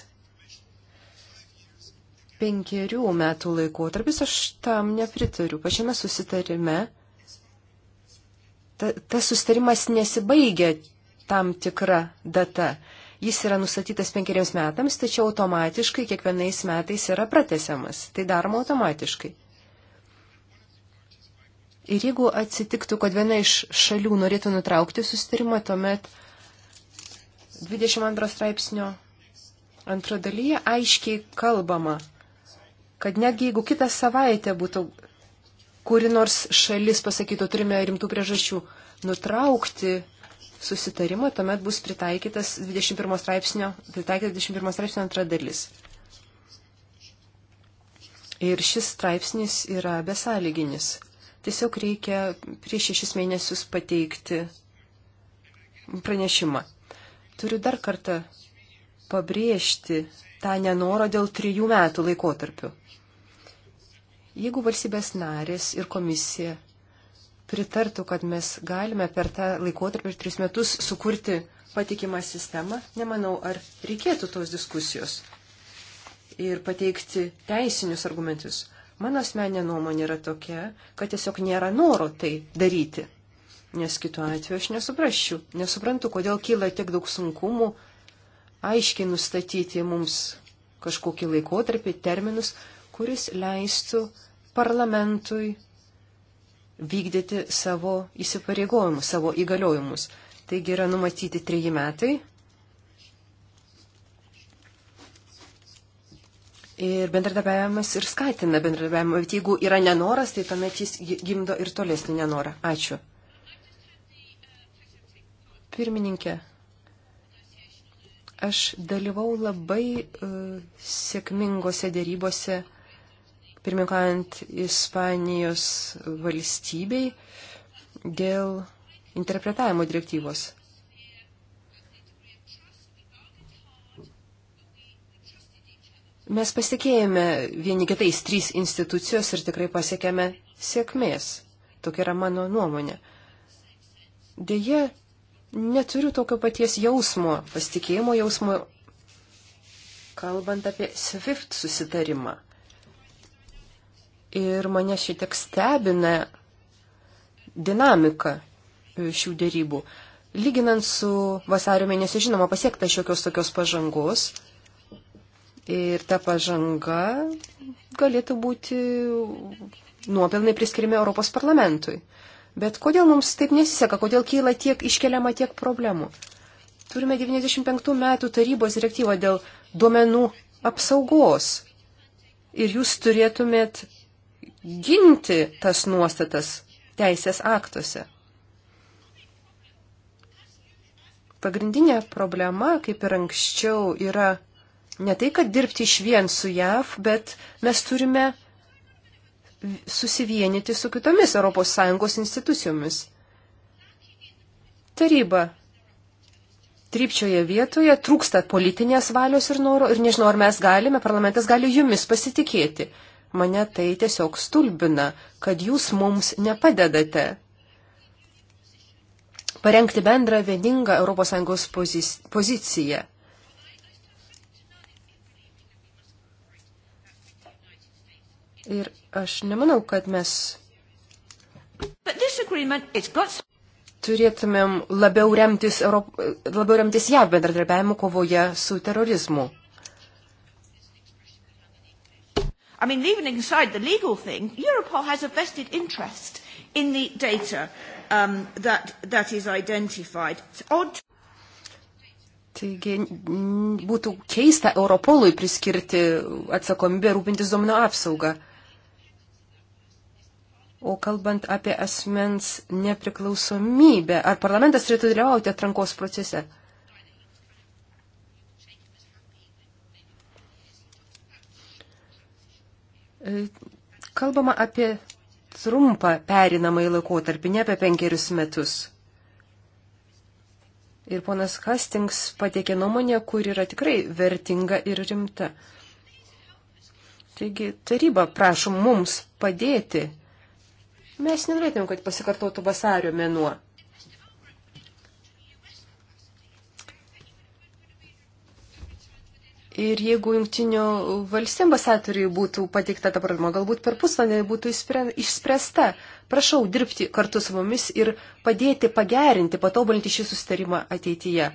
Penkerių metų laikotarpis aš tam nepritariu. Pačiame susitarime ta, tas susitarimas nesibaigia tam tikra data. Jis yra nustatytas penkeriems metams, tačiau automatiškai kiekvienais metais yra pratesiamas. Tai daroma automatiškai. Ir jeigu atsitiktų, kad viena iš šalių norėtų nutraukti susitarimą, tuomet 22 straipsnio antro dalyje aiškiai kalbama, kad netgi jeigu kitą savaitę būtų kuri nors šalis pasakytų, turime rimtų priežasčių nutraukti susitarimą, tuomet bus pritaikytas 21 straipsnio, pritaikytas 21 straipsnio antra dalis. Ir šis straipsnis yra besąlyginis. Tiesiog reikia prieš šešis mėnesius pateikti pranešimą. Turiu dar kartą pabrėžti tą nenorą dėl trijų metų laikotarpių. Jeigu valstybės narės ir komisija pritartų, kad mes galime per tą laikotarpį, per tris metus, sukurti patikimą sistemą, nemanau, ar reikėtų tos diskusijos ir pateikti teisinius argumentus. Mano asmenė nuomonė yra tokia, kad tiesiog nėra noro tai daryti. Nes kitu atveju aš nesuprasčiau, nesuprantu, kodėl kyla tiek daug sunkumų aiškiai nustatyti mums kažkokį laikotarpį, terminus, kuris leistų parlamentui vykdyti savo įsipareigojimus, savo įgaliojimus. Taigi yra numatyti treji metai. Ir bendradarbiavimas ir skatina bendradarbiavimą. Bet jeigu yra nenoras, tai tuomet jis gimdo ir tolesnį nenorą. Ačiū. Pirmininkė, aš dalyvau labai uh, sėkmingose dėrybose uh, pirmininkaujant Ispanijos valstybei dėl interpretavimo direktyvos. Mes pasitikėjome vieni kitais trys institucijos ir tikrai pasiekėme sėkmės. Tokia yra mano nuomonė. Deja, neturiu tokio paties jausmo, pasitikėjimo jausmo, kalbant apie SWIFT susitarimą. Ir mane šitiek stebina dinamika e, šių dėrybų. Lyginant su vasario mėnesiu, žinoma, pasiekta šiokios tokios pažangos. Ir ta pažanga galėtų būti nuopelnai priskirimi Europos parlamentui. Bet kodėl mums taip nesiseka, kodėl kyla tiek iškeliama tiek problemų? Turime 95 metų tarybos direktyvą dėl duomenų apsaugos. Ir jūs turėtumėt ginti tas nuostatas teisės aktuose. Pagrindinė problema, kaip ir anksčiau, yra ne tai, kad dirbti iš vien su JAV, bet mes turime susivienyti su kitomis ES institucijomis. Taryba trypčioje vietoje, trūksta politinės valios ir noro ir nežinau, ar mes galime, parlamentas gali jumis pasitikėti mane tai tiesiog stulbina, kad jūs mums nepadedate parengti bendrą vieningą ES poziciją. Ir aš nemanau, kad mes turėtumėm labiau remtis, Europ... labiau remtis JAV bendradarbiavimu kovoje su terorizmu. I mean, leaving aside the legal thing, Europol has a vested interest in the data um, that, that is identified. It's odd. Taigi būtų keista Europolui priskirti atsakomybę rūpintis domino apsaugą. O kalbant apie asmens nepriklausomybę, ar parlamentas turėtų dalyvauti atrankos procese? Kalbama apie trumpą perinamąjį laikotarpį, ne apie penkerius metus. Ir ponas Hastings patiekė nuomonę, kur yra tikrai vertinga ir rimta. Taigi taryba prašom mums padėti. Mes nenorėtume, kad pasikartotų vasario mėnuo. Ir jeigu jungtinių valstybių ambasadoriui būtų pateikta ta problema, galbūt per pusvalandį būtų išspręsta. Prašau dirbti kartu su mumis ir padėti pagerinti, patobulinti šį sustarimą ateityje.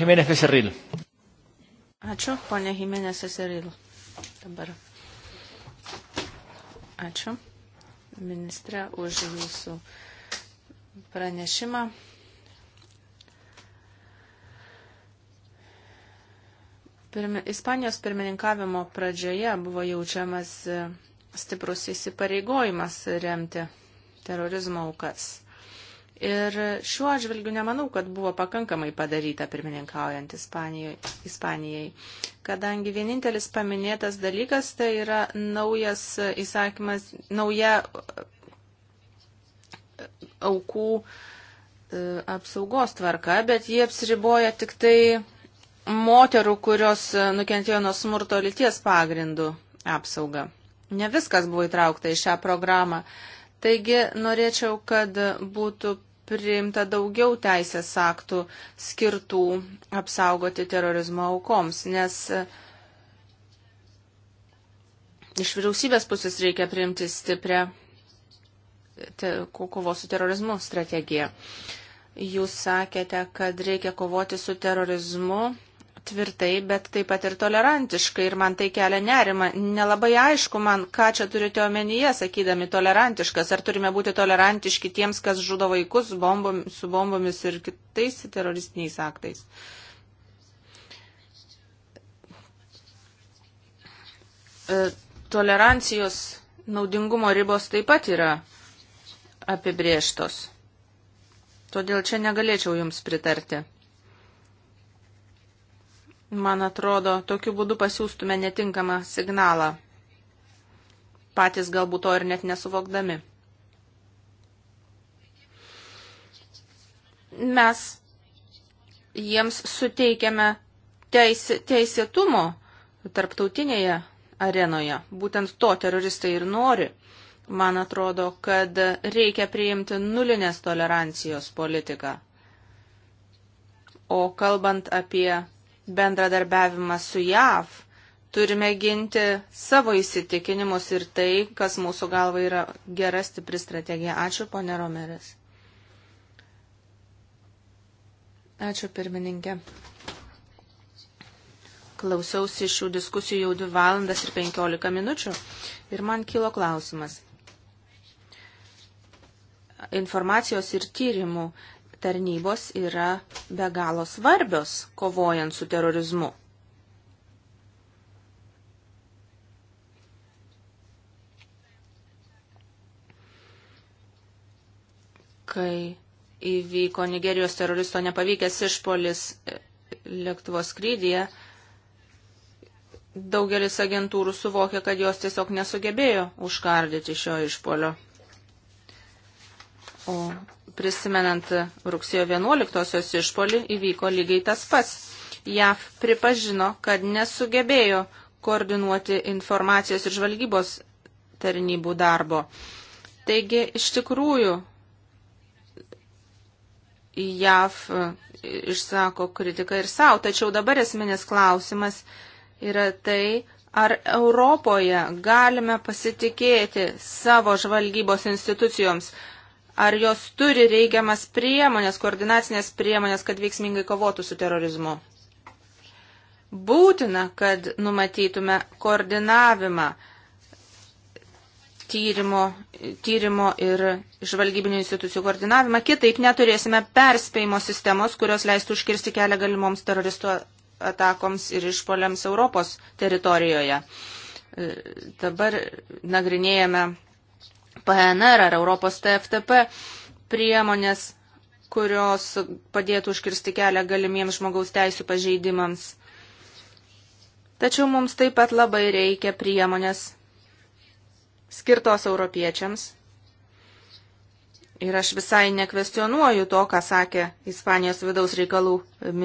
Jimenez Becerril. Ačiū, ponė Jimenez Becerril. Dabar. Ačiū, ministre, už jūsų pranešimą. Pirmi, Ispanijos pirmininkavimo pradžioje buvo jaučiamas e, stiprus įsipareigojimas remti terorizmo aukas. Ir šiuo atžvilgiu nemanau, kad buvo pakankamai padaryta pirmininkaujant Ispanijai, Ispanijai, kadangi vienintelis paminėtas dalykas tai yra naujas įsakymas, nauja e, aukų e, apsaugos tvarka, bet jie apsiriboja tik tai moterų, kurios e, nukentėjo nuo smurto lyties pagrindų apsaugą. Ne viskas buvo įtraukta į šią programą. Taigi norėčiau, kad būtų priimta daugiau teisės aktų skirtų apsaugoti terorizmo aukoms, nes e, iš vyriausybės pusės reikia priimti stiprią kovos su terorizmu strategiją. Jūs sakėte, kad reikia kovoti su terorizmu tvirtai, bet taip pat ir tolerantiškai ir man tai kelia nerima. Nelabai aišku man, ką čia turite omenyje, sakydami tolerantiškas. Ar turime būti tolerantiški tiems, kas žudo vaikus bombom, su bombomis ir kitais teroristiniais aktais? E, tolerancijos naudingumo ribos taip pat yra apibrieštos. Todėl čia negalėčiau Jums pritarti. Man atrodo, tokiu būdu pasiūstume netinkamą signalą, patys galbūt to ir net nesuvokdami. Mes jiems suteikiame teisė, teisėtumo tarptautinėje arenoje. Būtent to teroristai ir nori. Man atrodo, kad reikia priimti nulinės tolerancijos politiką. O kalbant apie bendradarbiavimą su JAV. Turime ginti savo įsitikinimus ir tai, kas mūsų galva yra gera stipri strategija. Ačiū, ponė Romeris. Ačiū, pirmininkė. Klausiausi šių diskusijų jau 2 valandas ir 15 minučių ir man kilo klausimas informacijos ir tyrimų tarnybos yra be galo svarbios kovojant su terorizmu. Kai įvyko Nigerijos teroristo nepavykęs išpolis lėktuvo skrydyje, daugelis agentūrų suvokė, kad jos tiesiog nesugebėjo užkardyti šio išpolio. O prisimenant rugsėjo 11-osios išpolį įvyko lygiai tas pats. JAV pripažino, kad nesugebėjo koordinuoti informacijos ir žvalgybos tarnybų darbo. Taigi, iš tikrųjų, JAV e, išsako kritiką ir savo, tačiau dabar esminis klausimas yra tai, ar Europoje galime pasitikėti savo žvalgybos institucijoms, ar jos turi reikiamas priemonės, koordinacinės priemonės, kad veiksmingai kovotų su terorizmu. Būtina, kad numatytume koordinavimą tyrimo, tyrimo ir žvalgybinių institucijų koordinavimą, kitaip neturėsime perspėjimo sistemos, kurios leistų užkirsti kelią galimoms teroristų atakoms ir išpoliams Europos teritorijoje. E, dabar nagrinėjame PNR ar Europos TFTP priemonės, kurios padėtų užkirsti kelią galimiems žmogaus teisų pažeidimams. Tačiau mums taip pat labai reikia priemonės skirtos europiečiams. Ir aš visai nekvestionuoju to, ką sakė Ispanijos vidaus reikalų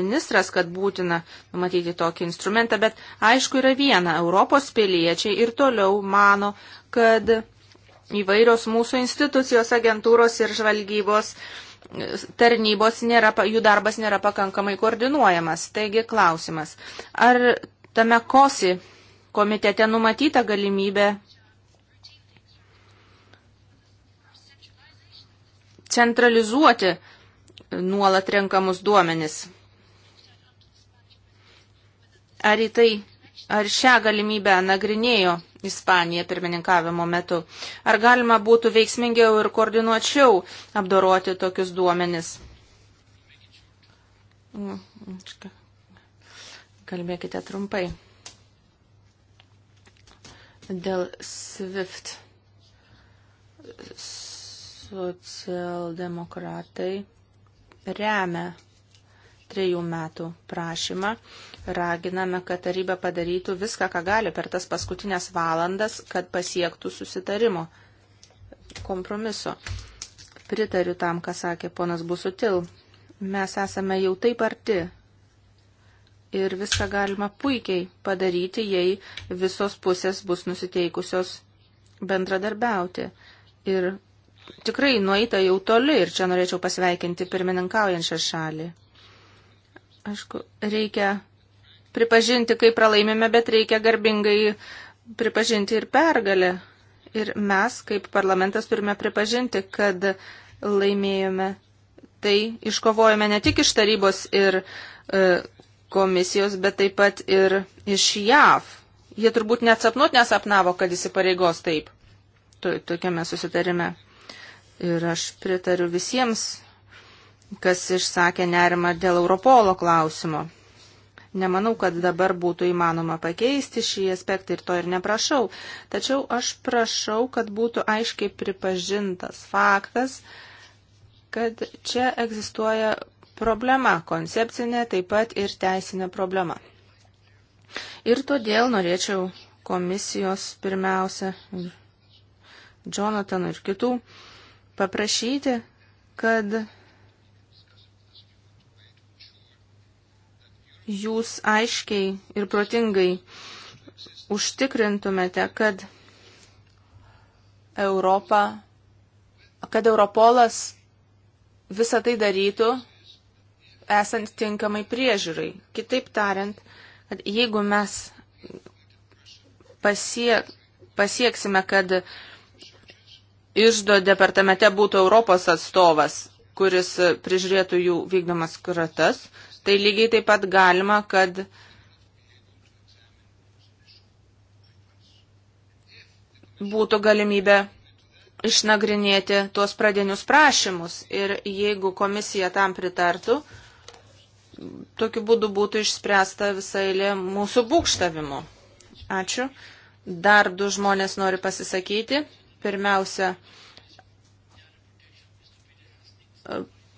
ministras, kad būtina numatyti tokį instrumentą, bet aišku yra viena, Europos piliečiai ir toliau mano, kad įvairios mūsų institucijos, agentūros ir žvalgybos tarnybos nėra, jų darbas nėra pakankamai koordinuojamas. Taigi klausimas, ar tame kosi komitete numatyta galimybė centralizuoti nuolat renkamus duomenis? Ar į tai, ar šią galimybę nagrinėjo Ispanija pirmininkavimo metu. Ar galima būtų veiksmingiau ir koordinuočiau apdoroti tokius duomenis? Kalbėkite trumpai. Dėl SWIFT socialdemokratai remia trejų metų prašymą. Raginame, kad taryba padarytų viską, ką gali per tas paskutinės valandas, kad pasiektų susitarimo kompromiso. Pritariu tam, ką sakė ponas Busutil. Mes esame jau taip arti. Ir viską galima puikiai padaryti, jei visos pusės bus nusiteikusios bendradarbiauti. Ir tikrai nueita jau toli ir čia norėčiau pasveikinti pirmininkaujančią šalį. Aišku, reikia pripažinti, kai pralaimime, bet reikia garbingai pripažinti ir pergalę. Ir mes, kaip parlamentas, turime pripažinti, kad laimėjome. Tai iškovojame ne tik iš tarybos ir e, komisijos, bet taip pat ir iš JAV. Jie turbūt net sapnuot nesapnavo, kad įsipareigos taip. Tokiame susitarime. Ir aš pritariu visiems kas išsakė nerimą dėl Europolo klausimo. Nemanau, kad dabar būtų įmanoma pakeisti šį aspektą ir to ir neprašau. Tačiau aš prašau, kad būtų aiškiai pripažintas faktas, kad čia egzistuoja problema, koncepcinė taip pat ir teisinė problema. Ir todėl norėčiau komisijos pirmiausia, Jonathan ir kitų, paprašyti, kad jūs aiškiai ir protingai užtikrintumėte, kad Europa, kad Europolas visą tai darytų, esant tinkamai priežiūrai. Kitaip tariant, kad jeigu mes pasiek, pasieksime, kad išdo departamente būtų Europos atstovas, kuris prižiūrėtų jų vykdomas kratas, tai lygiai taip pat galima, kad būtų galimybė išnagrinėti tuos pradinius prašymus ir jeigu komisija tam pritartų, tokiu būdu būtų išspręsta visa eilė mūsų būkštavimo. Ačiū. Dar du žmonės nori pasisakyti. Pirmiausia,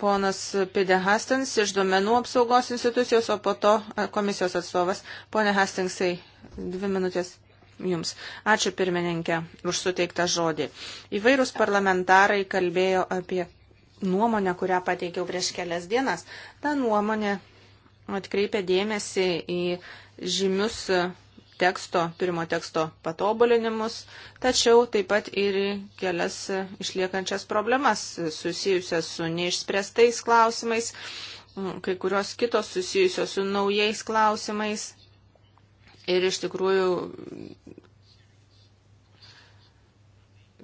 ponas Pidė Hastings iš duomenų apsaugos institucijos, o po to e, komisijos atstovas. Pone Hastingsai, dvi minutės. Jums. Ačiū pirmininkė už suteiktą žodį. Įvairūs parlamentarai kalbėjo apie nuomonę, kurią pateikiau prieš kelias dienas. Ta nuomonė atkreipia dėmesį į žymius teksto, turimo teksto patobulinimus, tačiau taip pat ir kelias išliekančias problemas susijusias su neišspręstais klausimais, kai kurios kitos susijusios su naujais klausimais. Ir iš tikrųjų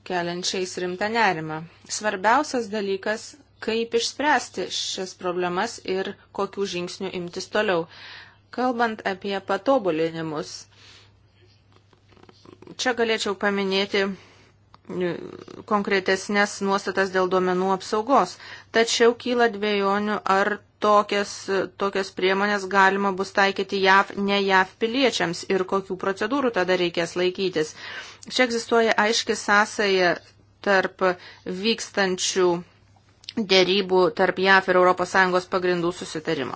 keliančiais rimtą nerimą. Svarbiausias dalykas, kaip išspręsti šias problemas ir kokių žingsnių imtis toliau. Kalbant apie patobulinimus, Čia galėčiau paminėti e, konkretesnės nuostatas dėl duomenų apsaugos. Tačiau kyla dviejonių, ar tokias, tokias priemonės galima bus taikyti JAV, ne JAV piliečiams ir kokių procedūrų tada reikės laikytis. Čia egzistuoja aiški sąsaja tarp vykstančių dėrybų tarp JAV ir ES pagrindų susitarimo.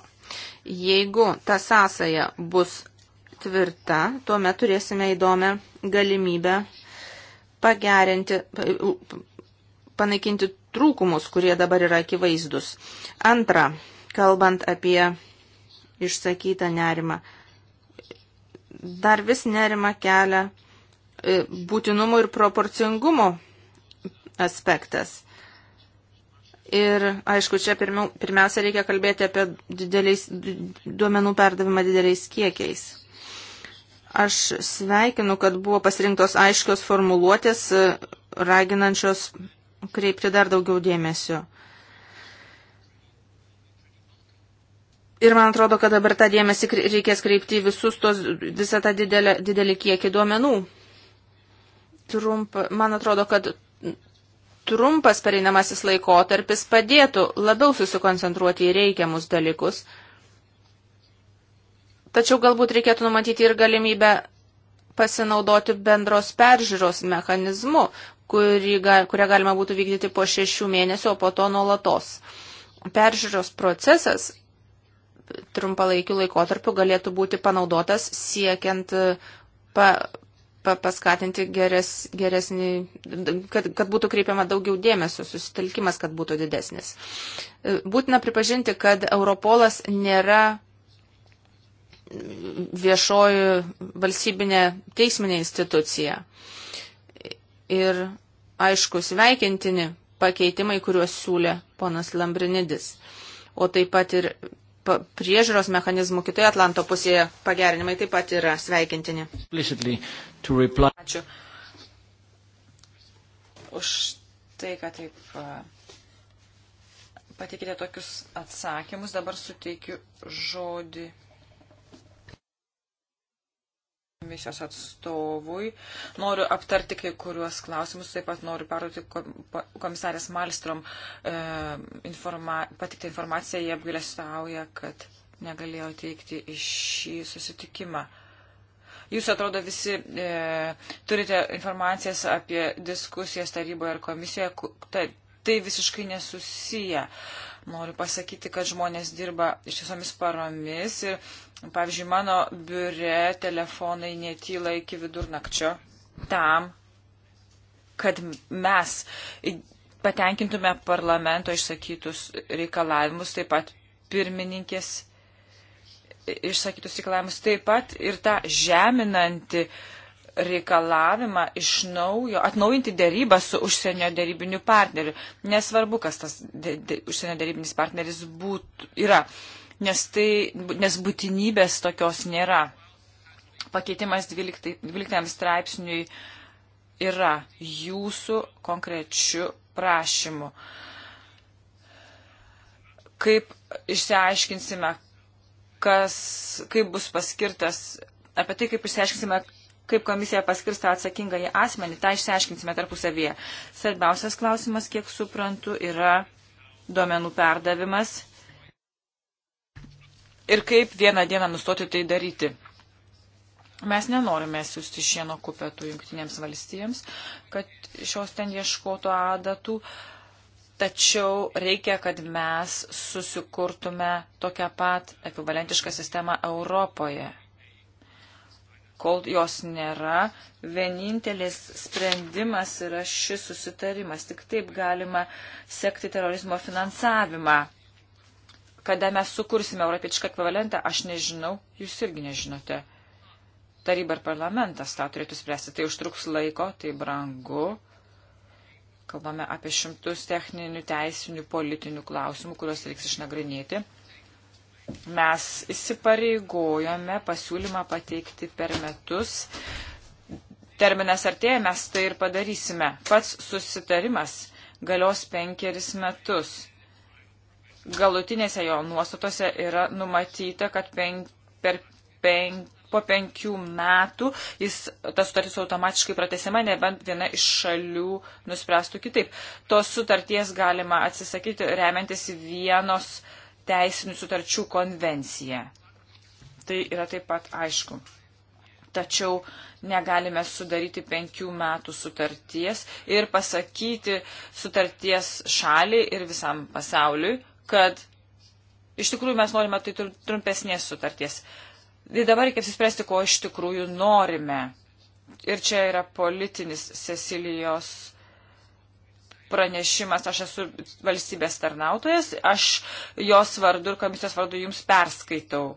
Jeigu ta sąsaja bus tvirta, tuomet turėsime įdomią galimybę pagerinti, panaikinti trūkumus, kurie dabar yra akivaizdus. Antra, kalbant apie išsakytą nerimą, dar vis nerima kelia e, būtinumo ir proporcingumo aspektas. Ir, aišku, čia pirmiau, pirmiausia reikia kalbėti apie dideliais, duomenų perdavimą dideliais kiekiais. Aš sveikinu, kad buvo pasirinktos aiškios formuluotės, e, raginančios kreipti dar daugiau dėmesio. Ir man atrodo, kad dabar tą dėmesį reikės kreipti visus tos, visą tą didelę, didelį kiekį duomenų. Trumpa, man atrodo, kad trumpas pereinamasis laikotarpis padėtų labiau susikoncentruoti į reikiamus dalykus Tačiau galbūt reikėtų numatyti ir galimybę pasinaudoti bendros peržiūros mechanizmu, kurį, kurią galima būtų vykdyti po šešių mėnesių, o po to nuolatos. Peržiūros procesas trumpalaikiu laikotarpiu galėtų būti panaudotas siekiant e, pa, pa, paskatinti geres, geresnį, kad, kad būtų kreipiama daugiau dėmesio, susitelkimas, kad būtų didesnis. E, būtina pripažinti, kad Europolas nėra viešoji valstybinė teisminė institucija. Ir aišku, sveikintini pakeitimai, kuriuos siūlė ponas Lambrinidis, o taip pat ir priežiūros mechanizmų kitoje Atlanto pusėje pagerinimai taip pat yra sveikintini. Ačiū už tai, kad taip patikite tokius atsakymus. Dabar suteikiu žodį komisijos atstovui. Noriu aptarti kai kuriuos klausimus, taip pat noriu perduoti komisarės Malstrom e, informa, patiktą informaciją, jie apgailestauja, kad negalėjo teikti į šį susitikimą. Jūs atrodo visi e, turite informacijas apie diskusijas taryboje ir komisijoje, ta, tai visiškai nesusiję. E, Noriu pasakyti, kad žmonės dirba ištisomis paromis ir, pavyzdžiui, mano biure telefonai netyla iki vidurnakčio tam, kad mes patenkintume parlamento išsakytus reikalavimus, taip pat pirmininkės išsakytus reikalavimus, taip pat ir tą žeminantį uh, reikalavimą iš naujo atnaujinti dėrybą su užsienio dėrybiniu partneriu. Nesvarbu, kas tas de, de, užsienio dėrybinis partneris būt, yra, nes, tai, nes būtinybės tokios nėra. Pakeitimas 12, 12 straipsniui yra jūsų konkrečių prašymų. Kaip išsiaiškinsime, kas, kaip bus paskirtas, apie tai, kaip išsiaiškinsime, kaip komisija paskirsta atsakingą į asmenį, tą išsiaiškinsime tarpusavyje. Svarbiausias klausimas, kiek suprantu, yra duomenų perdavimas ir kaip vieną dieną nustoti tai daryti. Mes nenorime siūsti šieno kupetų jungtinėms valstijams, kad šios ten ieškotų adatų, tačiau reikia, kad mes susikurtume tokią pat ekvivalentišką sistemą Europoje kol jos nėra, vienintelis sprendimas yra šis susitarimas. Tik taip galima sekti terorizmo finansavimą. Kada mes sukursime europietišką ekvivalentą, aš nežinau, jūs irgi nežinote. Taryba ir parlamentas tą turėtų spręsti. Tai užtruks laiko, tai brangu. Kalbame apie šimtus techninių, teisinių, politinių klausimų, kuriuos reiks išnagrinėti. Mes įsipareigojome pasiūlymą pateikti per metus. Terminas artėja, mes tai ir padarysime. Pats susitarimas galios penkeris metus. Galutinėse jo nuostatose yra numatyta, kad penk, per penk, po penkių metų jis, ta sutartis automatiškai pratesiama, nebent viena iš šalių nuspręstų kitaip. Tos sutarties galima atsisakyti remiantis vienos teisinių sutarčių konvencija. Tai yra taip pat aišku. Tačiau negalime sudaryti penkių metų sutarties ir pasakyti sutarties šaliai ir visam pasauliui, kad iš tikrųjų mes norime tai trumpesnės sutarties. Tai dabar reikia apsispręsti, ko iš tikrųjų norime. Ir čia yra politinis Cecilijos pranešimas, aš esu valstybės tarnautojas, aš jos vardu ir komisijos vardu jums perskaitau.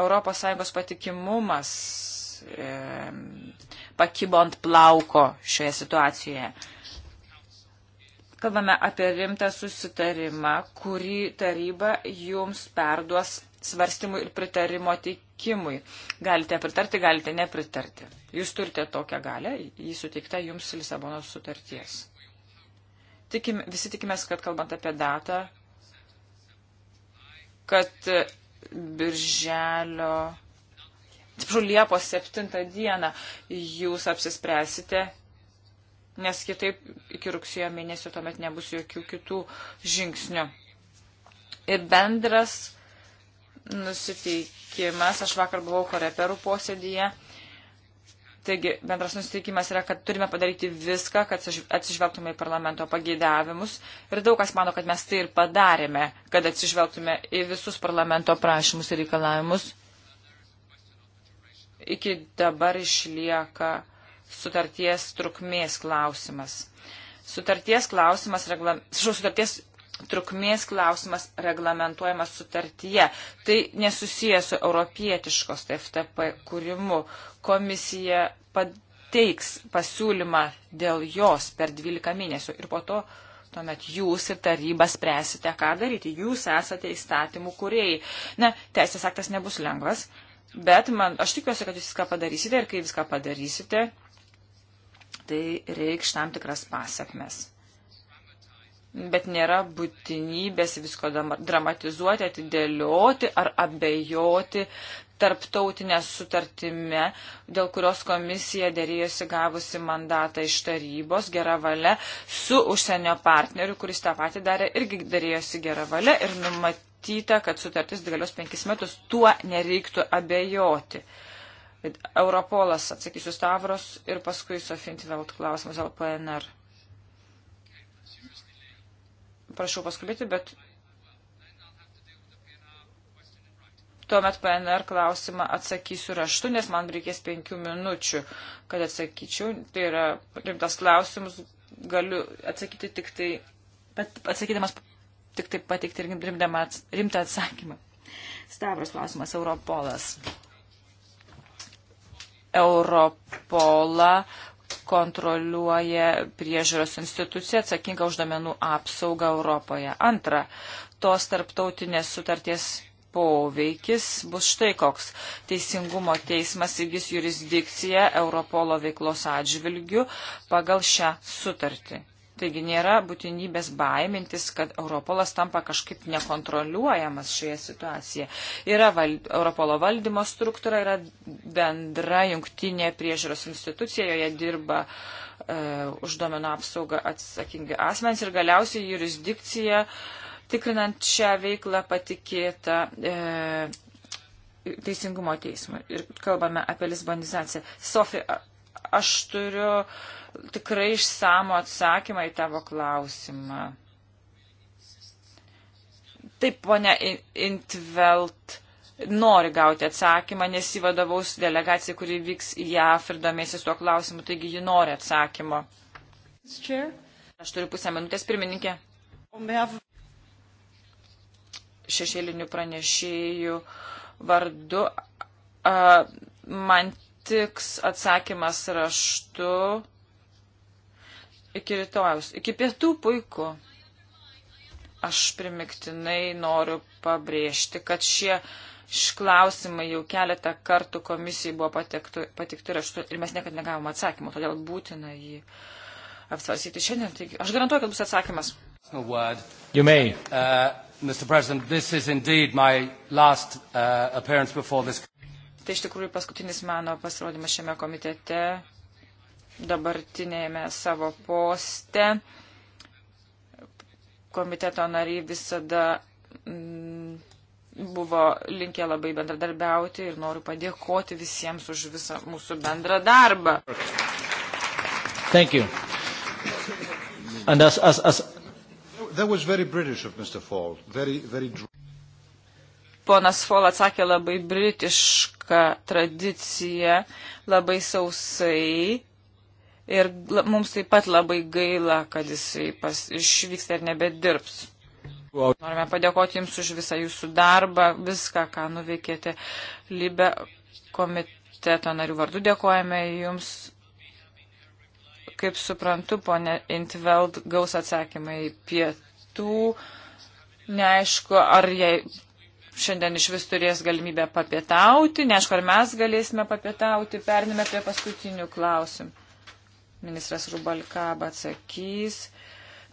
ES patikimumas e, pakibo ant plauko šioje situacijoje. Kalbame apie rimtą susitarimą, kurį taryba jums perduos svarstymui ir pritarimo teikimui. Galite pritarti, galite nepritarti. Jūs turite tokią galę, jį suteikta jums Lisabonos sutarties. Tikim, visi tikimės, kad kalbant apie datą, kad e, birželio, atsiprašau, Liepos 7 dieną jūs apsispręsite, nes kitaip iki rugsėjo mėnesio tuomet nebus jokių kitų žingsnių. Ir bendras nusiteikimas. Aš vakar buvau koreperų posėdyje. Taigi bendras nusiteikimas yra, kad turime padaryti viską, kad atsižvelgtume į parlamento pageidavimus. Ir daug kas mano, kad mes tai ir padarėme, kad atsižvelgtume į visus parlamento prašymus ir reikalavimus. Iki dabar išlieka sutarties trukmės klausimas. Sutarties klausimas, regla... sutarties trukmės klausimas reglamentuojamas sutartyje. Tai nesusijęs su europietiškos TFTP kūrimu. Komisija pateiks pasiūlymą dėl jos per 12 mėnesių ir po to tuomet jūs ir taryba spręsite, ką daryti. Jūs esate įstatymų kuriejai. Na, teisės aktas nebus lengvas, bet man, aš tikiuosi, kad jūs viską padarysite ir kai viską padarysite, tai reikš tam tikras pasiekmes bet nėra būtinybės visko dramatizuoti, atidėlioti ar abejoti tarptautinę sutartime, dėl kurios komisija dėrėjosi gavusi mandatą iš tarybos gerą valią su užsienio partneriu, kuris tą patį darė irgi dėrėjosi gerą valią ir numatyta, kad sutartis galios penkis metus, tuo nereiktų abejoti. Europolas, atsakysiu Stavros ir paskui Sofintveld klausimas LPNR prašau paskubėti, bet tuomet PNR klausimą atsakysiu raštu, nes man reikės penkių minučių, kad atsakyčiau. Tai yra rimtas klausimus, galiu atsakyti tik tai, atsakydamas tik tai pateikti ir rimtą atsakymą. Stavros klausimas, Europolas. Europolą kontroliuoja priežiūros institucija atsakinga už domenų apsaugą Europoje. Antra, tos tarptautinės sutarties poveikis bus štai koks. Teisingumo teismas įgis jurisdikciją Europolo veiklos atžvilgių pagal šią sutartį. Taigi nėra būtinybės baimintis, kad Europolas tampa kažkaip nekontroliuojamas šioje situacijoje. Yra val, Europolo valdymo struktūra, yra bendra jungtinė priežiūros institucija, joje dirba e, už duomenų apsaugą atsakingi asmenys ir galiausiai jurisdikcija, tikrinant šią veiklą patikėta. E, Teisingumo teismui. Ir kalbame apie lisbonizaciją. Sofija, aš turiu tikrai išsamo atsakymą į tavo klausimą. Taip, ponia Intvelt nori gauti atsakymą, nes įvadovaus delegacija, kuri vyks į JAF ir domėsis tuo klausimu, taigi ji nori atsakymo. Aš turiu pusę minutės, pirmininkė. Šešėlinių pranešėjų vardu. A, man patiks atsakymas raštu iki rytojaus. Iki pietų puiku. Aš primiktinai noriu pabrėžti, kad šie išklausimai jau keletą kartų komisijai buvo patikti raštu ir mes niekada negavom atsakymų, todėl būtina jį apsvarsyti šiandien. Taigi, aš garantuoju, kad bus atsakymas. You may. Uh, Mr. President, this is indeed my last uh, appearance before this. Tai iš tikrųjų paskutinis mano pasirodymas šiame komitete, dabartinėjame savo poste. Komiteto nariai visada mm, buvo linkę labai bendradarbiauti ir noriu padėkoti visiems už visą mūsų bendrą darbą. Thank you. And as, as, as... That was very British of Mr. Fall. Very, very... Ponas Fol atsakė labai britišką tradiciją, labai sausai. Ir mums taip pat labai gaila, kad jisai pas, išvyks ir nebedirbs. Norime padėkoti Jums už visą Jūsų darbą, viską, ką nuveikėte Libe komiteto narių vardu. Dėkojame Jums kaip suprantu, ponė Intveld gaus atsakymą į pietų. Neaišku, ar jai šiandien iš vis turės galimybę papietauti, neaišku, ar mes galėsime papietauti, pernime prie paskutinių klausimų. Ministras Rubalkaba atsakys.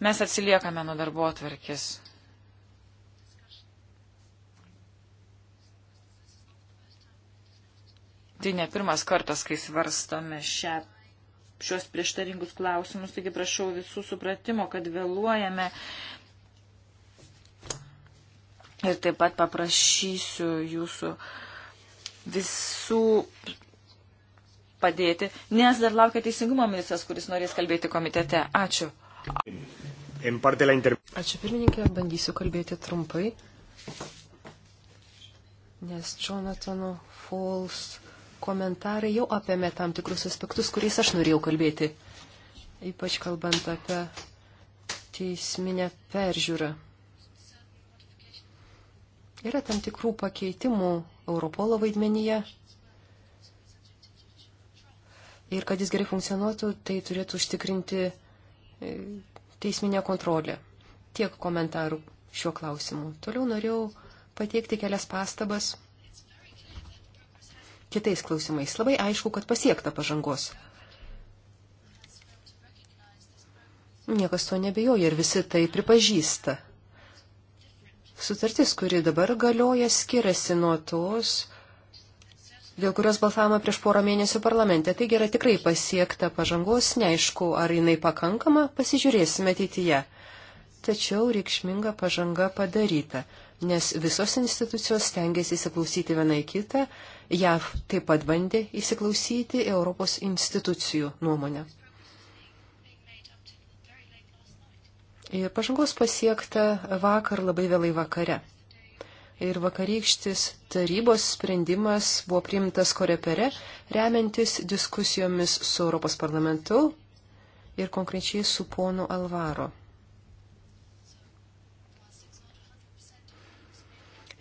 Mes atsiliekame nuo darbo atvarkės. Tai ne pirmas kartas, kai svarstame šią, šios prieštaringus klausimus, taigi prašau visų supratimo, kad vėluojame Ir taip pat paprašysiu jūsų visų padėti, nes dar laukia teisingumo ministras, kuris norės kalbėti komitete. Ačiū. Ačiū pirmininkė, bandysiu kalbėti trumpai, nes Jonathan Falls komentarai jau apėmė tam tikrus aspektus, kuriais aš norėjau kalbėti, ypač kalbant apie teisminę peržiūrą. Yra tam tikrų pakeitimų Europolo vaidmenyje. Ir kad jis gerai funkcionuotų, tai turėtų užtikrinti e, teisminė kontrolė. Tiek komentarų šiuo klausimu. Toliau norėjau pateikti kelias pastabas kitais klausimais. Labai aišku, kad pasiekta pažangos. Niekas to nebejoja ir visi tai pripažįsta. Sutartis, kuri dabar galioja, skiriasi nuo tos, dėl kurios balsavome prieš porą mėnesių parlamente. Taigi yra tikrai pasiekta pažangos, neaišku, ar jinai pakankama, pasižiūrėsime ateityje. Tačiau reikšminga pažanga padaryta, nes visos institucijos stengiasi įsiklausyti vieną į kitą, JAV taip pat bandė įsiklausyti Europos institucijų nuomonę. Ir pažangos pasiekta vakar labai vėlai vakare. Ir vakarykštis tarybos sprendimas buvo priimtas korepere, remiantis diskusijomis su Europos parlamentu ir konkrečiai su ponu Alvaro.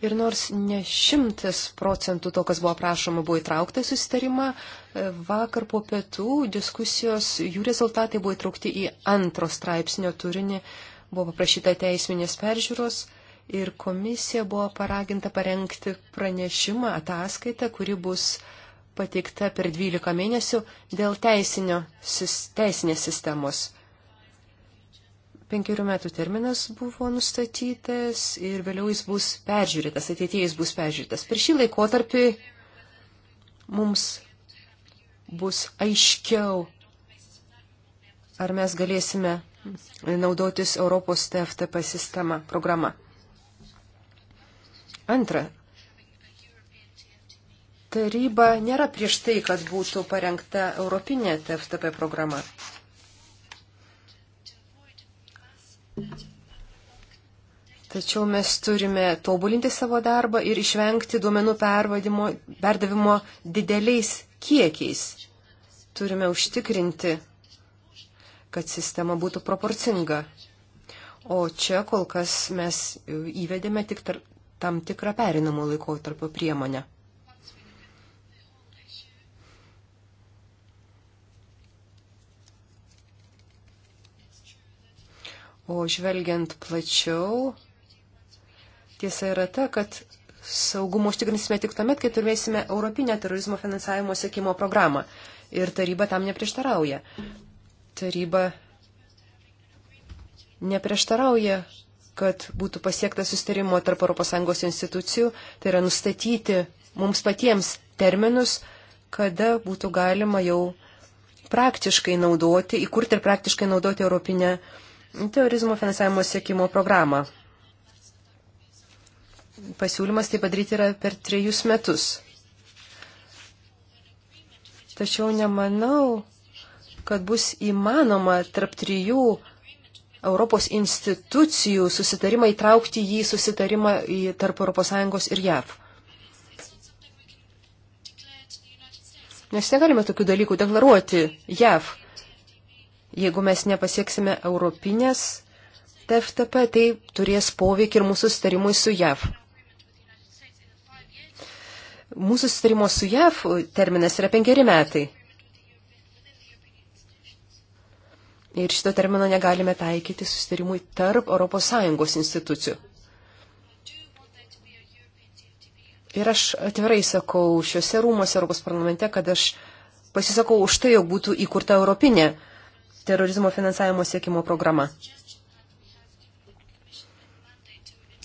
Ir nors ne šimtas procentų to, kas buvo prašoma, buvo įtraukta į susitarimą, e, vakar po pietų diskusijos, jų rezultatai buvo įtraukti į antro straipsnio turinį, buvo paprašyta teisminės peržiūros ir komisija buvo paraginta parengti pranešimą, ataskaitą, kuri bus pateikta per 12 mėnesių dėl teisinio, sis, teisinės sistemos penkerių metų terminas buvo nustatytas ir vėliau jis bus peržiūrėtas, ateityje jis bus peržiūrėtas. Per šį laikotarpį mums bus aiškiau, ar mes galėsime naudotis Europos TFTP sistema, programa. Antra, taryba nėra prieš tai, kad būtų parengta Europinė TFTP programa. Tačiau mes turime tobulinti savo darbą ir išvengti duomenų perdavimo dideliais kiekiais. Turime užtikrinti, kad sistema būtų proporcinga. O čia kol kas mes įvedėme tik tar, tam tikrą perinamo laikotarpio priemonę. O žvelgiant plačiau, tiesa yra ta, kad saugumą užtikrinsime tik tuomet, kai turėsime Europinę terorizmo finansavimo sėkimo programą. Ir taryba tam neprieštarauja. Taryba neprieštarauja, kad būtų pasiektas sustarimo tarp ES institucijų, tai yra nustatyti mums patiems terminus, kada būtų galima jau praktiškai naudoti, įkurti ir praktiškai naudoti Europinę finansavimo programą terorizmo finansavimo siekimo programą. Pasiūlymas tai padaryti yra per trejus metus. Tačiau nemanau, kad bus įmanoma tarp trijų Europos institucijų susitarimą įtraukti jį susitarimą į tarp ES ir JAV. Nes negalime tokių dalykų deklaruoti JAV. Jeigu mes nepasieksime europinės TFTP, tai turės poveikį ir mūsų starimui su JAV. Mūsų sustarimo su JAV terminas yra penkeri metai. Ir šito termino negalime taikyti sustarimui tarp ES institucijų. Ir aš atvirai sakau šiuose rūmose Europos parlamente, kad aš pasisakau už tai, jog būtų įkurta Europinė terorizmo finansavimo siekimo programa.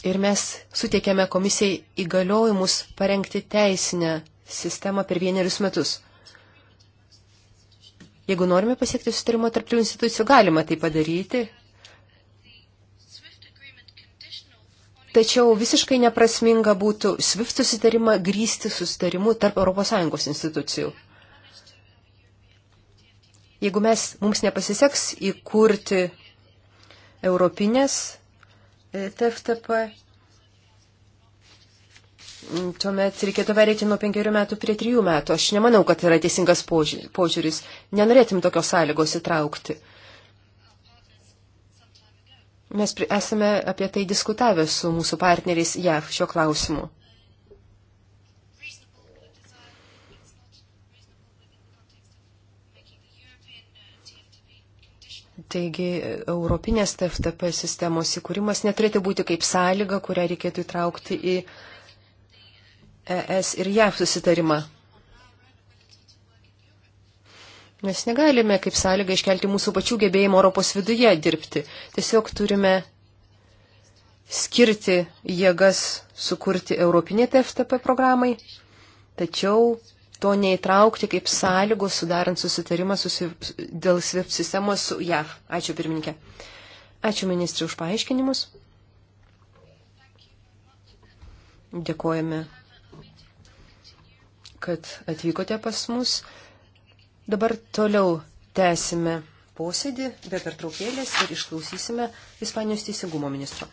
Ir mes suteikėme komisijai įgaliojimus parengti teisinę sistemą per vienerius metus. Jeigu norime pasiekti sustarimo tarptų institucijų, galima tai padaryti. Tačiau visiškai neprasminga būtų SWIFT susitarimą grįsti susitarimu tarp ES institucijų. Jeigu mes, mums nepasiseks įkurti europinės e, TFTP, tuomet reikėtų pereiti nuo penkerių metų prie trijų metų. Aš nemanau, kad yra teisingas požiūris. Nenorėtum tokios sąlygos įtraukti. Mes esame apie tai diskutavę su mūsų partneriais JAV šio klausimu. Taigi Europinės TFTP sistemos įkūrimas neturėtų būti kaip sąlyga, kurią reikėtų įtraukti į ES ir JAF susitarimą. Mes negalime kaip sąlygą iškelti mūsų pačių gebėjimų Europos viduje dirbti. Tiesiog turime skirti jėgas sukurti Europinė TFTP programai, tačiau to neįtraukti kaip sąlygos sudarant susitarimą susi... dėl SWIFT sistemos su JAV. Ačiū pirmininkė. Ačiū ministrė už paaiškinimus. Dėkojame, kad atvykote pas mus. Dabar toliau tęsime posėdį be pertraukėlės ir išklausysime Ispanijos teisingumo ministro.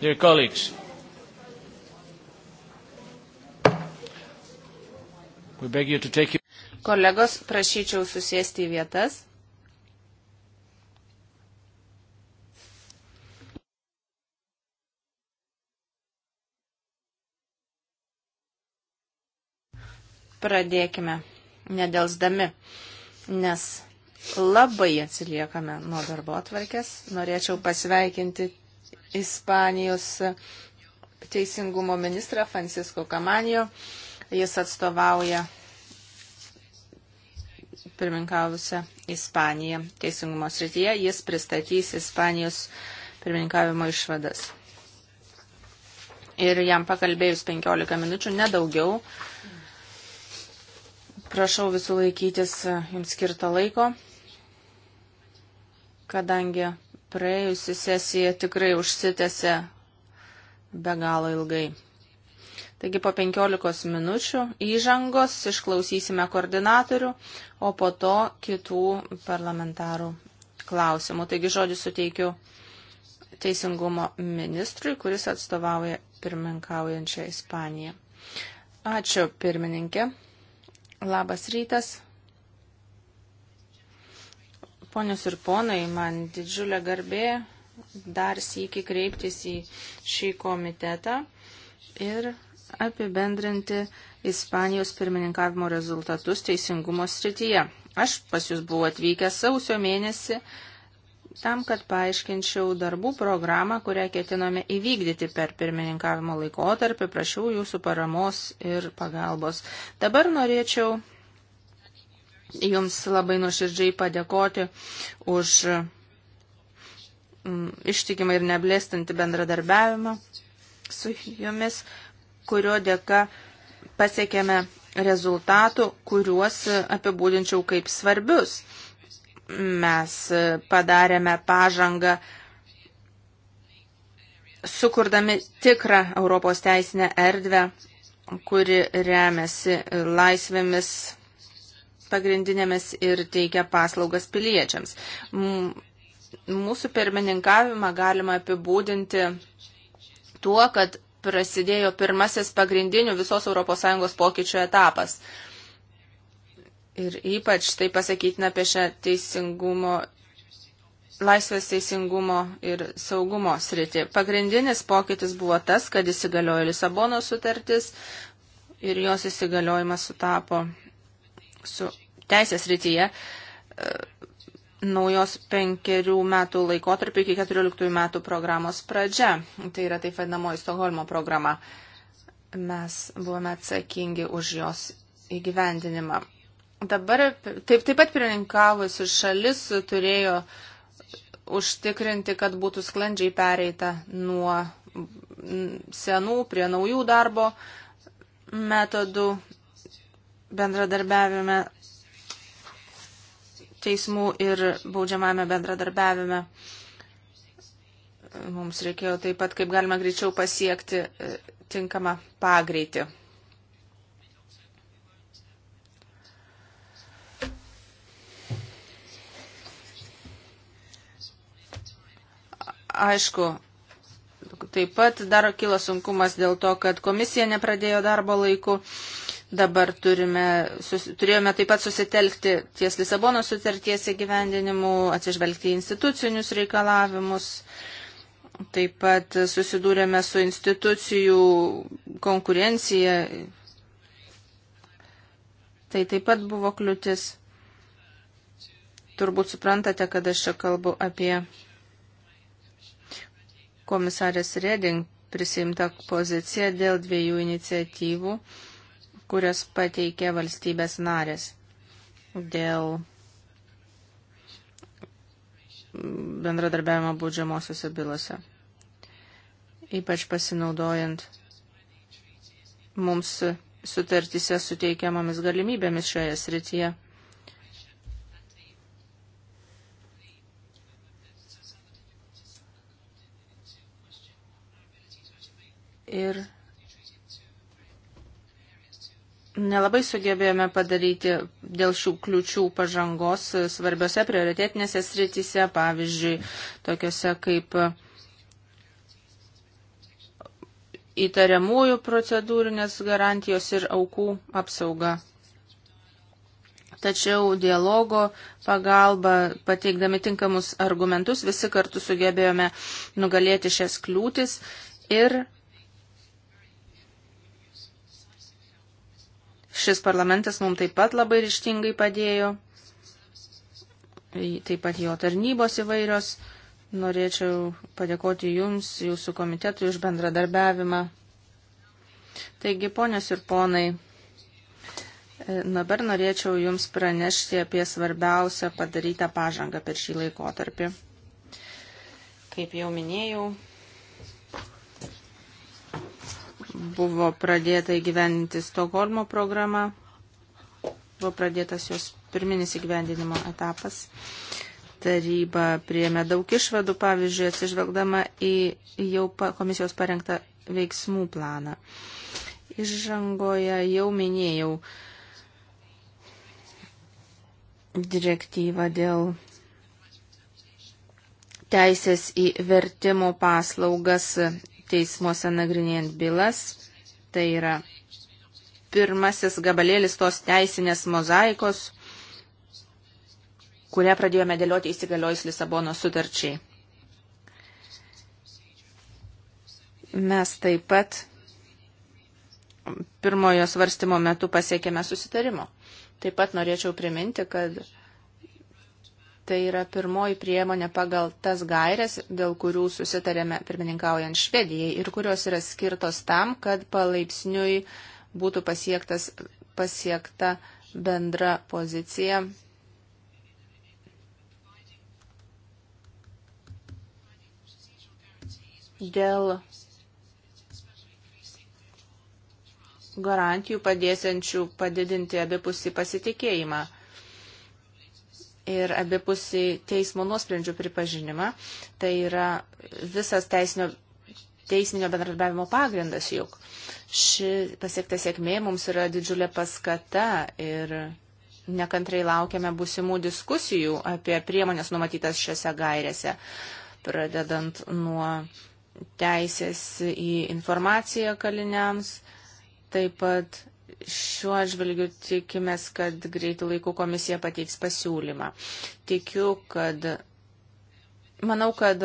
Dear colleagues, we beg you to take your... Kolegos, prašyčiau susėsti į vietas. Pradėkime, nedelsdami, nes labai atsiliekame nuo darbo atvarkės. Norėčiau pasveikinti Ispanijos teisingumo ministrą Francisco Kamanijo. Jis atstovauja pirmininkavusią Ispaniją teisingumo srityje. Jis pristatys Ispanijos pirmininkavimo išvadas. Ir jam pakalbėjus 15 minučių, nedaugiau, prašau visų laikytis jums skirto laiko kadangi praėjusi sesija tikrai užsitęsė be galo ilgai. Taigi po 15 minučių įžangos išklausysime koordinatorių, o po to kitų parlamentarų klausimų. Taigi žodį suteikiu teisingumo ministrui, kuris atstovauja pirmininkaujančią Ispaniją. Ačiū pirmininkė. Labas rytas. Ponios ir ponai, man didžiulė garbė dar sįki kreiptis į šį komitetą ir apibendrinti Ispanijos pirmininkavimo rezultatus teisingumo srityje. Aš pas jūs buvau atvykęs sausio mėnesį tam, kad paaiškinčiau darbų programą, kurią ketinome įvykdyti per pirmininkavimo laikotarpį, prašiau jūsų paramos ir pagalbos. Dabar norėčiau Jums labai nuoširdžiai padėkoti už mm, ištikimą ir neblėstantį bendradarbiavimą su jumis, kurio dėka pasiekėme rezultatų, kuriuos apibūdinčiau kaip svarbius. Mes padarėme pažangą sukurdami tikrą Europos teisinę erdvę, kuri remiasi laisvėmis pagrindinėmis ir teikia paslaugas piliečiams. Mūsų pirmininkavimą galima apibūdinti tuo, kad prasidėjo pirmasis pagrindinių visos ES pokyčių etapas. Ir ypač tai pasakytina apie šią teisingumo, laisvės teisingumo ir saugumo sritį. Pagrindinis pokytis buvo tas, kad įsigaliojo Lisabono sutartis ir jos įsigaliojimas sutapo su teisės rytyje e, naujos penkerių metų laikotarpį iki 14 metų programos pradžia. Tai yra taip vadinamoji Stokholmo programa. Mes buvome atsakingi už jos įgyvendinimą. Dabar taip, taip pat pirinkavusi šalis turėjo užtikrinti, kad būtų sklandžiai pereita nuo senų prie naujų darbo metodų bendradarbiavime, teismų ir baudžiamame bendradarbiavime. Mums reikėjo taip pat, kaip galima greičiau pasiekti e, tinkamą pagreitį. Aišku, taip pat dar kilo sunkumas dėl to, kad komisija nepradėjo darbo laiku. Dabar turime, sus, turėjome taip pat susitelkti ties Lisabono sutarties įgyvendinimu, atsižvelgti į institucinius reikalavimus. Taip pat susidūrėme su institucijų konkurencija. Tai taip pat buvo kliūtis. Turbūt suprantate, kad aš čia kalbu apie komisarės Reding prisimtą poziciją dėl dviejų iniciatyvų kurias pateikė valstybės narės dėl bendradarbiavimo būdžiamosiuose bylose. Ypač pasinaudojant mums sutartise suteikiamomis galimybėmis šioje srityje. Ir Nelabai sugebėjome padaryti dėl šių kliučių pažangos svarbiose prioritetinėse srityse, pavyzdžiui, tokiuose kaip įtariamųjų procedūrinės garantijos ir aukų apsauga. Tačiau dialogo pagalba, pateikdami tinkamus argumentus, visi kartu sugebėjome nugalėti šias kliūtis ir Šis parlamentas mums taip pat labai ryštingai padėjo, taip pat jo tarnybos įvairios. Norėčiau padėkoti Jums, Jūsų komitetui už bendradarbiavimą. Taigi, ponios ir ponai, e, dabar norėčiau Jums pranešti apie svarbiausią padarytą pažangą per šį laikotarpį. Kaip jau minėjau, buvo pradėta įgyvendinti Stokholmo programą, buvo pradėtas jos pirminis įgyvendinimo etapas. Taryba priėmė daug išvadų, pavyzdžiui, atsižvelgdama į jau komisijos parengtą veiksmų planą. Išžangoje jau minėjau direktyvą dėl teisės į vertimo paslaugas teismuose nagrinėjant bylas. Tai yra pirmasis gabalėlis tos teisinės mozaikos, kurią pradėjome dėlioti įsigaliojus Lisabono sutarčiai. Mes taip pat pirmojo svarstymo metu pasiekėme susitarimo. Taip pat norėčiau priminti, kad Tai yra pirmoji priemonė pagal tas gairias, dėl kurių susitarėme pirmininkaujant Švedijai ir kurios yra skirtos tam, kad palaipsniui būtų pasiektas, pasiekta bendra pozicija. Dėl garantijų padėsiančių padidinti abipusį pasitikėjimą ir abipusį teismo nuosprendžių pripažinimą. Tai yra visas teisinio, teisminio bendradarbiavimo pagrindas juk. Ši pasiekta sėkmė mums yra didžiulė paskata ir nekantrai laukiame būsimų diskusijų apie priemonės numatytas šiuose gairėse, pradedant nuo teisės į informaciją kaliniams, taip pat Šiuo atžvilgiu tikimės, kad greitų laikų komisija pateiks pasiūlymą. Tikiu, kad manau, kad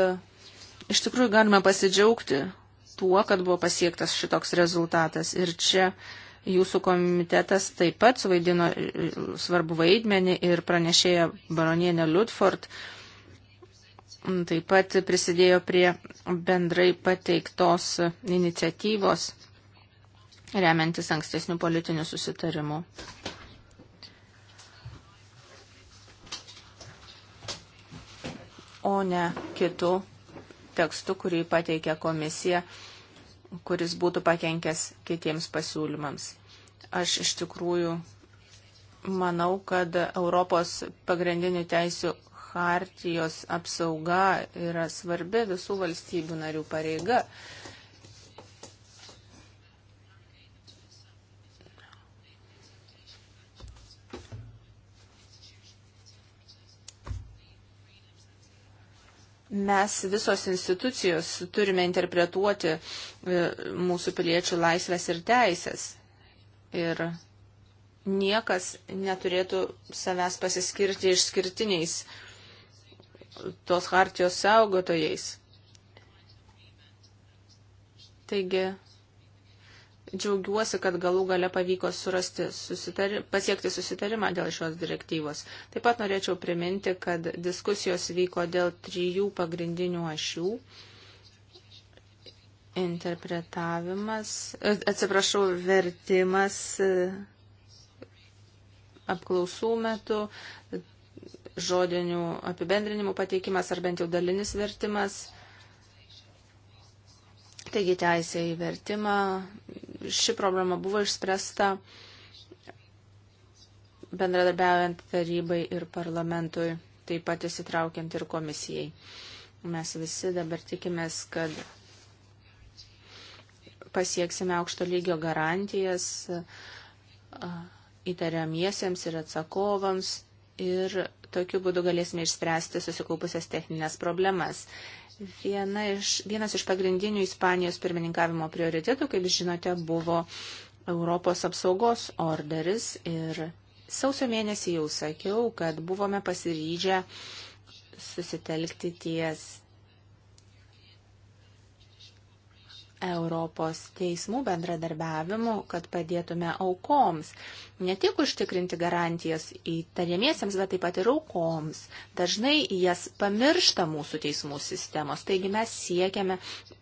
iš tikrųjų galime pasidžiaugti tuo, kad buvo pasiektas šitoks rezultatas. Ir čia jūsų komitetas taip pat suvaidino svarbu vaidmenį ir pranešėja baronienė Ludford taip pat prisidėjo prie bendrai pateiktos iniciatyvos remiantis ankstesnių politinių susitarimų. O ne kitų tekstų, kurį pateikia komisija, kuris būtų pakenkęs kitiems pasiūlymams. Aš iš tikrųjų manau, kad Europos pagrindinių teisių hartijos apsauga yra svarbi visų valstybių narių pareiga. mes visos institucijos turime interpretuoti e, mūsų piliečių laisvės ir teisės. Ir niekas neturėtų savęs pasiskirti išskirtiniais tos hartijos saugotojais. Taigi Džiaugiuosi, kad galų gale pavyko surasti, susitari, pasiekti susitarimą dėl šios direktyvos. Taip pat norėčiau priminti, kad diskusijos vyko dėl trijų pagrindinių ašių. Interpretavimas, e, atsiprašau, vertimas e, apklausų metu, žodinių apibendrinimų pateikimas ar bent jau dalinis vertimas. Taigi teisė į vertimą, ši problema buvo išspręsta bendradarbiaujant tarybai ir parlamentui, taip pat įsitraukiant ir komisijai. Mes visi dabar tikimės, kad pasieksime aukšto lygio garantijas įtariamiesiems ir atsakovams ir tokiu būdu galėsime išspręsti susikaupusias techninės problemas. Viena iš, vienas iš pagrindinių Ispanijos pirmininkavimo prioritetų, kaip žinote, buvo Europos apsaugos orderis ir sausio mėnesį jau sakiau, kad buvome pasiryžę susitelkti ties Europos teismų bendradarbiavimu, kad padėtume aukoms. Ne tik užtikrinti garantijas įtariamiesiems, bet taip pat ir aukoms. Dažnai jas pamiršta mūsų teismų sistemos. Taigi mes siekiame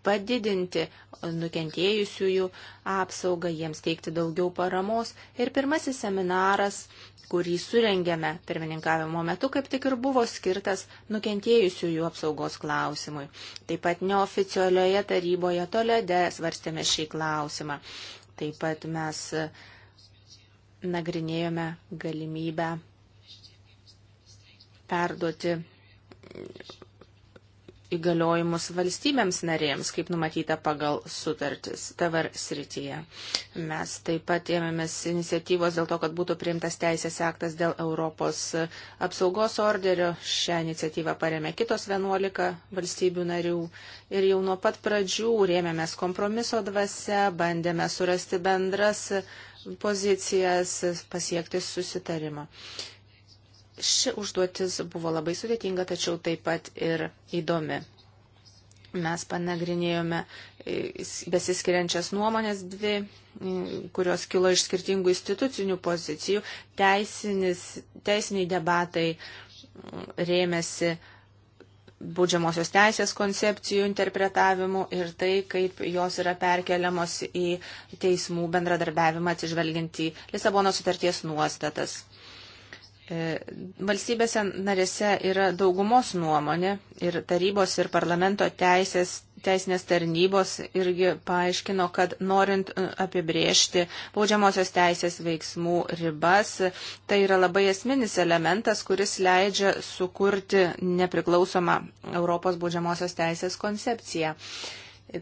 padidinti nukentėjusiųjų apsaugą, jiems teikti daugiau paramos. Ir pirmasis seminaras, kurį surengėme pirmininkavimo metu, kaip tik ir buvo skirtas nukentėjusiųjų apsaugos klausimui. Taip pat neoficialioje taryboje tolė Bagdade svarstėme šį klausimą. Taip pat mes nagrinėjome galimybę perduoti įgaliojimus valstybėms narėms, kaip numatyta pagal sutartis TVR srityje. Mes taip pat ėmėmės iniciatyvos dėl to, kad būtų priimtas teisės aktas dėl Europos apsaugos orderio. Šią iniciatyvą paremė kitos 11 valstybių narių. Ir jau nuo pat pradžių rėmėmės kompromiso dvasia, bandėme surasti bendras pozicijas, pasiekti susitarimą. Ši užduotis buvo labai sudėtinga, tačiau taip pat ir įdomi. Mes panagrinėjome e, besiskiriančias nuomonės dvi, e, kurios kilo iš skirtingų institucinių pozicijų. Teisinis, teisiniai debatai mm, rėmėsi būdžiamosios teisės koncepcijų interpretavimu ir tai, kaip jos yra perkeliamos į teismų bendradarbiavimą atsižvelgiant į Lisabono sutarties nuostatas. E, valstybėse narėse yra daugumos nuomonė ir tarybos ir parlamento teisės, teisinės tarnybos irgi paaiškino, kad norint e, apibriežti baudžiamosios teisės veiksmų ribas, tai yra labai esminis elementas, kuris leidžia sukurti nepriklausomą Europos baudžiamosios teisės koncepciją.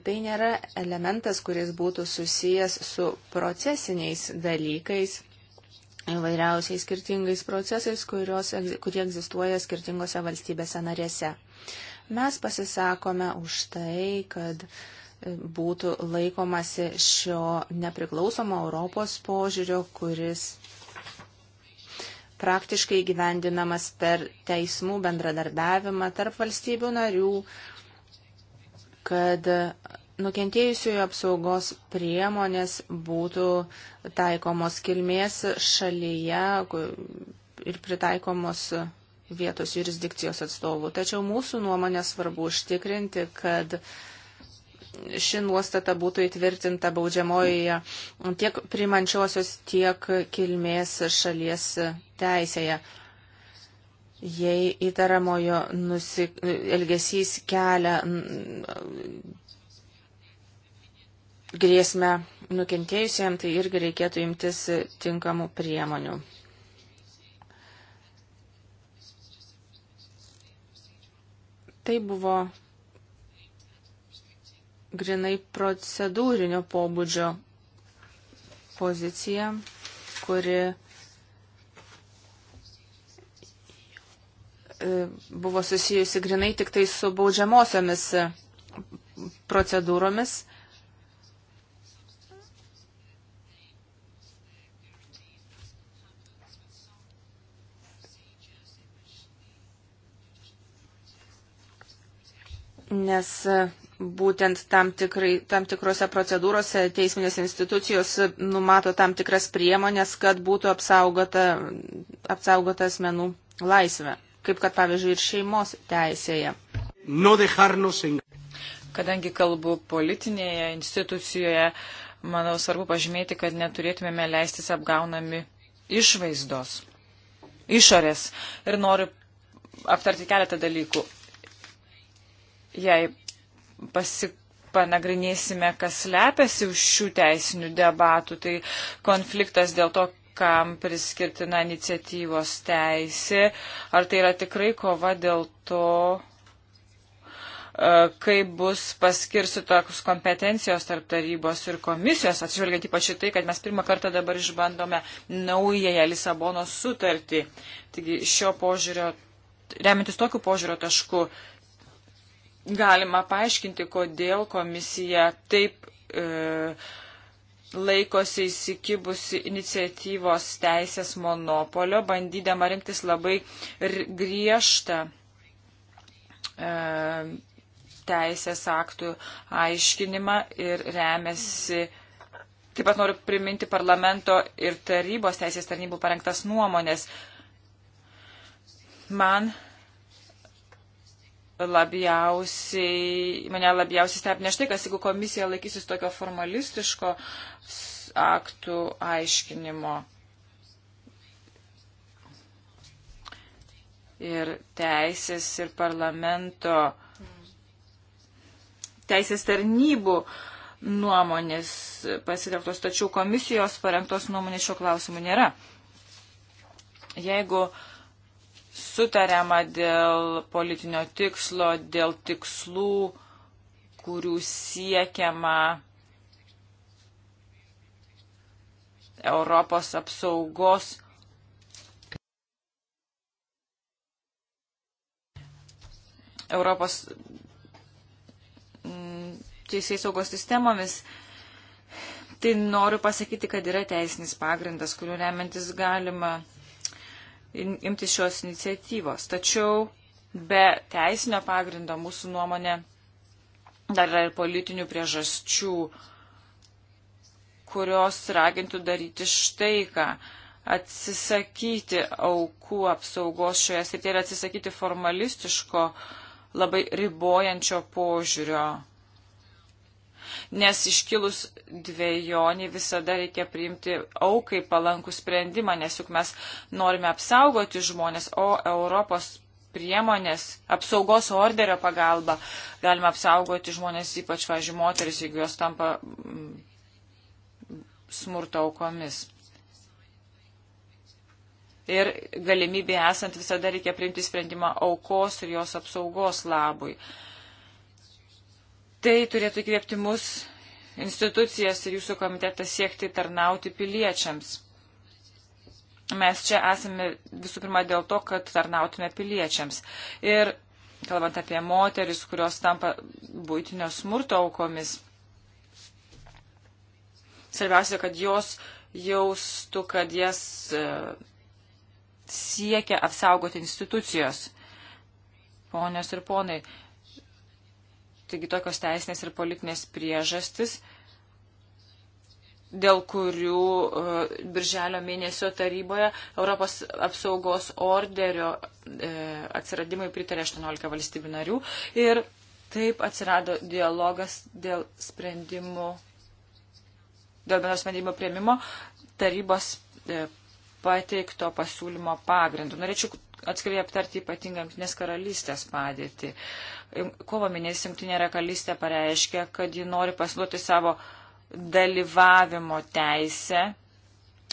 Tai nėra elementas, kuris būtų susijęs su procesiniais dalykais įvairiausiais skirtingais procesais, kurios, kurie egzistuoja skirtingose valstybėse narėse. Mes pasisakome už tai, kad e, būtų laikomasi šio nepriklausomo Europos požiūrio, kuris praktiškai gyvendinamas per teismų bendradarbiavimą tarp valstybių narių, kad nukentėjusiojo apsaugos priemonės būtų taikomos kilmės šalyje ir pritaikomos vietos jurisdikcijos atstovų. Tačiau mūsų nuomonė svarbu užtikrinti, kad ši nuostata būtų įtvirtinta baudžiamojoje tiek primančiosios, tiek kilmės šalies teisėje. Jei įtaramojo nusik... elgesys kelia grėsmę nukentėjusiem, tai irgi reikėtų imtis tinkamų priemonių. Tai buvo grinai procedūrinio pobūdžio pozicija, kuri e, buvo susijusi grinai tik tai su baudžiamosiomis procedūromis nes e, būtent tam, tikrai, tam tikrose procedūrose teisminės institucijos e, numato tam tikras priemonės, kad būtų apsaugota, apsaugota asmenų laisvė, kaip kad pavyzdžiui ir šeimos teisėje. No en... Kadangi kalbu politinėje institucijoje, manau svarbu pažymėti, kad neturėtumėme leistis apgaunami išvaizdos, išorės. Ir noriu aptarti keletą dalykų jei pasikalbėsime panagrinėsime, kas slepiasi už šių teisinių debatų. Tai konfliktas dėl to, kam priskirtina iniciatyvos teisė, ar tai yra tikrai kova dėl to, e, kaip bus paskirstytos kompetencijos tarp tarybos ir komisijos, atsižvelgiant ypač į tai, kad mes pirmą kartą dabar išbandome naująją Lisabono sutartį. Taigi šio požiūrio, remintis tokiu požiūrio tašku, galima paaiškinti, kodėl komisija taip e, laikosi įsikibusi iniciatyvos teisės monopolio, bandydama rinktis labai griežtą e, teisės aktų aiškinimą ir remiasi. Taip pat noriu priminti parlamento ir tarybos teisės tarnybų parengtas nuomonės. Man labiausiai, mane labiausiai stebina štai, kas jeigu komisija laikysis tokio formalistiško aktų aiškinimo ir teisės ir parlamento teisės tarnybų nuomonės pasitelktos, tačiau komisijos parengtos nuomonės šio klausimu nėra. Jeigu uh, sutariama dėl politinio tikslo, dėl tikslų, kurių siekiama Europos apsaugos. Europos mm, teisėjai saugos sistemomis, tai noriu pasakyti, kad yra teisinis pagrindas, kuriuo remiantis galima imti šios iniciatyvos. Tačiau be teisinio pagrindo mūsų nuomonė dar yra ir politinių priežasčių, kurios ragintų daryti štai ką atsisakyti aukų apsaugos šioje srityje ir atsisakyti formalistiško, labai ribojančio požiūrio nes iškilus dviejonį visada reikia priimti aukai palankų sprendimą, nes juk mes norime apsaugoti žmonės, o Europos priemonės, apsaugos orderio pagalba galime apsaugoti žmonės, ypač, važiuoju, moteris, jeigu jos tampa mm, smurto aukomis ir galimybė esant visada reikia priimti sprendimą aukos ir jos apsaugos labui. Tai turėtų įkvėpti mus, institucijas ir jūsų komitetą siekti tarnauti piliečiams. Mes čia esame visų pirma dėl to, kad tarnautume piliečiams. Ir kalbant apie moteris, kurios tampa būtinio smurto aukomis, svarbiausia, kad jos jaustų, kad jas e, siekia apsaugoti institucijos. Ponios ir ponai, Taigi tokios teisinės ir politinės priežastis, dėl kurių e, birželio mėnesio taryboje Europos apsaugos orderio e, atsiradimui pritarė 18 valstybių narių ir taip atsirado dialogas dėl sprendimų, dėl bendro sprendimo prieimimo tarybos e, pateikto pasiūlymo pagrindų. Norėčiau atskiriai aptarti ypatingą Junktinės karalystės padėtį. Uh, kovo mėnesį Junktinė rekalystė pareiškė, kad ji nori pasiduoti savo dalyvavimo teisę,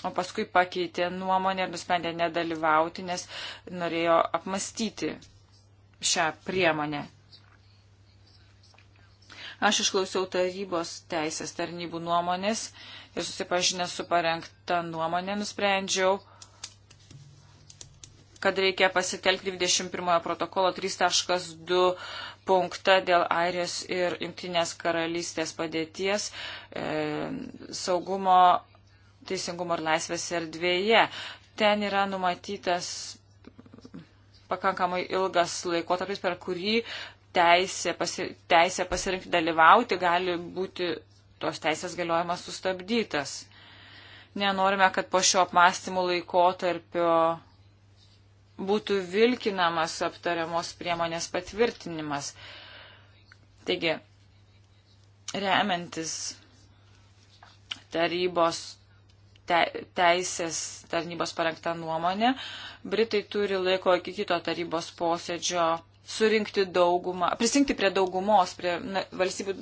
o paskui pakeitė nuomonę ir nusprendė nedalyvauti, nes norėjo apmastyti šią priemonę. Aš išklausiau tarybos teisės tarnybų nuomonės ir susipažinęs su parengta nuomonė nusprendžiau, kad reikia pasitelkti 21 protokolo 3.2 punktą dėl Airijos ir Junktinės karalystės padėties e, saugumo, teisingumo ir laisvės erdvėje. Ten yra numatytas pakankamai ilgas laikotarpis, per kurį teisė, pasi, teisė pasirinkti dalyvauti gali būti tos teisės galiojimas sustabdytas. Nenorime, kad po šio apmąstymų laikotarpio būtų vilkinamas aptariamos priemonės patvirtinimas. Taigi, remiantis tarybos te, teisės tarnybos parengta nuomonė, Britai turi laiko iki kito tarybos posėdžio surinkti daugumą, prisijungti prie daugumos, prie na, valstybių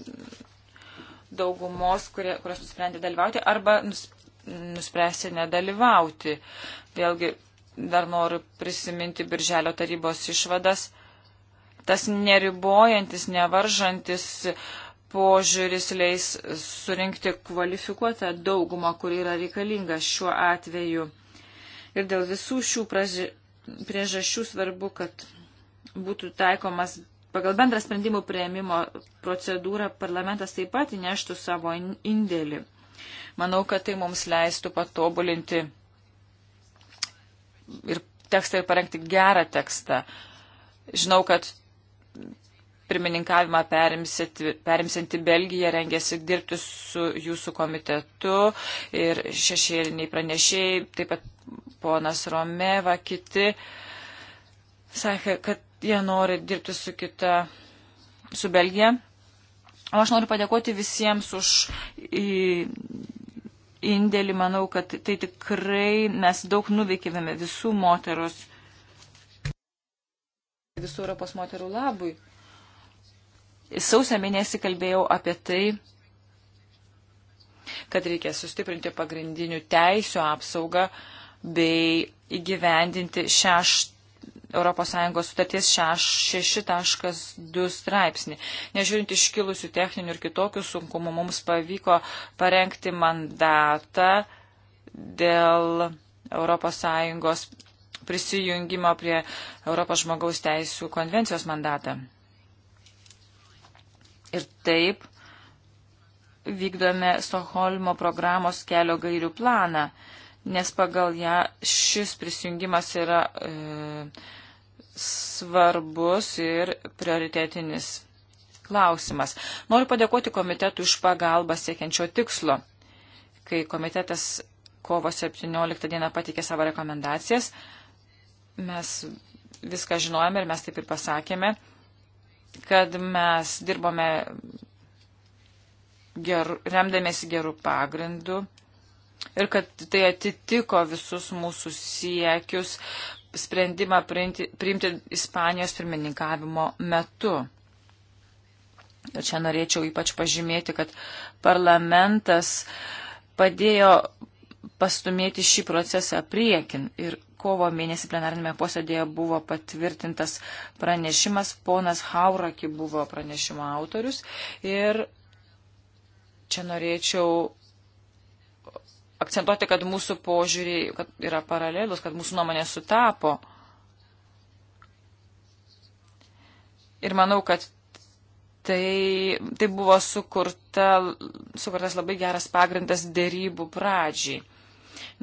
daugumos, kurie, kurios nusprendė dalyvauti, arba nus, nuspręsti nedalyvauti. Vėlgi, dar noriu prisiminti Birželio tarybos išvadas. Tas neribojantis, nevaržantis požiūris leis surinkti kvalifikuotą daugumą, kuri yra reikalinga šiuo atveju. Ir dėl visų šių priežasčių svarbu, kad būtų taikomas pagal bendrą sprendimų prieimimo procedūrą parlamentas taip pat įneštų savo indėlį. Manau, kad tai mums leistų patobulinti ir tekstą ir parengti gerą tekstą. Žinau, kad pirmininkavimą perimsinti Belgija rengėsi dirbti su jūsų komitetu ir šešėliniai pranešėjai, taip pat ponas Romeva, kiti sakė, kad jie nori dirbti su kita, su Belgija. O aš noriu padėkoti visiems už indėlį, manau, kad tai tikrai mes daug nuveikėme visų moteros, visų Europos moterų labui. Sausio mėnesį kalbėjau apie tai, kad reikia sustiprinti pagrindinių teisų apsaugą bei įgyvendinti šeštą ES sutarties 6.2 straipsnį. Nežiūrint iškilusių techninių ir kitokių sunkumų, mums pavyko parengti mandatą dėl ES prisijungimo prie Europos žmogaus teisų konvencijos mandatą. Ir taip vykdome Stokholmo programos kelio gairių planą, nes pagal ją šis prisijungimas yra e, svarbus ir prioritetinis klausimas. Noriu padėkoti komitetui už pagalbą siekiančio tikslo. Kai komitetas kovo 17 dieną patikė savo rekomendacijas, mes viską žinojame ir mes taip ir pasakėme, kad mes dirbome ger, remdamėsi gerų pagrindų ir kad tai atitiko visus mūsų siekius, sprendimą priimti, priimti Ispanijos pirmininkavimo metu. Ir čia norėčiau ypač pažymėti, kad parlamentas padėjo pastumėti šį procesą priekin ir kovo mėnesį plenarinėme posėdėje buvo patvirtintas pranešimas, ponas Hauraki buvo pranešimo autorius ir čia norėčiau akcentuoti, kad mūsų požiūriai kad yra paralelus, kad mūsų nuomonė sutapo. Ir manau, kad tai, tai buvo sukurta, sukurtas labai geras pagrindas dėrybų pradžiai.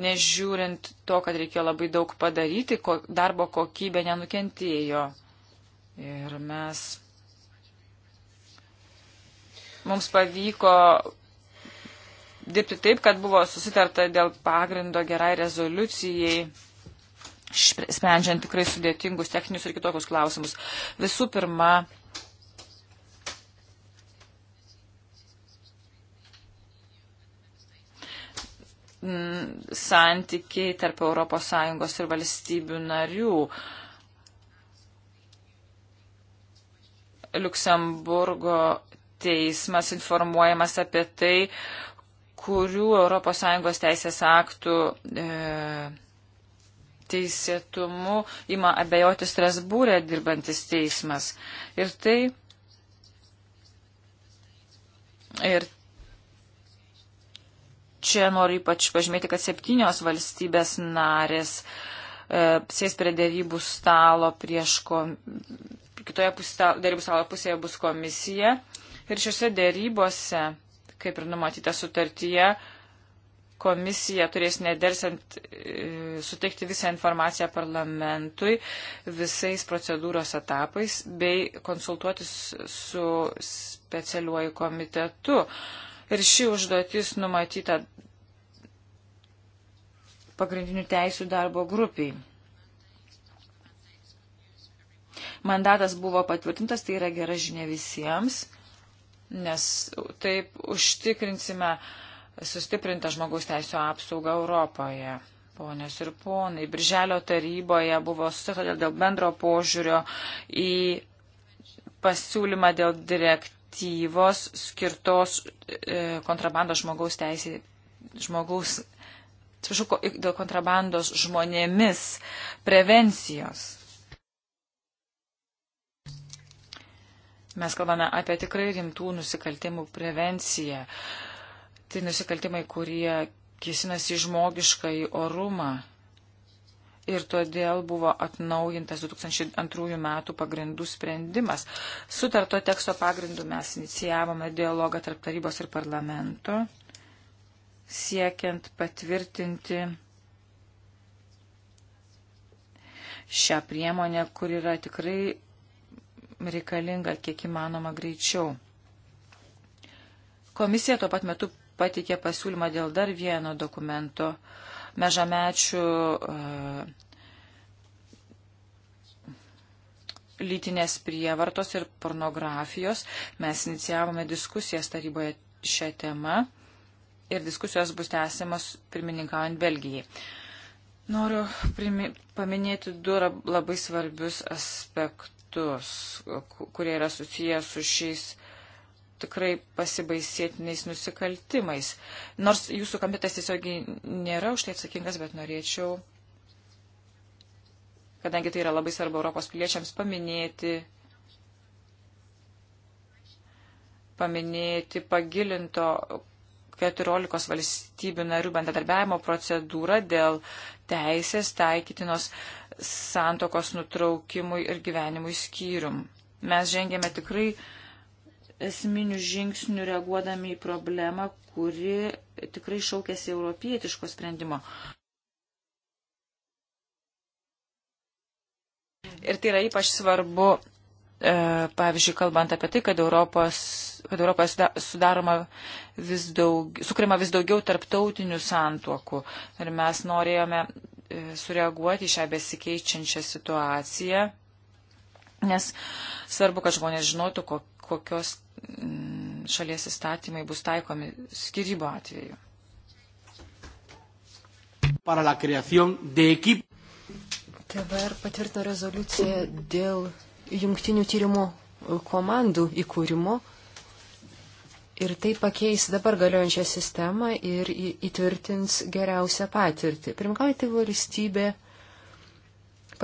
Nežiūrint to, kad reikėjo labai daug padaryti, ko, darbo kokybė nenukentėjo. Ir mes. Mums pavyko dirbti taip, kad buvo susitarta dėl pagrindo gerai rezoliucijai, sprendžiant tikrai sudėtingus techninius ir kitokius klausimus. Visų pirma, santykiai tarp ES ir valstybių narių. Luksemburgo teismas informuojamas apie tai, kurių ES teisės aktų e, teisėtumu ima abejoti Strasbūrė dirbantis teismas. Ir tai. Ir čia noriu ypač pažymėti, kad septynios valstybės narės e, sės prie dėrybų stalo prieš kom... kitoje pusė, dėrybų stalo pusėje bus komisija. Ir šiuose dėrybose kaip ir numatyta sutartyje, komisija turės nedersant e, suteikti visą informaciją parlamentui visais procedūros etapais bei konsultuotis su specialiuoju komitetu. Ir ši užduotis numatyta pagrindinių teisų darbo grupiai. Mandatas buvo patvirtintas, tai yra gera žinia visiems nes taip užtikrinsime sustiprintą žmogaus teisų apsaugą Europoje. Ponios ir ponai, Birželio taryboje buvo susitarta dėl bendro požiūrio į pasiūlymą dėl direktyvos skirtos e, kontrabandos žmogaus teisė, žmogaus, atsiprašau, dėl kontrabandos žmonėmis prevencijos. Mes kalbame apie tikrai rimtų nusikaltimų prevenciją. Tai nusikaltimai, kurie kisinasi žmogišką į orumą. Ir todėl buvo atnaujintas 2002 metų pagrindų sprendimas. Sutarto teksto pagrindų mes inicijavome dialogą tarp tarybos ir parlamento, siekiant patvirtinti šią priemonę, kur yra tikrai reikalinga kiek įmanoma greičiau. Komisija tuo pat metu pateikė pasiūlymą dėl dar vieno dokumento mežamečių uh, lytinės prievartos ir pornografijos. Mes inicijavome diskusijas taryboje šią temą ir diskusijos bus tęsiamas pirmininkaujant Belgijai. Noriu primi, paminėti du labai svarbius aspektus tekstus, kurie yra susijęs su šiais tikrai pasibaisėtiniais nusikaltimais. Nors jūsų komitetas tiesiog nėra už tai atsakingas, bet norėčiau, kadangi tai yra labai svarbu Europos piliečiams, paminėti, paminėti pagilinto 14 valstybių narių bendradarbiavimo procedūrą dėl teisės taikytinos uh, santokos nutraukimui ir gyvenimui skyrium. Mes žengėme tikrai esminių žingsnių reaguodami į problemą, kuri tikrai šaukėsi europietiško sprendimo. Ir tai yra ypač svarbu, e, pavyzdžiui, kalbant apie tai, kad Europos, kad Europos sudaroma vis daug, sukuriama vis daugiau tarptautinių santuokų. Ir mes norėjome E, sureaguoti į šią besikeičiančią situaciją, nes svarbu, kad žmonės žinotų, kokios mm, šalies įstatymai bus taikomi skirybo atveju. TVR patvirtino rezoliuciją dėl jungtinių tyrimų komandų įkūrimo Ir tai pakeis dabar galiojančią sistemą ir įtvirtins geriausią patirtį. Pirmkauti valstybė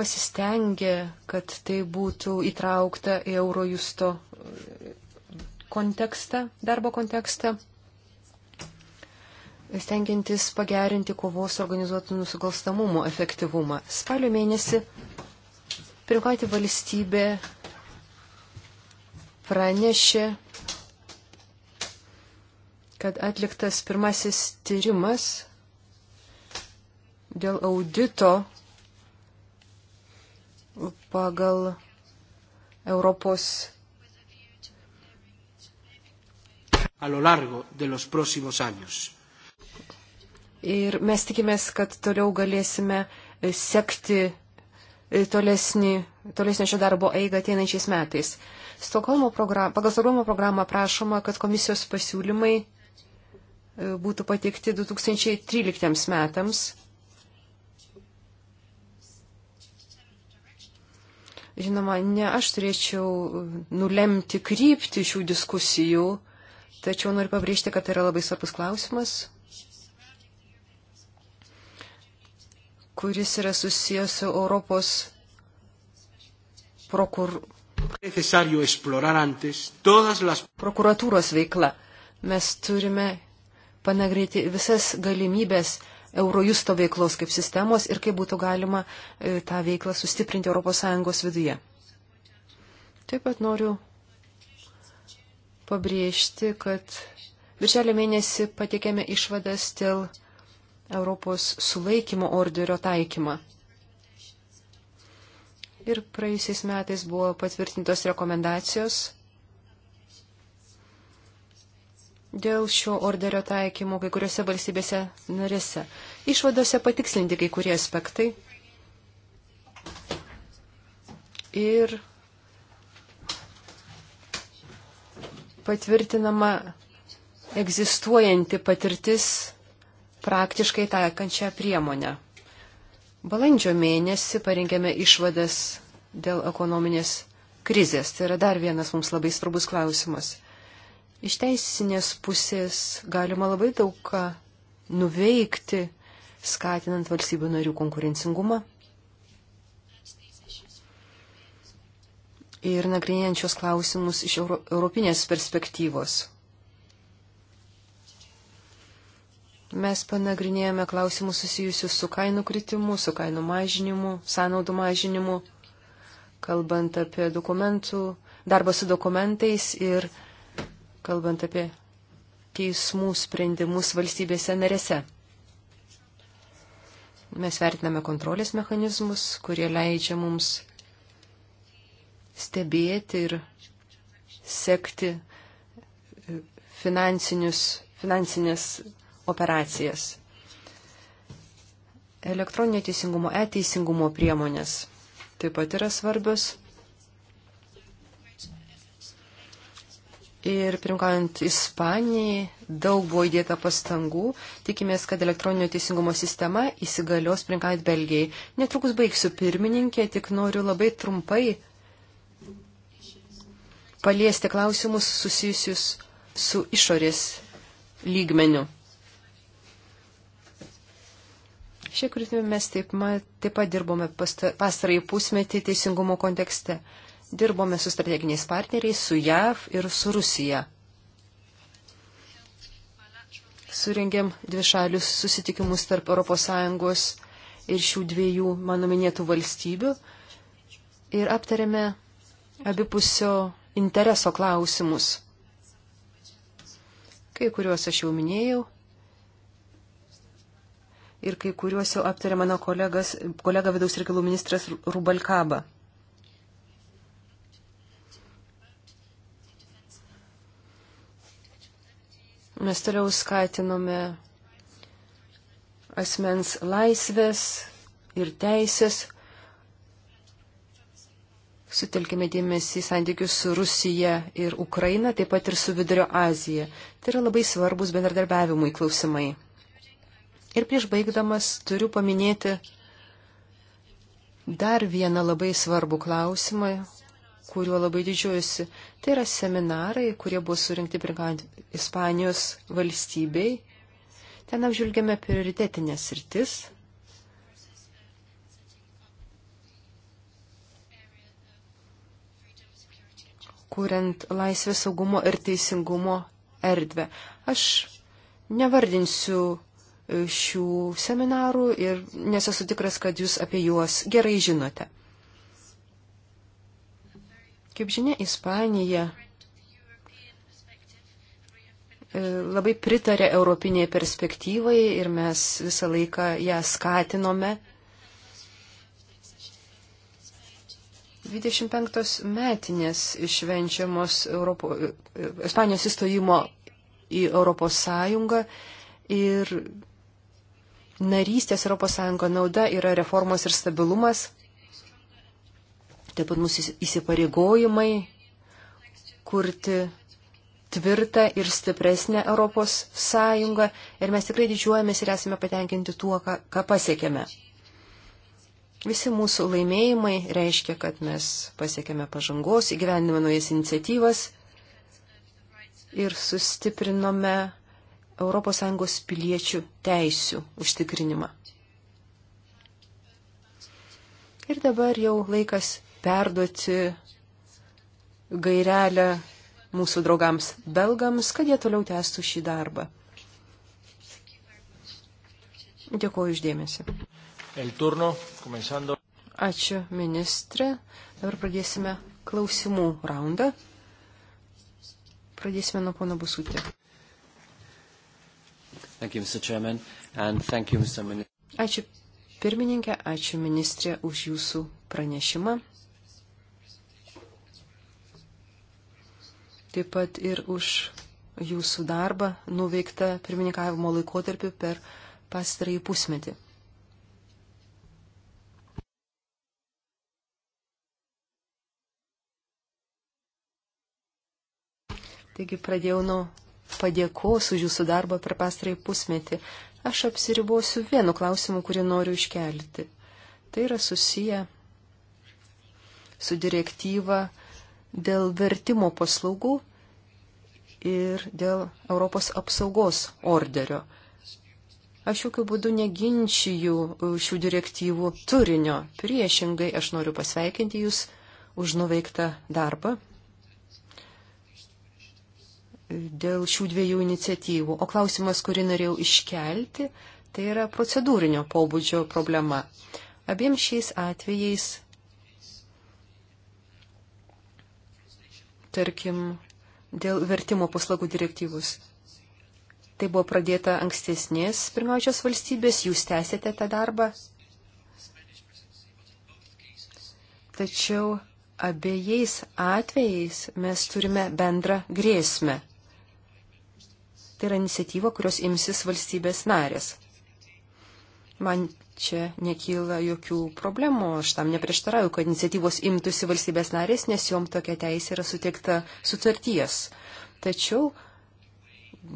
pasistengė, kad tai būtų įtraukta į Eurojusto kontekstą, darbo kontekstą, stengiantis pagerinti kovos organizuotų nusikalstamumo efektyvumą. Spalio mėnesį pirmkauti valstybė pranešė kad atliktas pirmasis tyrimas dėl audito pagal Europos. a lo largo de los próximos años. Ir mes tikimės, kad toliau galėsime e, sekti e, tolesnį, tolesnio šio darbo eigą ateinančiais metais. Stokholmo program, pagal Stokholmo programą prašoma, kad komisijos pasiūlymai būtų pateikti 2013 metams. Žinoma, ne aš turėčiau nulemti krypti šių diskusijų, tačiau noriu pabrėžti, kad tai yra labai svarbus klausimas, kuris yra susijęs su Europos prokur... prokuratūros veikla. Mes turime panagrėti visas galimybės Eurojusto veiklos kaip sistemos ir kaip būtų galima e, tą veiklą sustiprinti ES viduje. Taip pat noriu pabrėžti, kad viršelio mėnesį patikėme išvadas dėl Europos sulaikymo orderio taikymą. Ir praėjusiais metais buvo patvirtintos rekomendacijos dėl šio orderio taikymo kai kuriuose valstybėse narėse. Išvadose patikslinti kai kurie aspektai. Ir patvirtinama egzistuojanti patirtis praktiškai taikančią priemonę. Balandžio mėnesį parengėme išvadas dėl ekonominės krizės. Tai yra dar vienas mums labai svarbus klausimas. Iš teisinės pusės galima labai daug ką nuveikti, skatinant valstybių narių konkurencingumą. Ir nagrinėjančios klausimus iš euro, europinės perspektyvos. Mes panagrinėjame klausimus susijusius su kainų kritimu, su kainų mažinimu, sąnaudų mažinimu, kalbant apie dokumentų, darbą su dokumentais ir kalbant apie teismų sprendimus valstybėse narėse. Mes vertiname kontrolės mechanizmus, kurie leidžia mums stebėti ir sekti e, finansinės operacijas. Elektroninio teisingumo, e-teisingumo priemonės taip pat yra svarbios Ir pirmkant Ispanijai daug buvo įdėta pastangų. Tikimės, kad elektroninio teisingumo sistema įsigalios pirmkant Belgijai. Netrukus baigsiu pirmininkė, tik noriu labai trumpai paliesti klausimus susijusius su išorės lygmeniu. Šia kryptimi mes taip, ma, taip pat dirbome pastarąjį pusmetį teisingumo kontekste dirbome su strateginiais partneriais, su JAV ir su Rusija. Suringėm dvišalius susitikimus tarp ES ir šių dviejų mano minėtų valstybių ir aptarėme abipusio intereso klausimus. Kai kuriuos aš jau minėjau ir kai kuriuos jau aptarė mano kolegas, kolega vidaus reikalų ministras Rubalkaba. Mes toliau skatinome asmens laisvės ir teisės. Sutelkime dėmesį į santykius su Rusija ir Ukraina, taip pat ir su Vidurio Azija. Tai yra labai svarbus bendradarbiavimui klausimai. Ir prieš baigdamas turiu paminėti dar vieną labai svarbų klausimą, kuriuo labai didžiuojusi. Tai yra seminarai, kurie buvo surinkti brigant Ispanijos valstybei. Ten apžvelgiame prioritetinės rytis. kuriant laisvės saugumo ir teisingumo erdvę. Aš nevardinsiu e, šių seminarų ir nesu tikras, kad jūs apie juos gerai žinote. Kaip žinia, Ispanija e, labai pritarė europiniai perspektyvai ir mes visą laiką ją skatinome. 25 metinės švenčiamos Europo, e, e, Ispanijos įstojimo į Europos Sąjungą ir narystės Europos Sąjungo nauda yra reformos ir stabilumas taip pat mūsų įsipareigojimai kurti tvirtą ir stipresnę Europos Sąjungą ir mes tikrai didžiuojamės ir esame patenkinti tuo, ką, ką pasiekėme. Visi mūsų laimėjimai reiškia, kad mes pasiekėme pažangos, įgyvendinome naujas iniciatyvas ir sustiprinome ES piliečių teisių užtikrinimą. Ir dabar jau laikas perduoti gairelę mūsų draugams belgams, kad jie toliau tęstų šį darbą. Dėkuoju uždėmesi. Turno, Ačiū, ministrė. Dabar pradėsime klausimų raundą. Pradėsime nuo pono Busutė. Ačiū pirmininkė, ačiū ministrė už jūsų pranešimą. taip pat ir už jūsų darbą nuveiktą pirmininkavimo laikotarpiu per pastarąjį pusmetį. Taigi pradėjau nuo padėkos už jūsų darbą per pastarąjį pusmetį. Aš apsiribosiu vienu klausimu, kurį noriu iškelti. Tai yra susiję su direktyva dėl vertimo paslaugų ir dėl Europos apsaugos orderio. Aš jokių būdų neginčiju šių direktyvų turinio. Priešingai, aš noriu pasveikinti Jūs už nuveiktą darbą dėl šių dviejų iniciatyvų. O klausimas, kurį norėjau iškelti, tai yra procedūrinio pobūdžio problema. Abiem šiais atvejais tarkim, dėl vertimo paslaugų direktyvus. Tai buvo pradėta ankstesnės pirmiausios valstybės, jūs tęsėte tą darbą. Tačiau abiejais atvejais mes turime bendrą grėsmę. Tai yra iniciatyva, kurios imsis valstybės narės. Man čia nekyla jokių problemų. Aš tam neprieštarauju, kad iniciatyvos imtųsi valstybės narės, nes jom tokia teisė yra suteikta sutarties. Tačiau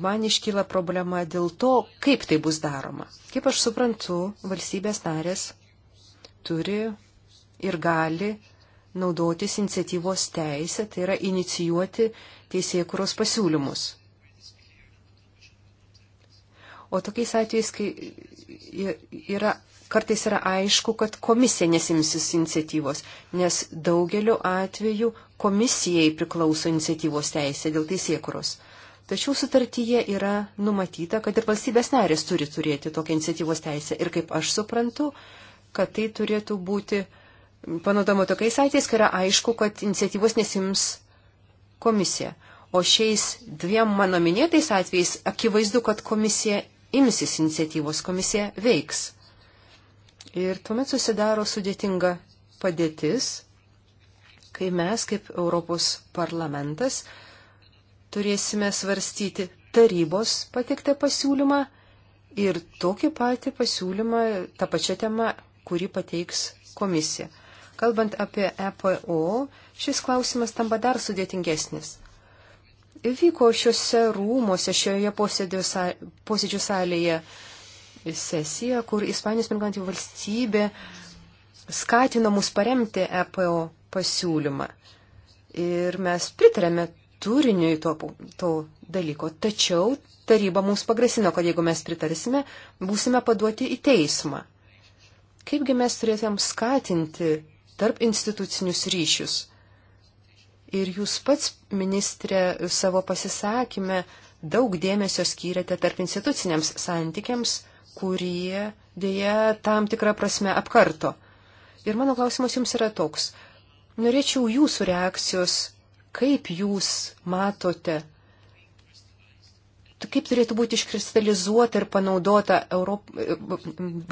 man iškyla problema dėl to, kaip tai bus daroma. Kaip aš suprantu, valstybės narės turi ir gali naudotis iniciatyvos teisę, tai yra inicijuoti teisėkuros pasiūlymus. O tokiais atvejais, kai yra, kartais yra aišku, kad komisija nesimsis iniciatyvos, nes daugeliu atveju komisijai priklauso iniciatyvos teisė dėl teisėkuros. Tačiau sutartyje yra numatyta, kad ir valstybės narės turi turėti tokią iniciatyvos teisę. Ir kaip aš suprantu, kad tai turėtų būti panaudama tokiais atvejais, kai yra aišku, kad iniciatyvos nesims komisija. O šiais dviem mano minėtais atvejais akivaizdu, kad komisija imsis iniciatyvos, komisija veiks. Ir tuomet susidaro sudėtinga padėtis, kai mes kaip Europos parlamentas turėsime svarstyti tarybos patiktą pasiūlymą ir tokį patį pasiūlymą, tą pačią temą, kurį pateiks komisija. Kalbant apie EPO, šis klausimas tampa dar sudėtingesnis vyko šiuose rūmose, šioje posėdžių salėje sesija, kur Ispanijos pirmininkantį valstybė skatino mus paremti EPO pasiūlymą. Ir mes pritarėme turiniui to, to dalyko. Tačiau taryba mums pagrasino, kad jeigu mes pritarsime, būsime paduoti į teismą. Kaipgi mes turėtumėm skatinti tarp institucinius ryšius? Ir jūs pats, ministrė, savo pasisakymę daug dėmesio skyrėte tarp instituciniams santykiams, kurie dėja tam tikrą prasme apkarto. Ir mano klausimas jums yra toks. Norėčiau jūsų reakcijos, kaip jūs matote kaip turėtų būti iškristalizuota ir panaudota Europ...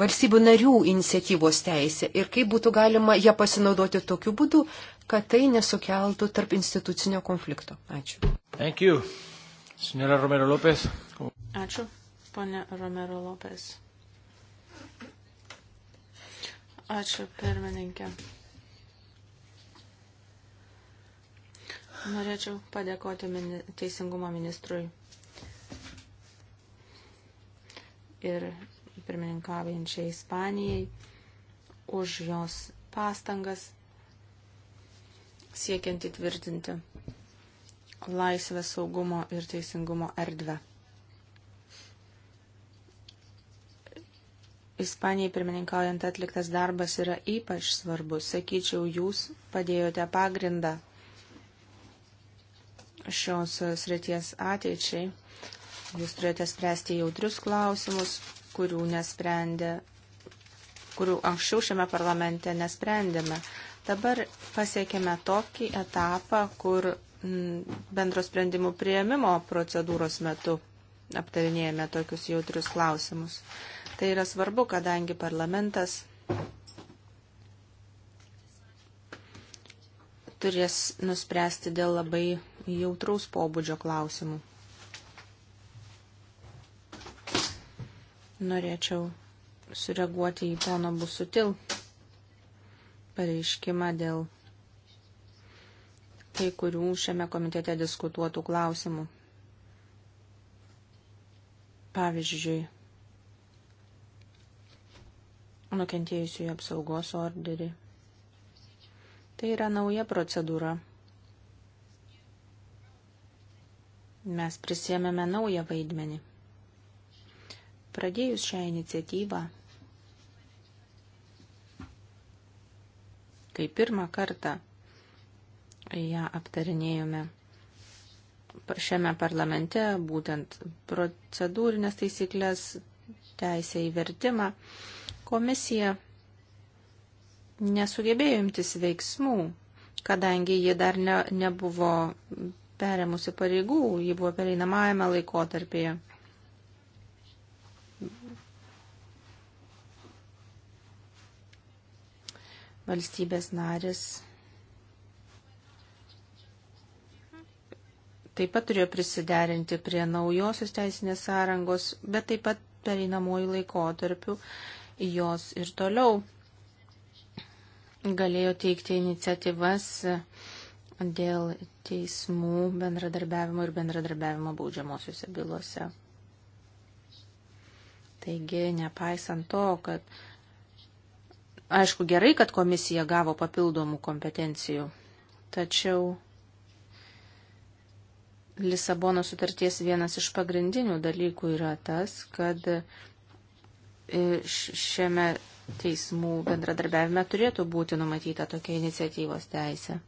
valstybių narių iniciatyvos teisė ir kaip būtų galima ją pasinaudoti tokiu būdu, kad tai nesukeltų tarp institucinio konflikto. Ačiū. Thank you. Senora Romero Lopez. Ačiū, ponė Romero Lopez. Ačiū, pirmininkė. Norėčiau padėkoti mini teisingumo ministrui ir pirmininkaujančiai Ispanijai už jos pastangas siekiant įtvirtinti laisvę, saugumo ir teisingumo erdvę. Ispanijai pirmininkaujant atliktas darbas yra ypač svarbus. Sakyčiau, jūs padėjote pagrindą šios srities ateičiai Jūs turėjote spręsti jautrius klausimus, kurių nesprendė, kurių anksčiau šiame parlamente nesprendėme. Dabar pasiekėme tokį etapą, kur mm, bendro sprendimų prieimimo procedūros metu aptarinėjame tokius jautrius klausimus. Tai yra svarbu, kadangi parlamentas turės nuspręsti dėl labai jautraus pobūdžio klausimų. Norėčiau sureaguoti į pono Busutil pareiškimą dėl kai kurių šiame komitete diskutuotų klausimų. Pavyzdžiui, nukentėjusiųjų apsaugos orderį. Tai yra nauja procedūra. Mes prisėmėme naują vaidmenį. Pradėjus šią iniciatyvą, kai pirmą kartą ją aptarinėjome šiame parlamente, būtent procedūrinės taisyklės, teisę į vertimą, komisija nesugebėjo imtis veiksmų, kadangi ji dar ne, nebuvo perėmusi pareigų, ji buvo pereinamajame laikotarpėje. valstybės narės taip pat turėjo prisiderinti prie naujosios teisinės sąrangos, bet taip pat pereinamųjų laikotarpių jos ir toliau galėjo teikti iniciatyvas dėl teismų bendradarbiavimo ir bendradarbiavimo baudžiamosiuose bylose. Taigi, nepaisant to, kad Aišku, gerai, kad komisija gavo papildomų kompetencijų, tačiau Lisabono sutarties vienas iš pagrindinių dalykų yra tas, kad e, šiame teismų bendradarbiavime turėtų būti numatyta tokia iniciatyvos teisė.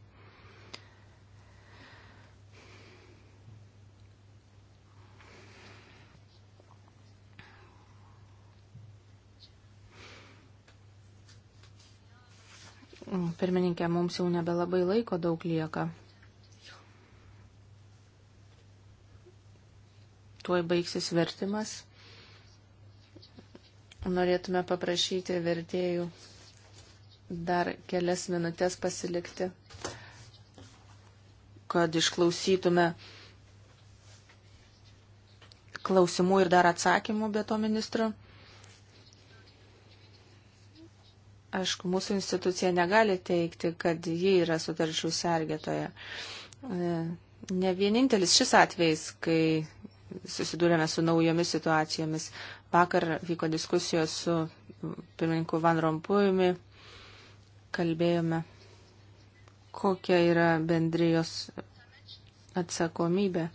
Pirmininkė, mums jau nebelabai laiko daug lieka. Tuoj baigsis vertimas. Norėtume paprašyti vertėjų dar kelias minutės pasilikti, kad išklausytume klausimų ir dar atsakymų be to ministro. Aišku, mūsų institucija negali teikti, kad ji yra sutarčių sergėtoja. E, ne vienintelis šis atvejs, kai susidūrėme su naujomis situacijomis. Vakar vyko diskusijos su pirmininku Van Rompujumi, kalbėjome, kokia yra bendrijos atsakomybė.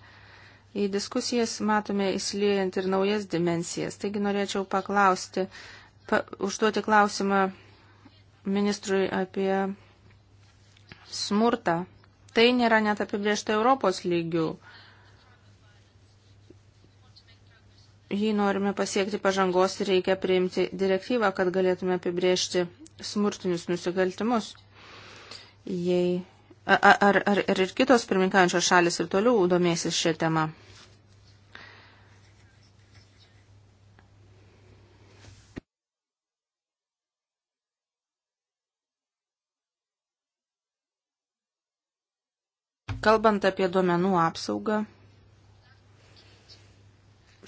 Į diskusijas matome įsiliejant ir naujas dimensijas. Taigi norėčiau paklausti, pa, užduoti klausimą ministrui apie smurtą. Tai nėra net apibriešta Europos lygių. Jei norime pasiekti pažangos, reikia priimti direktyvą, kad galėtume apibriežti smurtinius nusikaltimus. Jei, ar, ar, ar ir kitos pirminkančios šalis ir toliau domėsis šią temą? Kalbant apie duomenų apsaugą,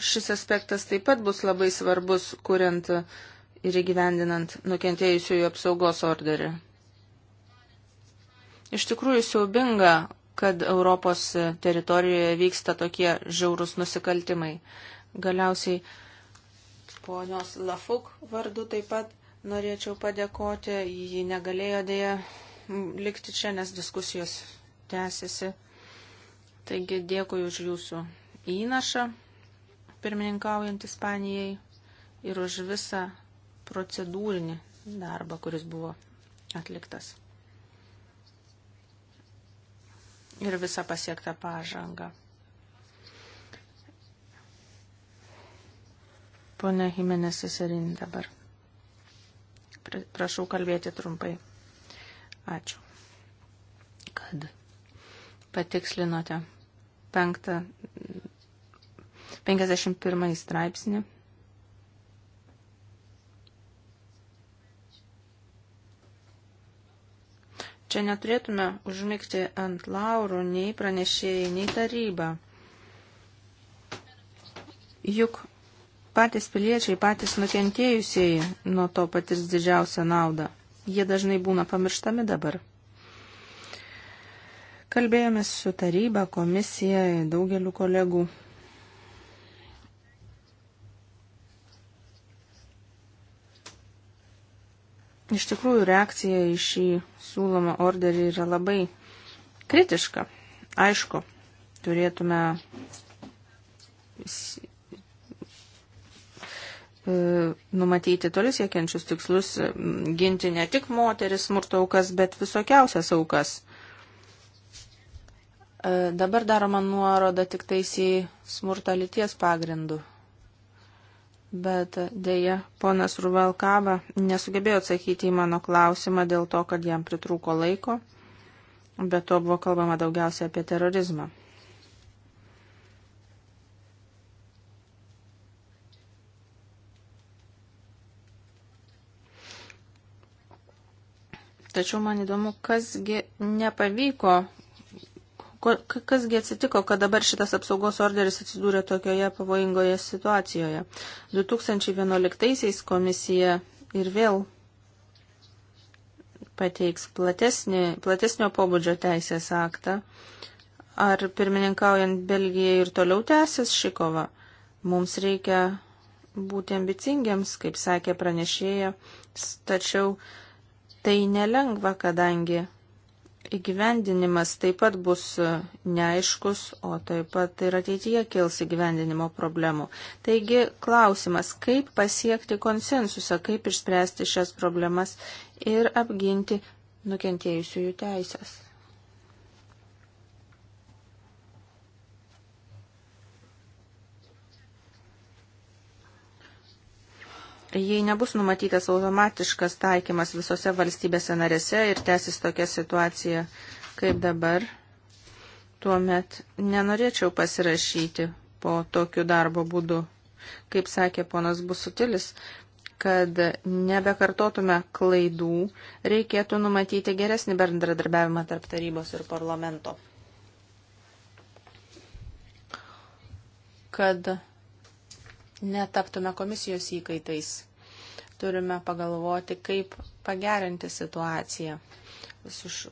šis aspektas taip pat bus labai svarbus, kuriant ir įgyvendinant nukentėjusiųjų apsaugos orderį. Iš tikrųjų siaubinga, kad Europos teritorijoje vyksta tokie žiaurus nusikaltimai. Galiausiai ponios Lafuk vardu taip pat norėčiau padėkoti, ji negalėjo dėja likti čia, nes diskusijos tęsiasi. Taigi dėkui už jūsų įnašą, pirmininkaujant Ispanijai, ir už visą procedūrinį darbą, kuris buvo atliktas. Ir visą pasiektą pažangą. Pone Jimenez Seserin dabar. Prašau kalbėti trumpai. Ačiū. Kad patikslinote penktą, 51 straipsnį. Čia neturėtume užmygti ant laurų nei pranešėjai, nei taryba. Juk patys piliečiai, patys nukentėjusieji nuo to patirs didžiausią naudą. Jie dažnai būna pamirštami dabar. Kalbėjomės su taryba, komisija, daugeliu kolegų. Iš tikrųjų, reakcija į šį siūlomą orderį yra labai kritiška. Aišku, turėtume e, numatyti toli siekiančius tikslus, ginti ne tik moteris smurto aukas, bet visokiausias aukas. E, dabar daroma nuoroda tik tais į smurtą lyties pagrindų. Bet dėja, ponas Ruvalkava nesugebėjo atsakyti į mano klausimą dėl to, kad jam pritrūko laiko, bet to buvo kalbama daugiausia apie terorizmą. Tačiau man įdomu, kasgi nepavyko Kasgi atsitiko, kad dabar šitas apsaugos orderis atsidūrė tokioje pavojingoje situacijoje? 2011 komisija ir vėl pateiks platesnį, platesnio pobūdžio teisės aktą. Ar pirmininkaujant Belgijai ir toliau tęsis ši kova? Mums reikia būti ambicingiams, kaip sakė pranešėja, tačiau tai nelengva, kadangi Įgyvendinimas taip pat bus e, neaiškus, o taip pat ir ateityje kils įgyvendinimo problemų. Taigi klausimas, kaip pasiekti konsensusą, kaip išspręsti šias problemas ir apginti nukentėjusiųjų teisės. Jei nebus numatytas automatiškas taikymas visose valstybėse narėse ir tęsis tokia situacija kaip dabar, tuomet nenorėčiau pasirašyti po tokiu darbo būdu. Kaip sakė ponas Busutilis, kad nebekartotume klaidų, reikėtų numatyti geresnį bendradarbiavimą tarp tarybos ir parlamento. Kad netaptume komisijos įkaitais. Turime pagalvoti, kaip pagerinti situaciją,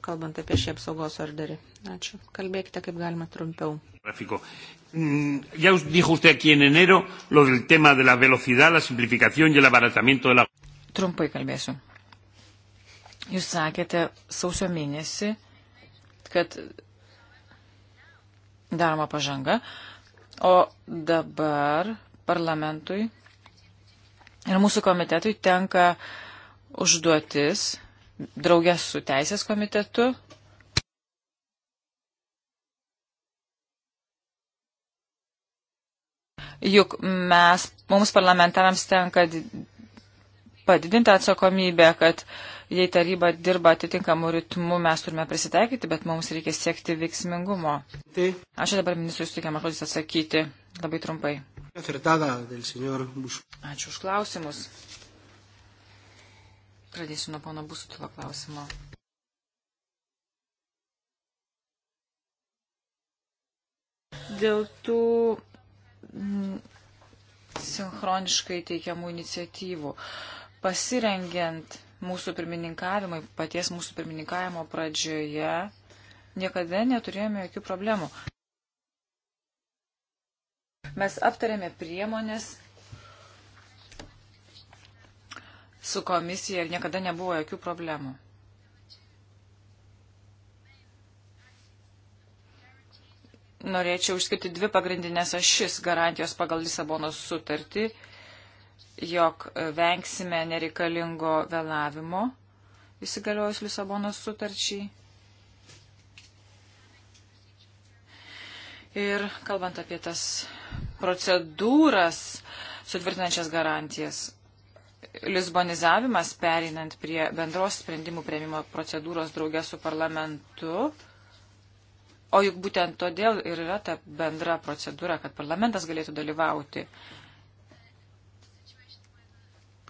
kalbant apie šį apsaugos orderį. Ačiū. Kalbėkite kaip galima trumpiau. Grafiko. Mm, ya dijo usted aquí en enero lo del tema de la velocidad, la simplificación y el abaratamiento de la. Trumpai kalbėsiu. Jūs sakėte sausio mėnesį, kad daroma pažanga, o dabar parlamentui ir mūsų komitetui tenka užduotis draugės su teisės komitetu. Juk mes, mums parlamentarams tenka padidinti atsakomybę, kad jei taryba dirba atitinkamų ritmų, mes turime prisitaikyti, bet mums reikia siekti veiksmingumo. Tai- Aš dabar ministrui suteikiamą žodį atsakyti labai trumpai. Ačiū už klausimus. Pradėsiu nuo pono Busutilo klausimo. Dėl tų mm, sinchroniškai teikiamų iniciatyvų, pasirengiant mūsų pirmininkavimai, paties mūsų pirmininkavimo pradžioje, niekada neturėjome jokių problemų. Mes aptarėme priemonės su komisija ir niekada nebuvo jokių problemų. Norėčiau išskirti dvi pagrindinės ašis garantijos pagal Lisabonos sutartį, jog vengsime nereikalingo vėlavimo įsigaliojus Lisabonos sutarčiai. Ir kalbant apie tas procedūras sutvirtinančias garantijas. Lisbonizavimas, pereinant prie bendros sprendimų prieimimo procedūros draugė su parlamentu, o juk būtent todėl ir yra ta bendra procedūra, kad parlamentas galėtų dalyvauti,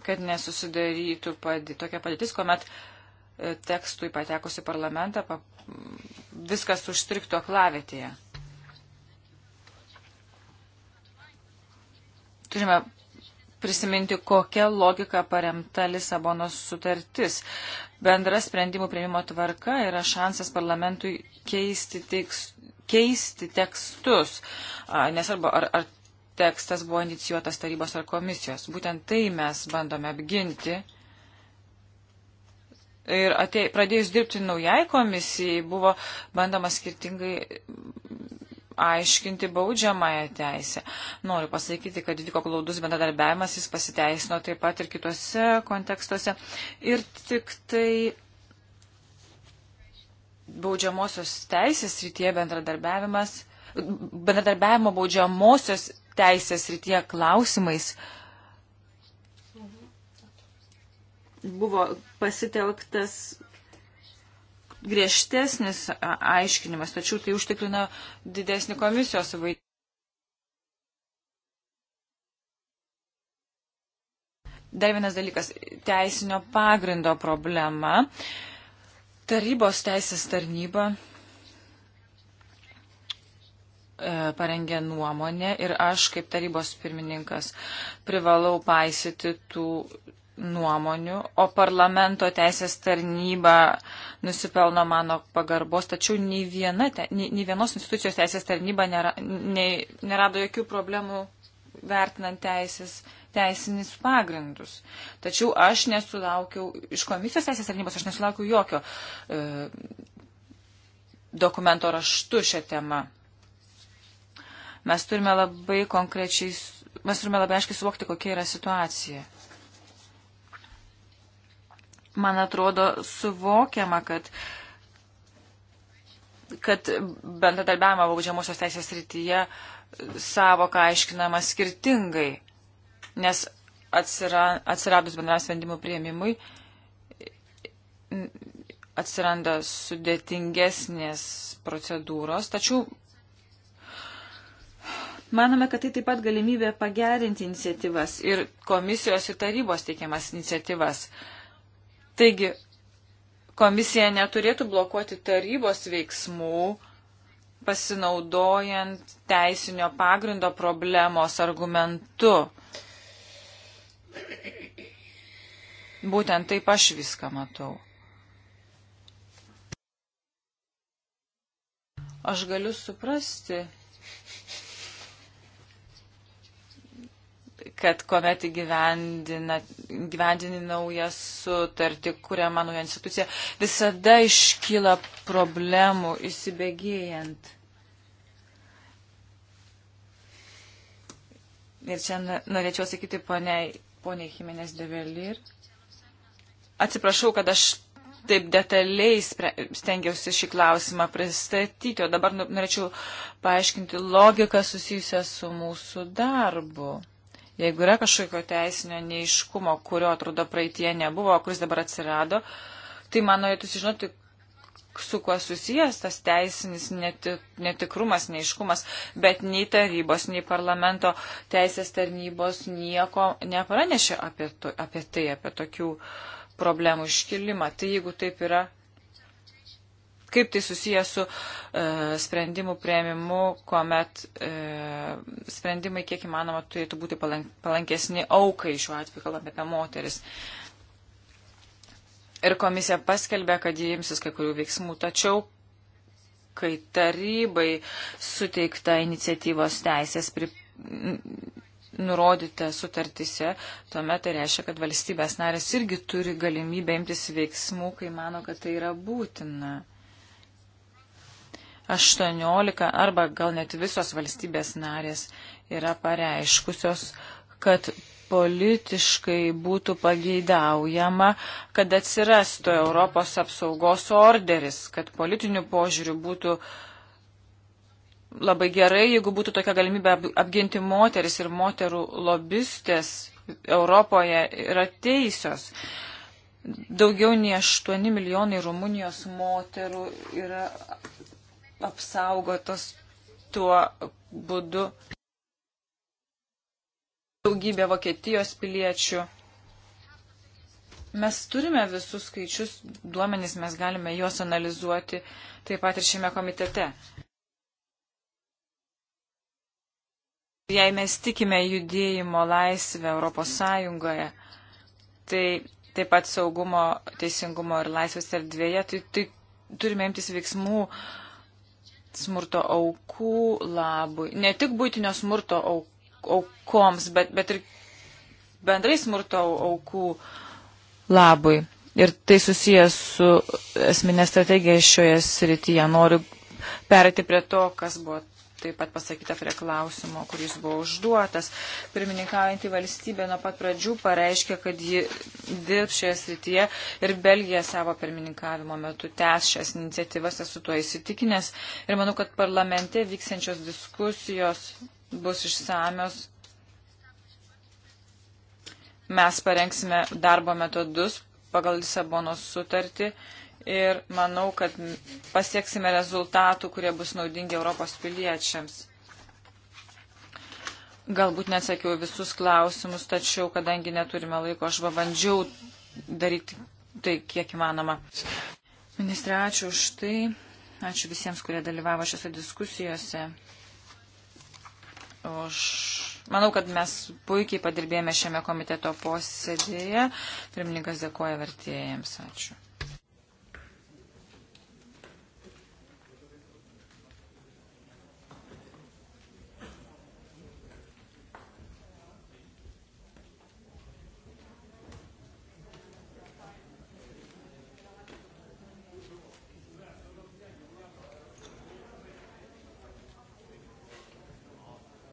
kad nesusidarytų padė, tokia padėtis, kuomet e, tekstui patekusi parlamentą, pa, viskas užstriktų aklavėtėje. Turime prisiminti, kokia logika paremta Lisabonos sutartis. Bendra sprendimų prieimimo tvarka yra šansas parlamentui keisti, teks, keisti tekstus, nesvarbu, ar, ar tekstas buvo inicijuotas tarybos ar komisijos. Būtent tai mes bandome apginti. Ir atė, pradėjus dirbti naujai komisijai buvo bandoma skirtingai aiškinti baudžiamąją teisę. Noriu pasakyti, kad vyko glaudus bendradarbiavimas, jis pasiteisino taip pat ir kitose kontekstuose. Ir tik tai baudžiamosios teisės rytie bendradarbiavimas, bendradarbiavimo baudžiamosios teisės rytie klausimais buvo pasitelktas griežtesnis aiškinimas, tačiau tai užtikrina didesnį komisijos vaidmenį. Dar vienas dalykas - teisinio pagrindo problema. Tarybos teisės tarnyba e, parengė nuomonę ir aš kaip tarybos pirmininkas privalau paisyti tų nuomonių, o parlamento teisės tarnyba nusipelno mano pagarbos, tačiau nei, viena, nei, nei vienos institucijos teisės tarnyba nėra, nei, nerado jokių problemų vertinant teisės, teisinis pagrindus. Tačiau aš nesulaukiau, iš komisijos teisės tarnybos aš nesulaukiau jokio e, dokumento raštu šią temą. Mes turime labai konkrečiai, mes turime labai aiškiai suvokti, kokia yra situacija man atrodo suvokiama, kad kad bendradarbiavimo baudžiamosios teisės rytyje savoka aiškinama skirtingai, nes atsira, atsiradus bendram sprendimų prieimimui atsiranda sudėtingesnės procedūros, tačiau manome, kad tai taip pat galimybė pagerinti iniciatyvas ir komisijos ir tarybos teikiamas iniciatyvas. Uh, Taigi, komisija neturėtų blokuoti tarybos veiksmų, pasinaudojant teisinio pagrindo problemos argumentu. Būtent taip aš viską matau. Aš galiu suprasti kad kuomet gyvendini naują sutartį, kuriama nauja institucija, visada iškyla problemų įsibėgėjant. Ir čia norėčiau sakyti poniai, poniai Jimenez de Velir. Atsiprašau, kad aš taip detaliai stengiausi šį klausimą pristatyti, o dabar nu, norėčiau paaiškinti logiką susijusią su mūsų darbu. Jeigu yra kažkokio teisinio neiškumo, kurio atrodo praeitie nebuvo, kuris dabar atsirado, tai man norėtųsi žinoti, su kuo susijęs tas teisinis netikrumas, neiškumas, bet nei tarybos, nei parlamento teisės tarnybos nieko nepranešė apie, to, apie tai, apie tokių problemų iškilimą. Tai jeigu taip yra, kaip tai susijęs su e, sprendimų prieimimu, kuomet e, sprendimai kiek įmanoma turėtų būti palank, palankesni aukai, šiuo atveju kalbame apie moteris. Ir komisija paskelbė, kad jie imsis kai kurių veiksmų, tačiau kai tarybai suteikta iniciatyvos teisės pri, nurodyta sutartise, tuomet tai reiškia, kad valstybės narės irgi turi galimybę imtis veiksmų, kai mano, kad tai yra būtina. 18 arba gal net visos valstybės narės yra pareiškusios, kad politiškai būtų pageidaujama, kad atsirastų Europos apsaugos orderis, kad politinių požiūrių būtų labai gerai, jeigu būtų tokia galimybė apginti moteris ir moterų lobistės Europoje yra teisios. Daugiau nei 8 milijonai Rumunijos moterų yra apsaugotos tuo būdu daugybė Vokietijos piliečių. Mes turime visus skaičius, duomenys mes galime juos analizuoti taip pat ir šiame komitete. Jei mes tikime judėjimo laisvę Europos Sąjungoje, tai taip pat saugumo, teisingumo ir laisvės erdvėje, tai, tai turime imtis veiksmų, uh, smurto aukų labui, ne tik būtinio smurto aukoms, bet, bet ir bendrai smurto aukų labui. Ir tai susijęs su esminė strategija šioje srityje. Noriu perėti prie to, kas buvo taip pat pasakyta prie klausimo, kuris buvo užduotas. Pirmininkaujantį valstybę nuo pat pradžių pareiškė, kad ji dirbs šioje srityje ir Belgija savo pirmininkavimo metu tęs šias iniciatyvas, esu tuo įsitikinęs. Ir manau, kad parlamente vyksiančios diskusijos bus išsamios. Mes parengsime darbo metodus pagal Lisabonos sutartį ir manau, kad pasieksime rezultatų, kurie bus naudingi Europos piliečiams. Galbūt nesakiau visus klausimus, tačiau, kadangi neturime laiko, aš pabandžiau daryti tai kiek įmanoma. Ministrė, ačiū už tai. Ačiū visiems, kurie dalyvavo šiose diskusijose. Už... Manau, kad mes puikiai padirbėjome šiame komiteto posėdėje. Pirmininkas dėkoja vertėjams. Ačiū.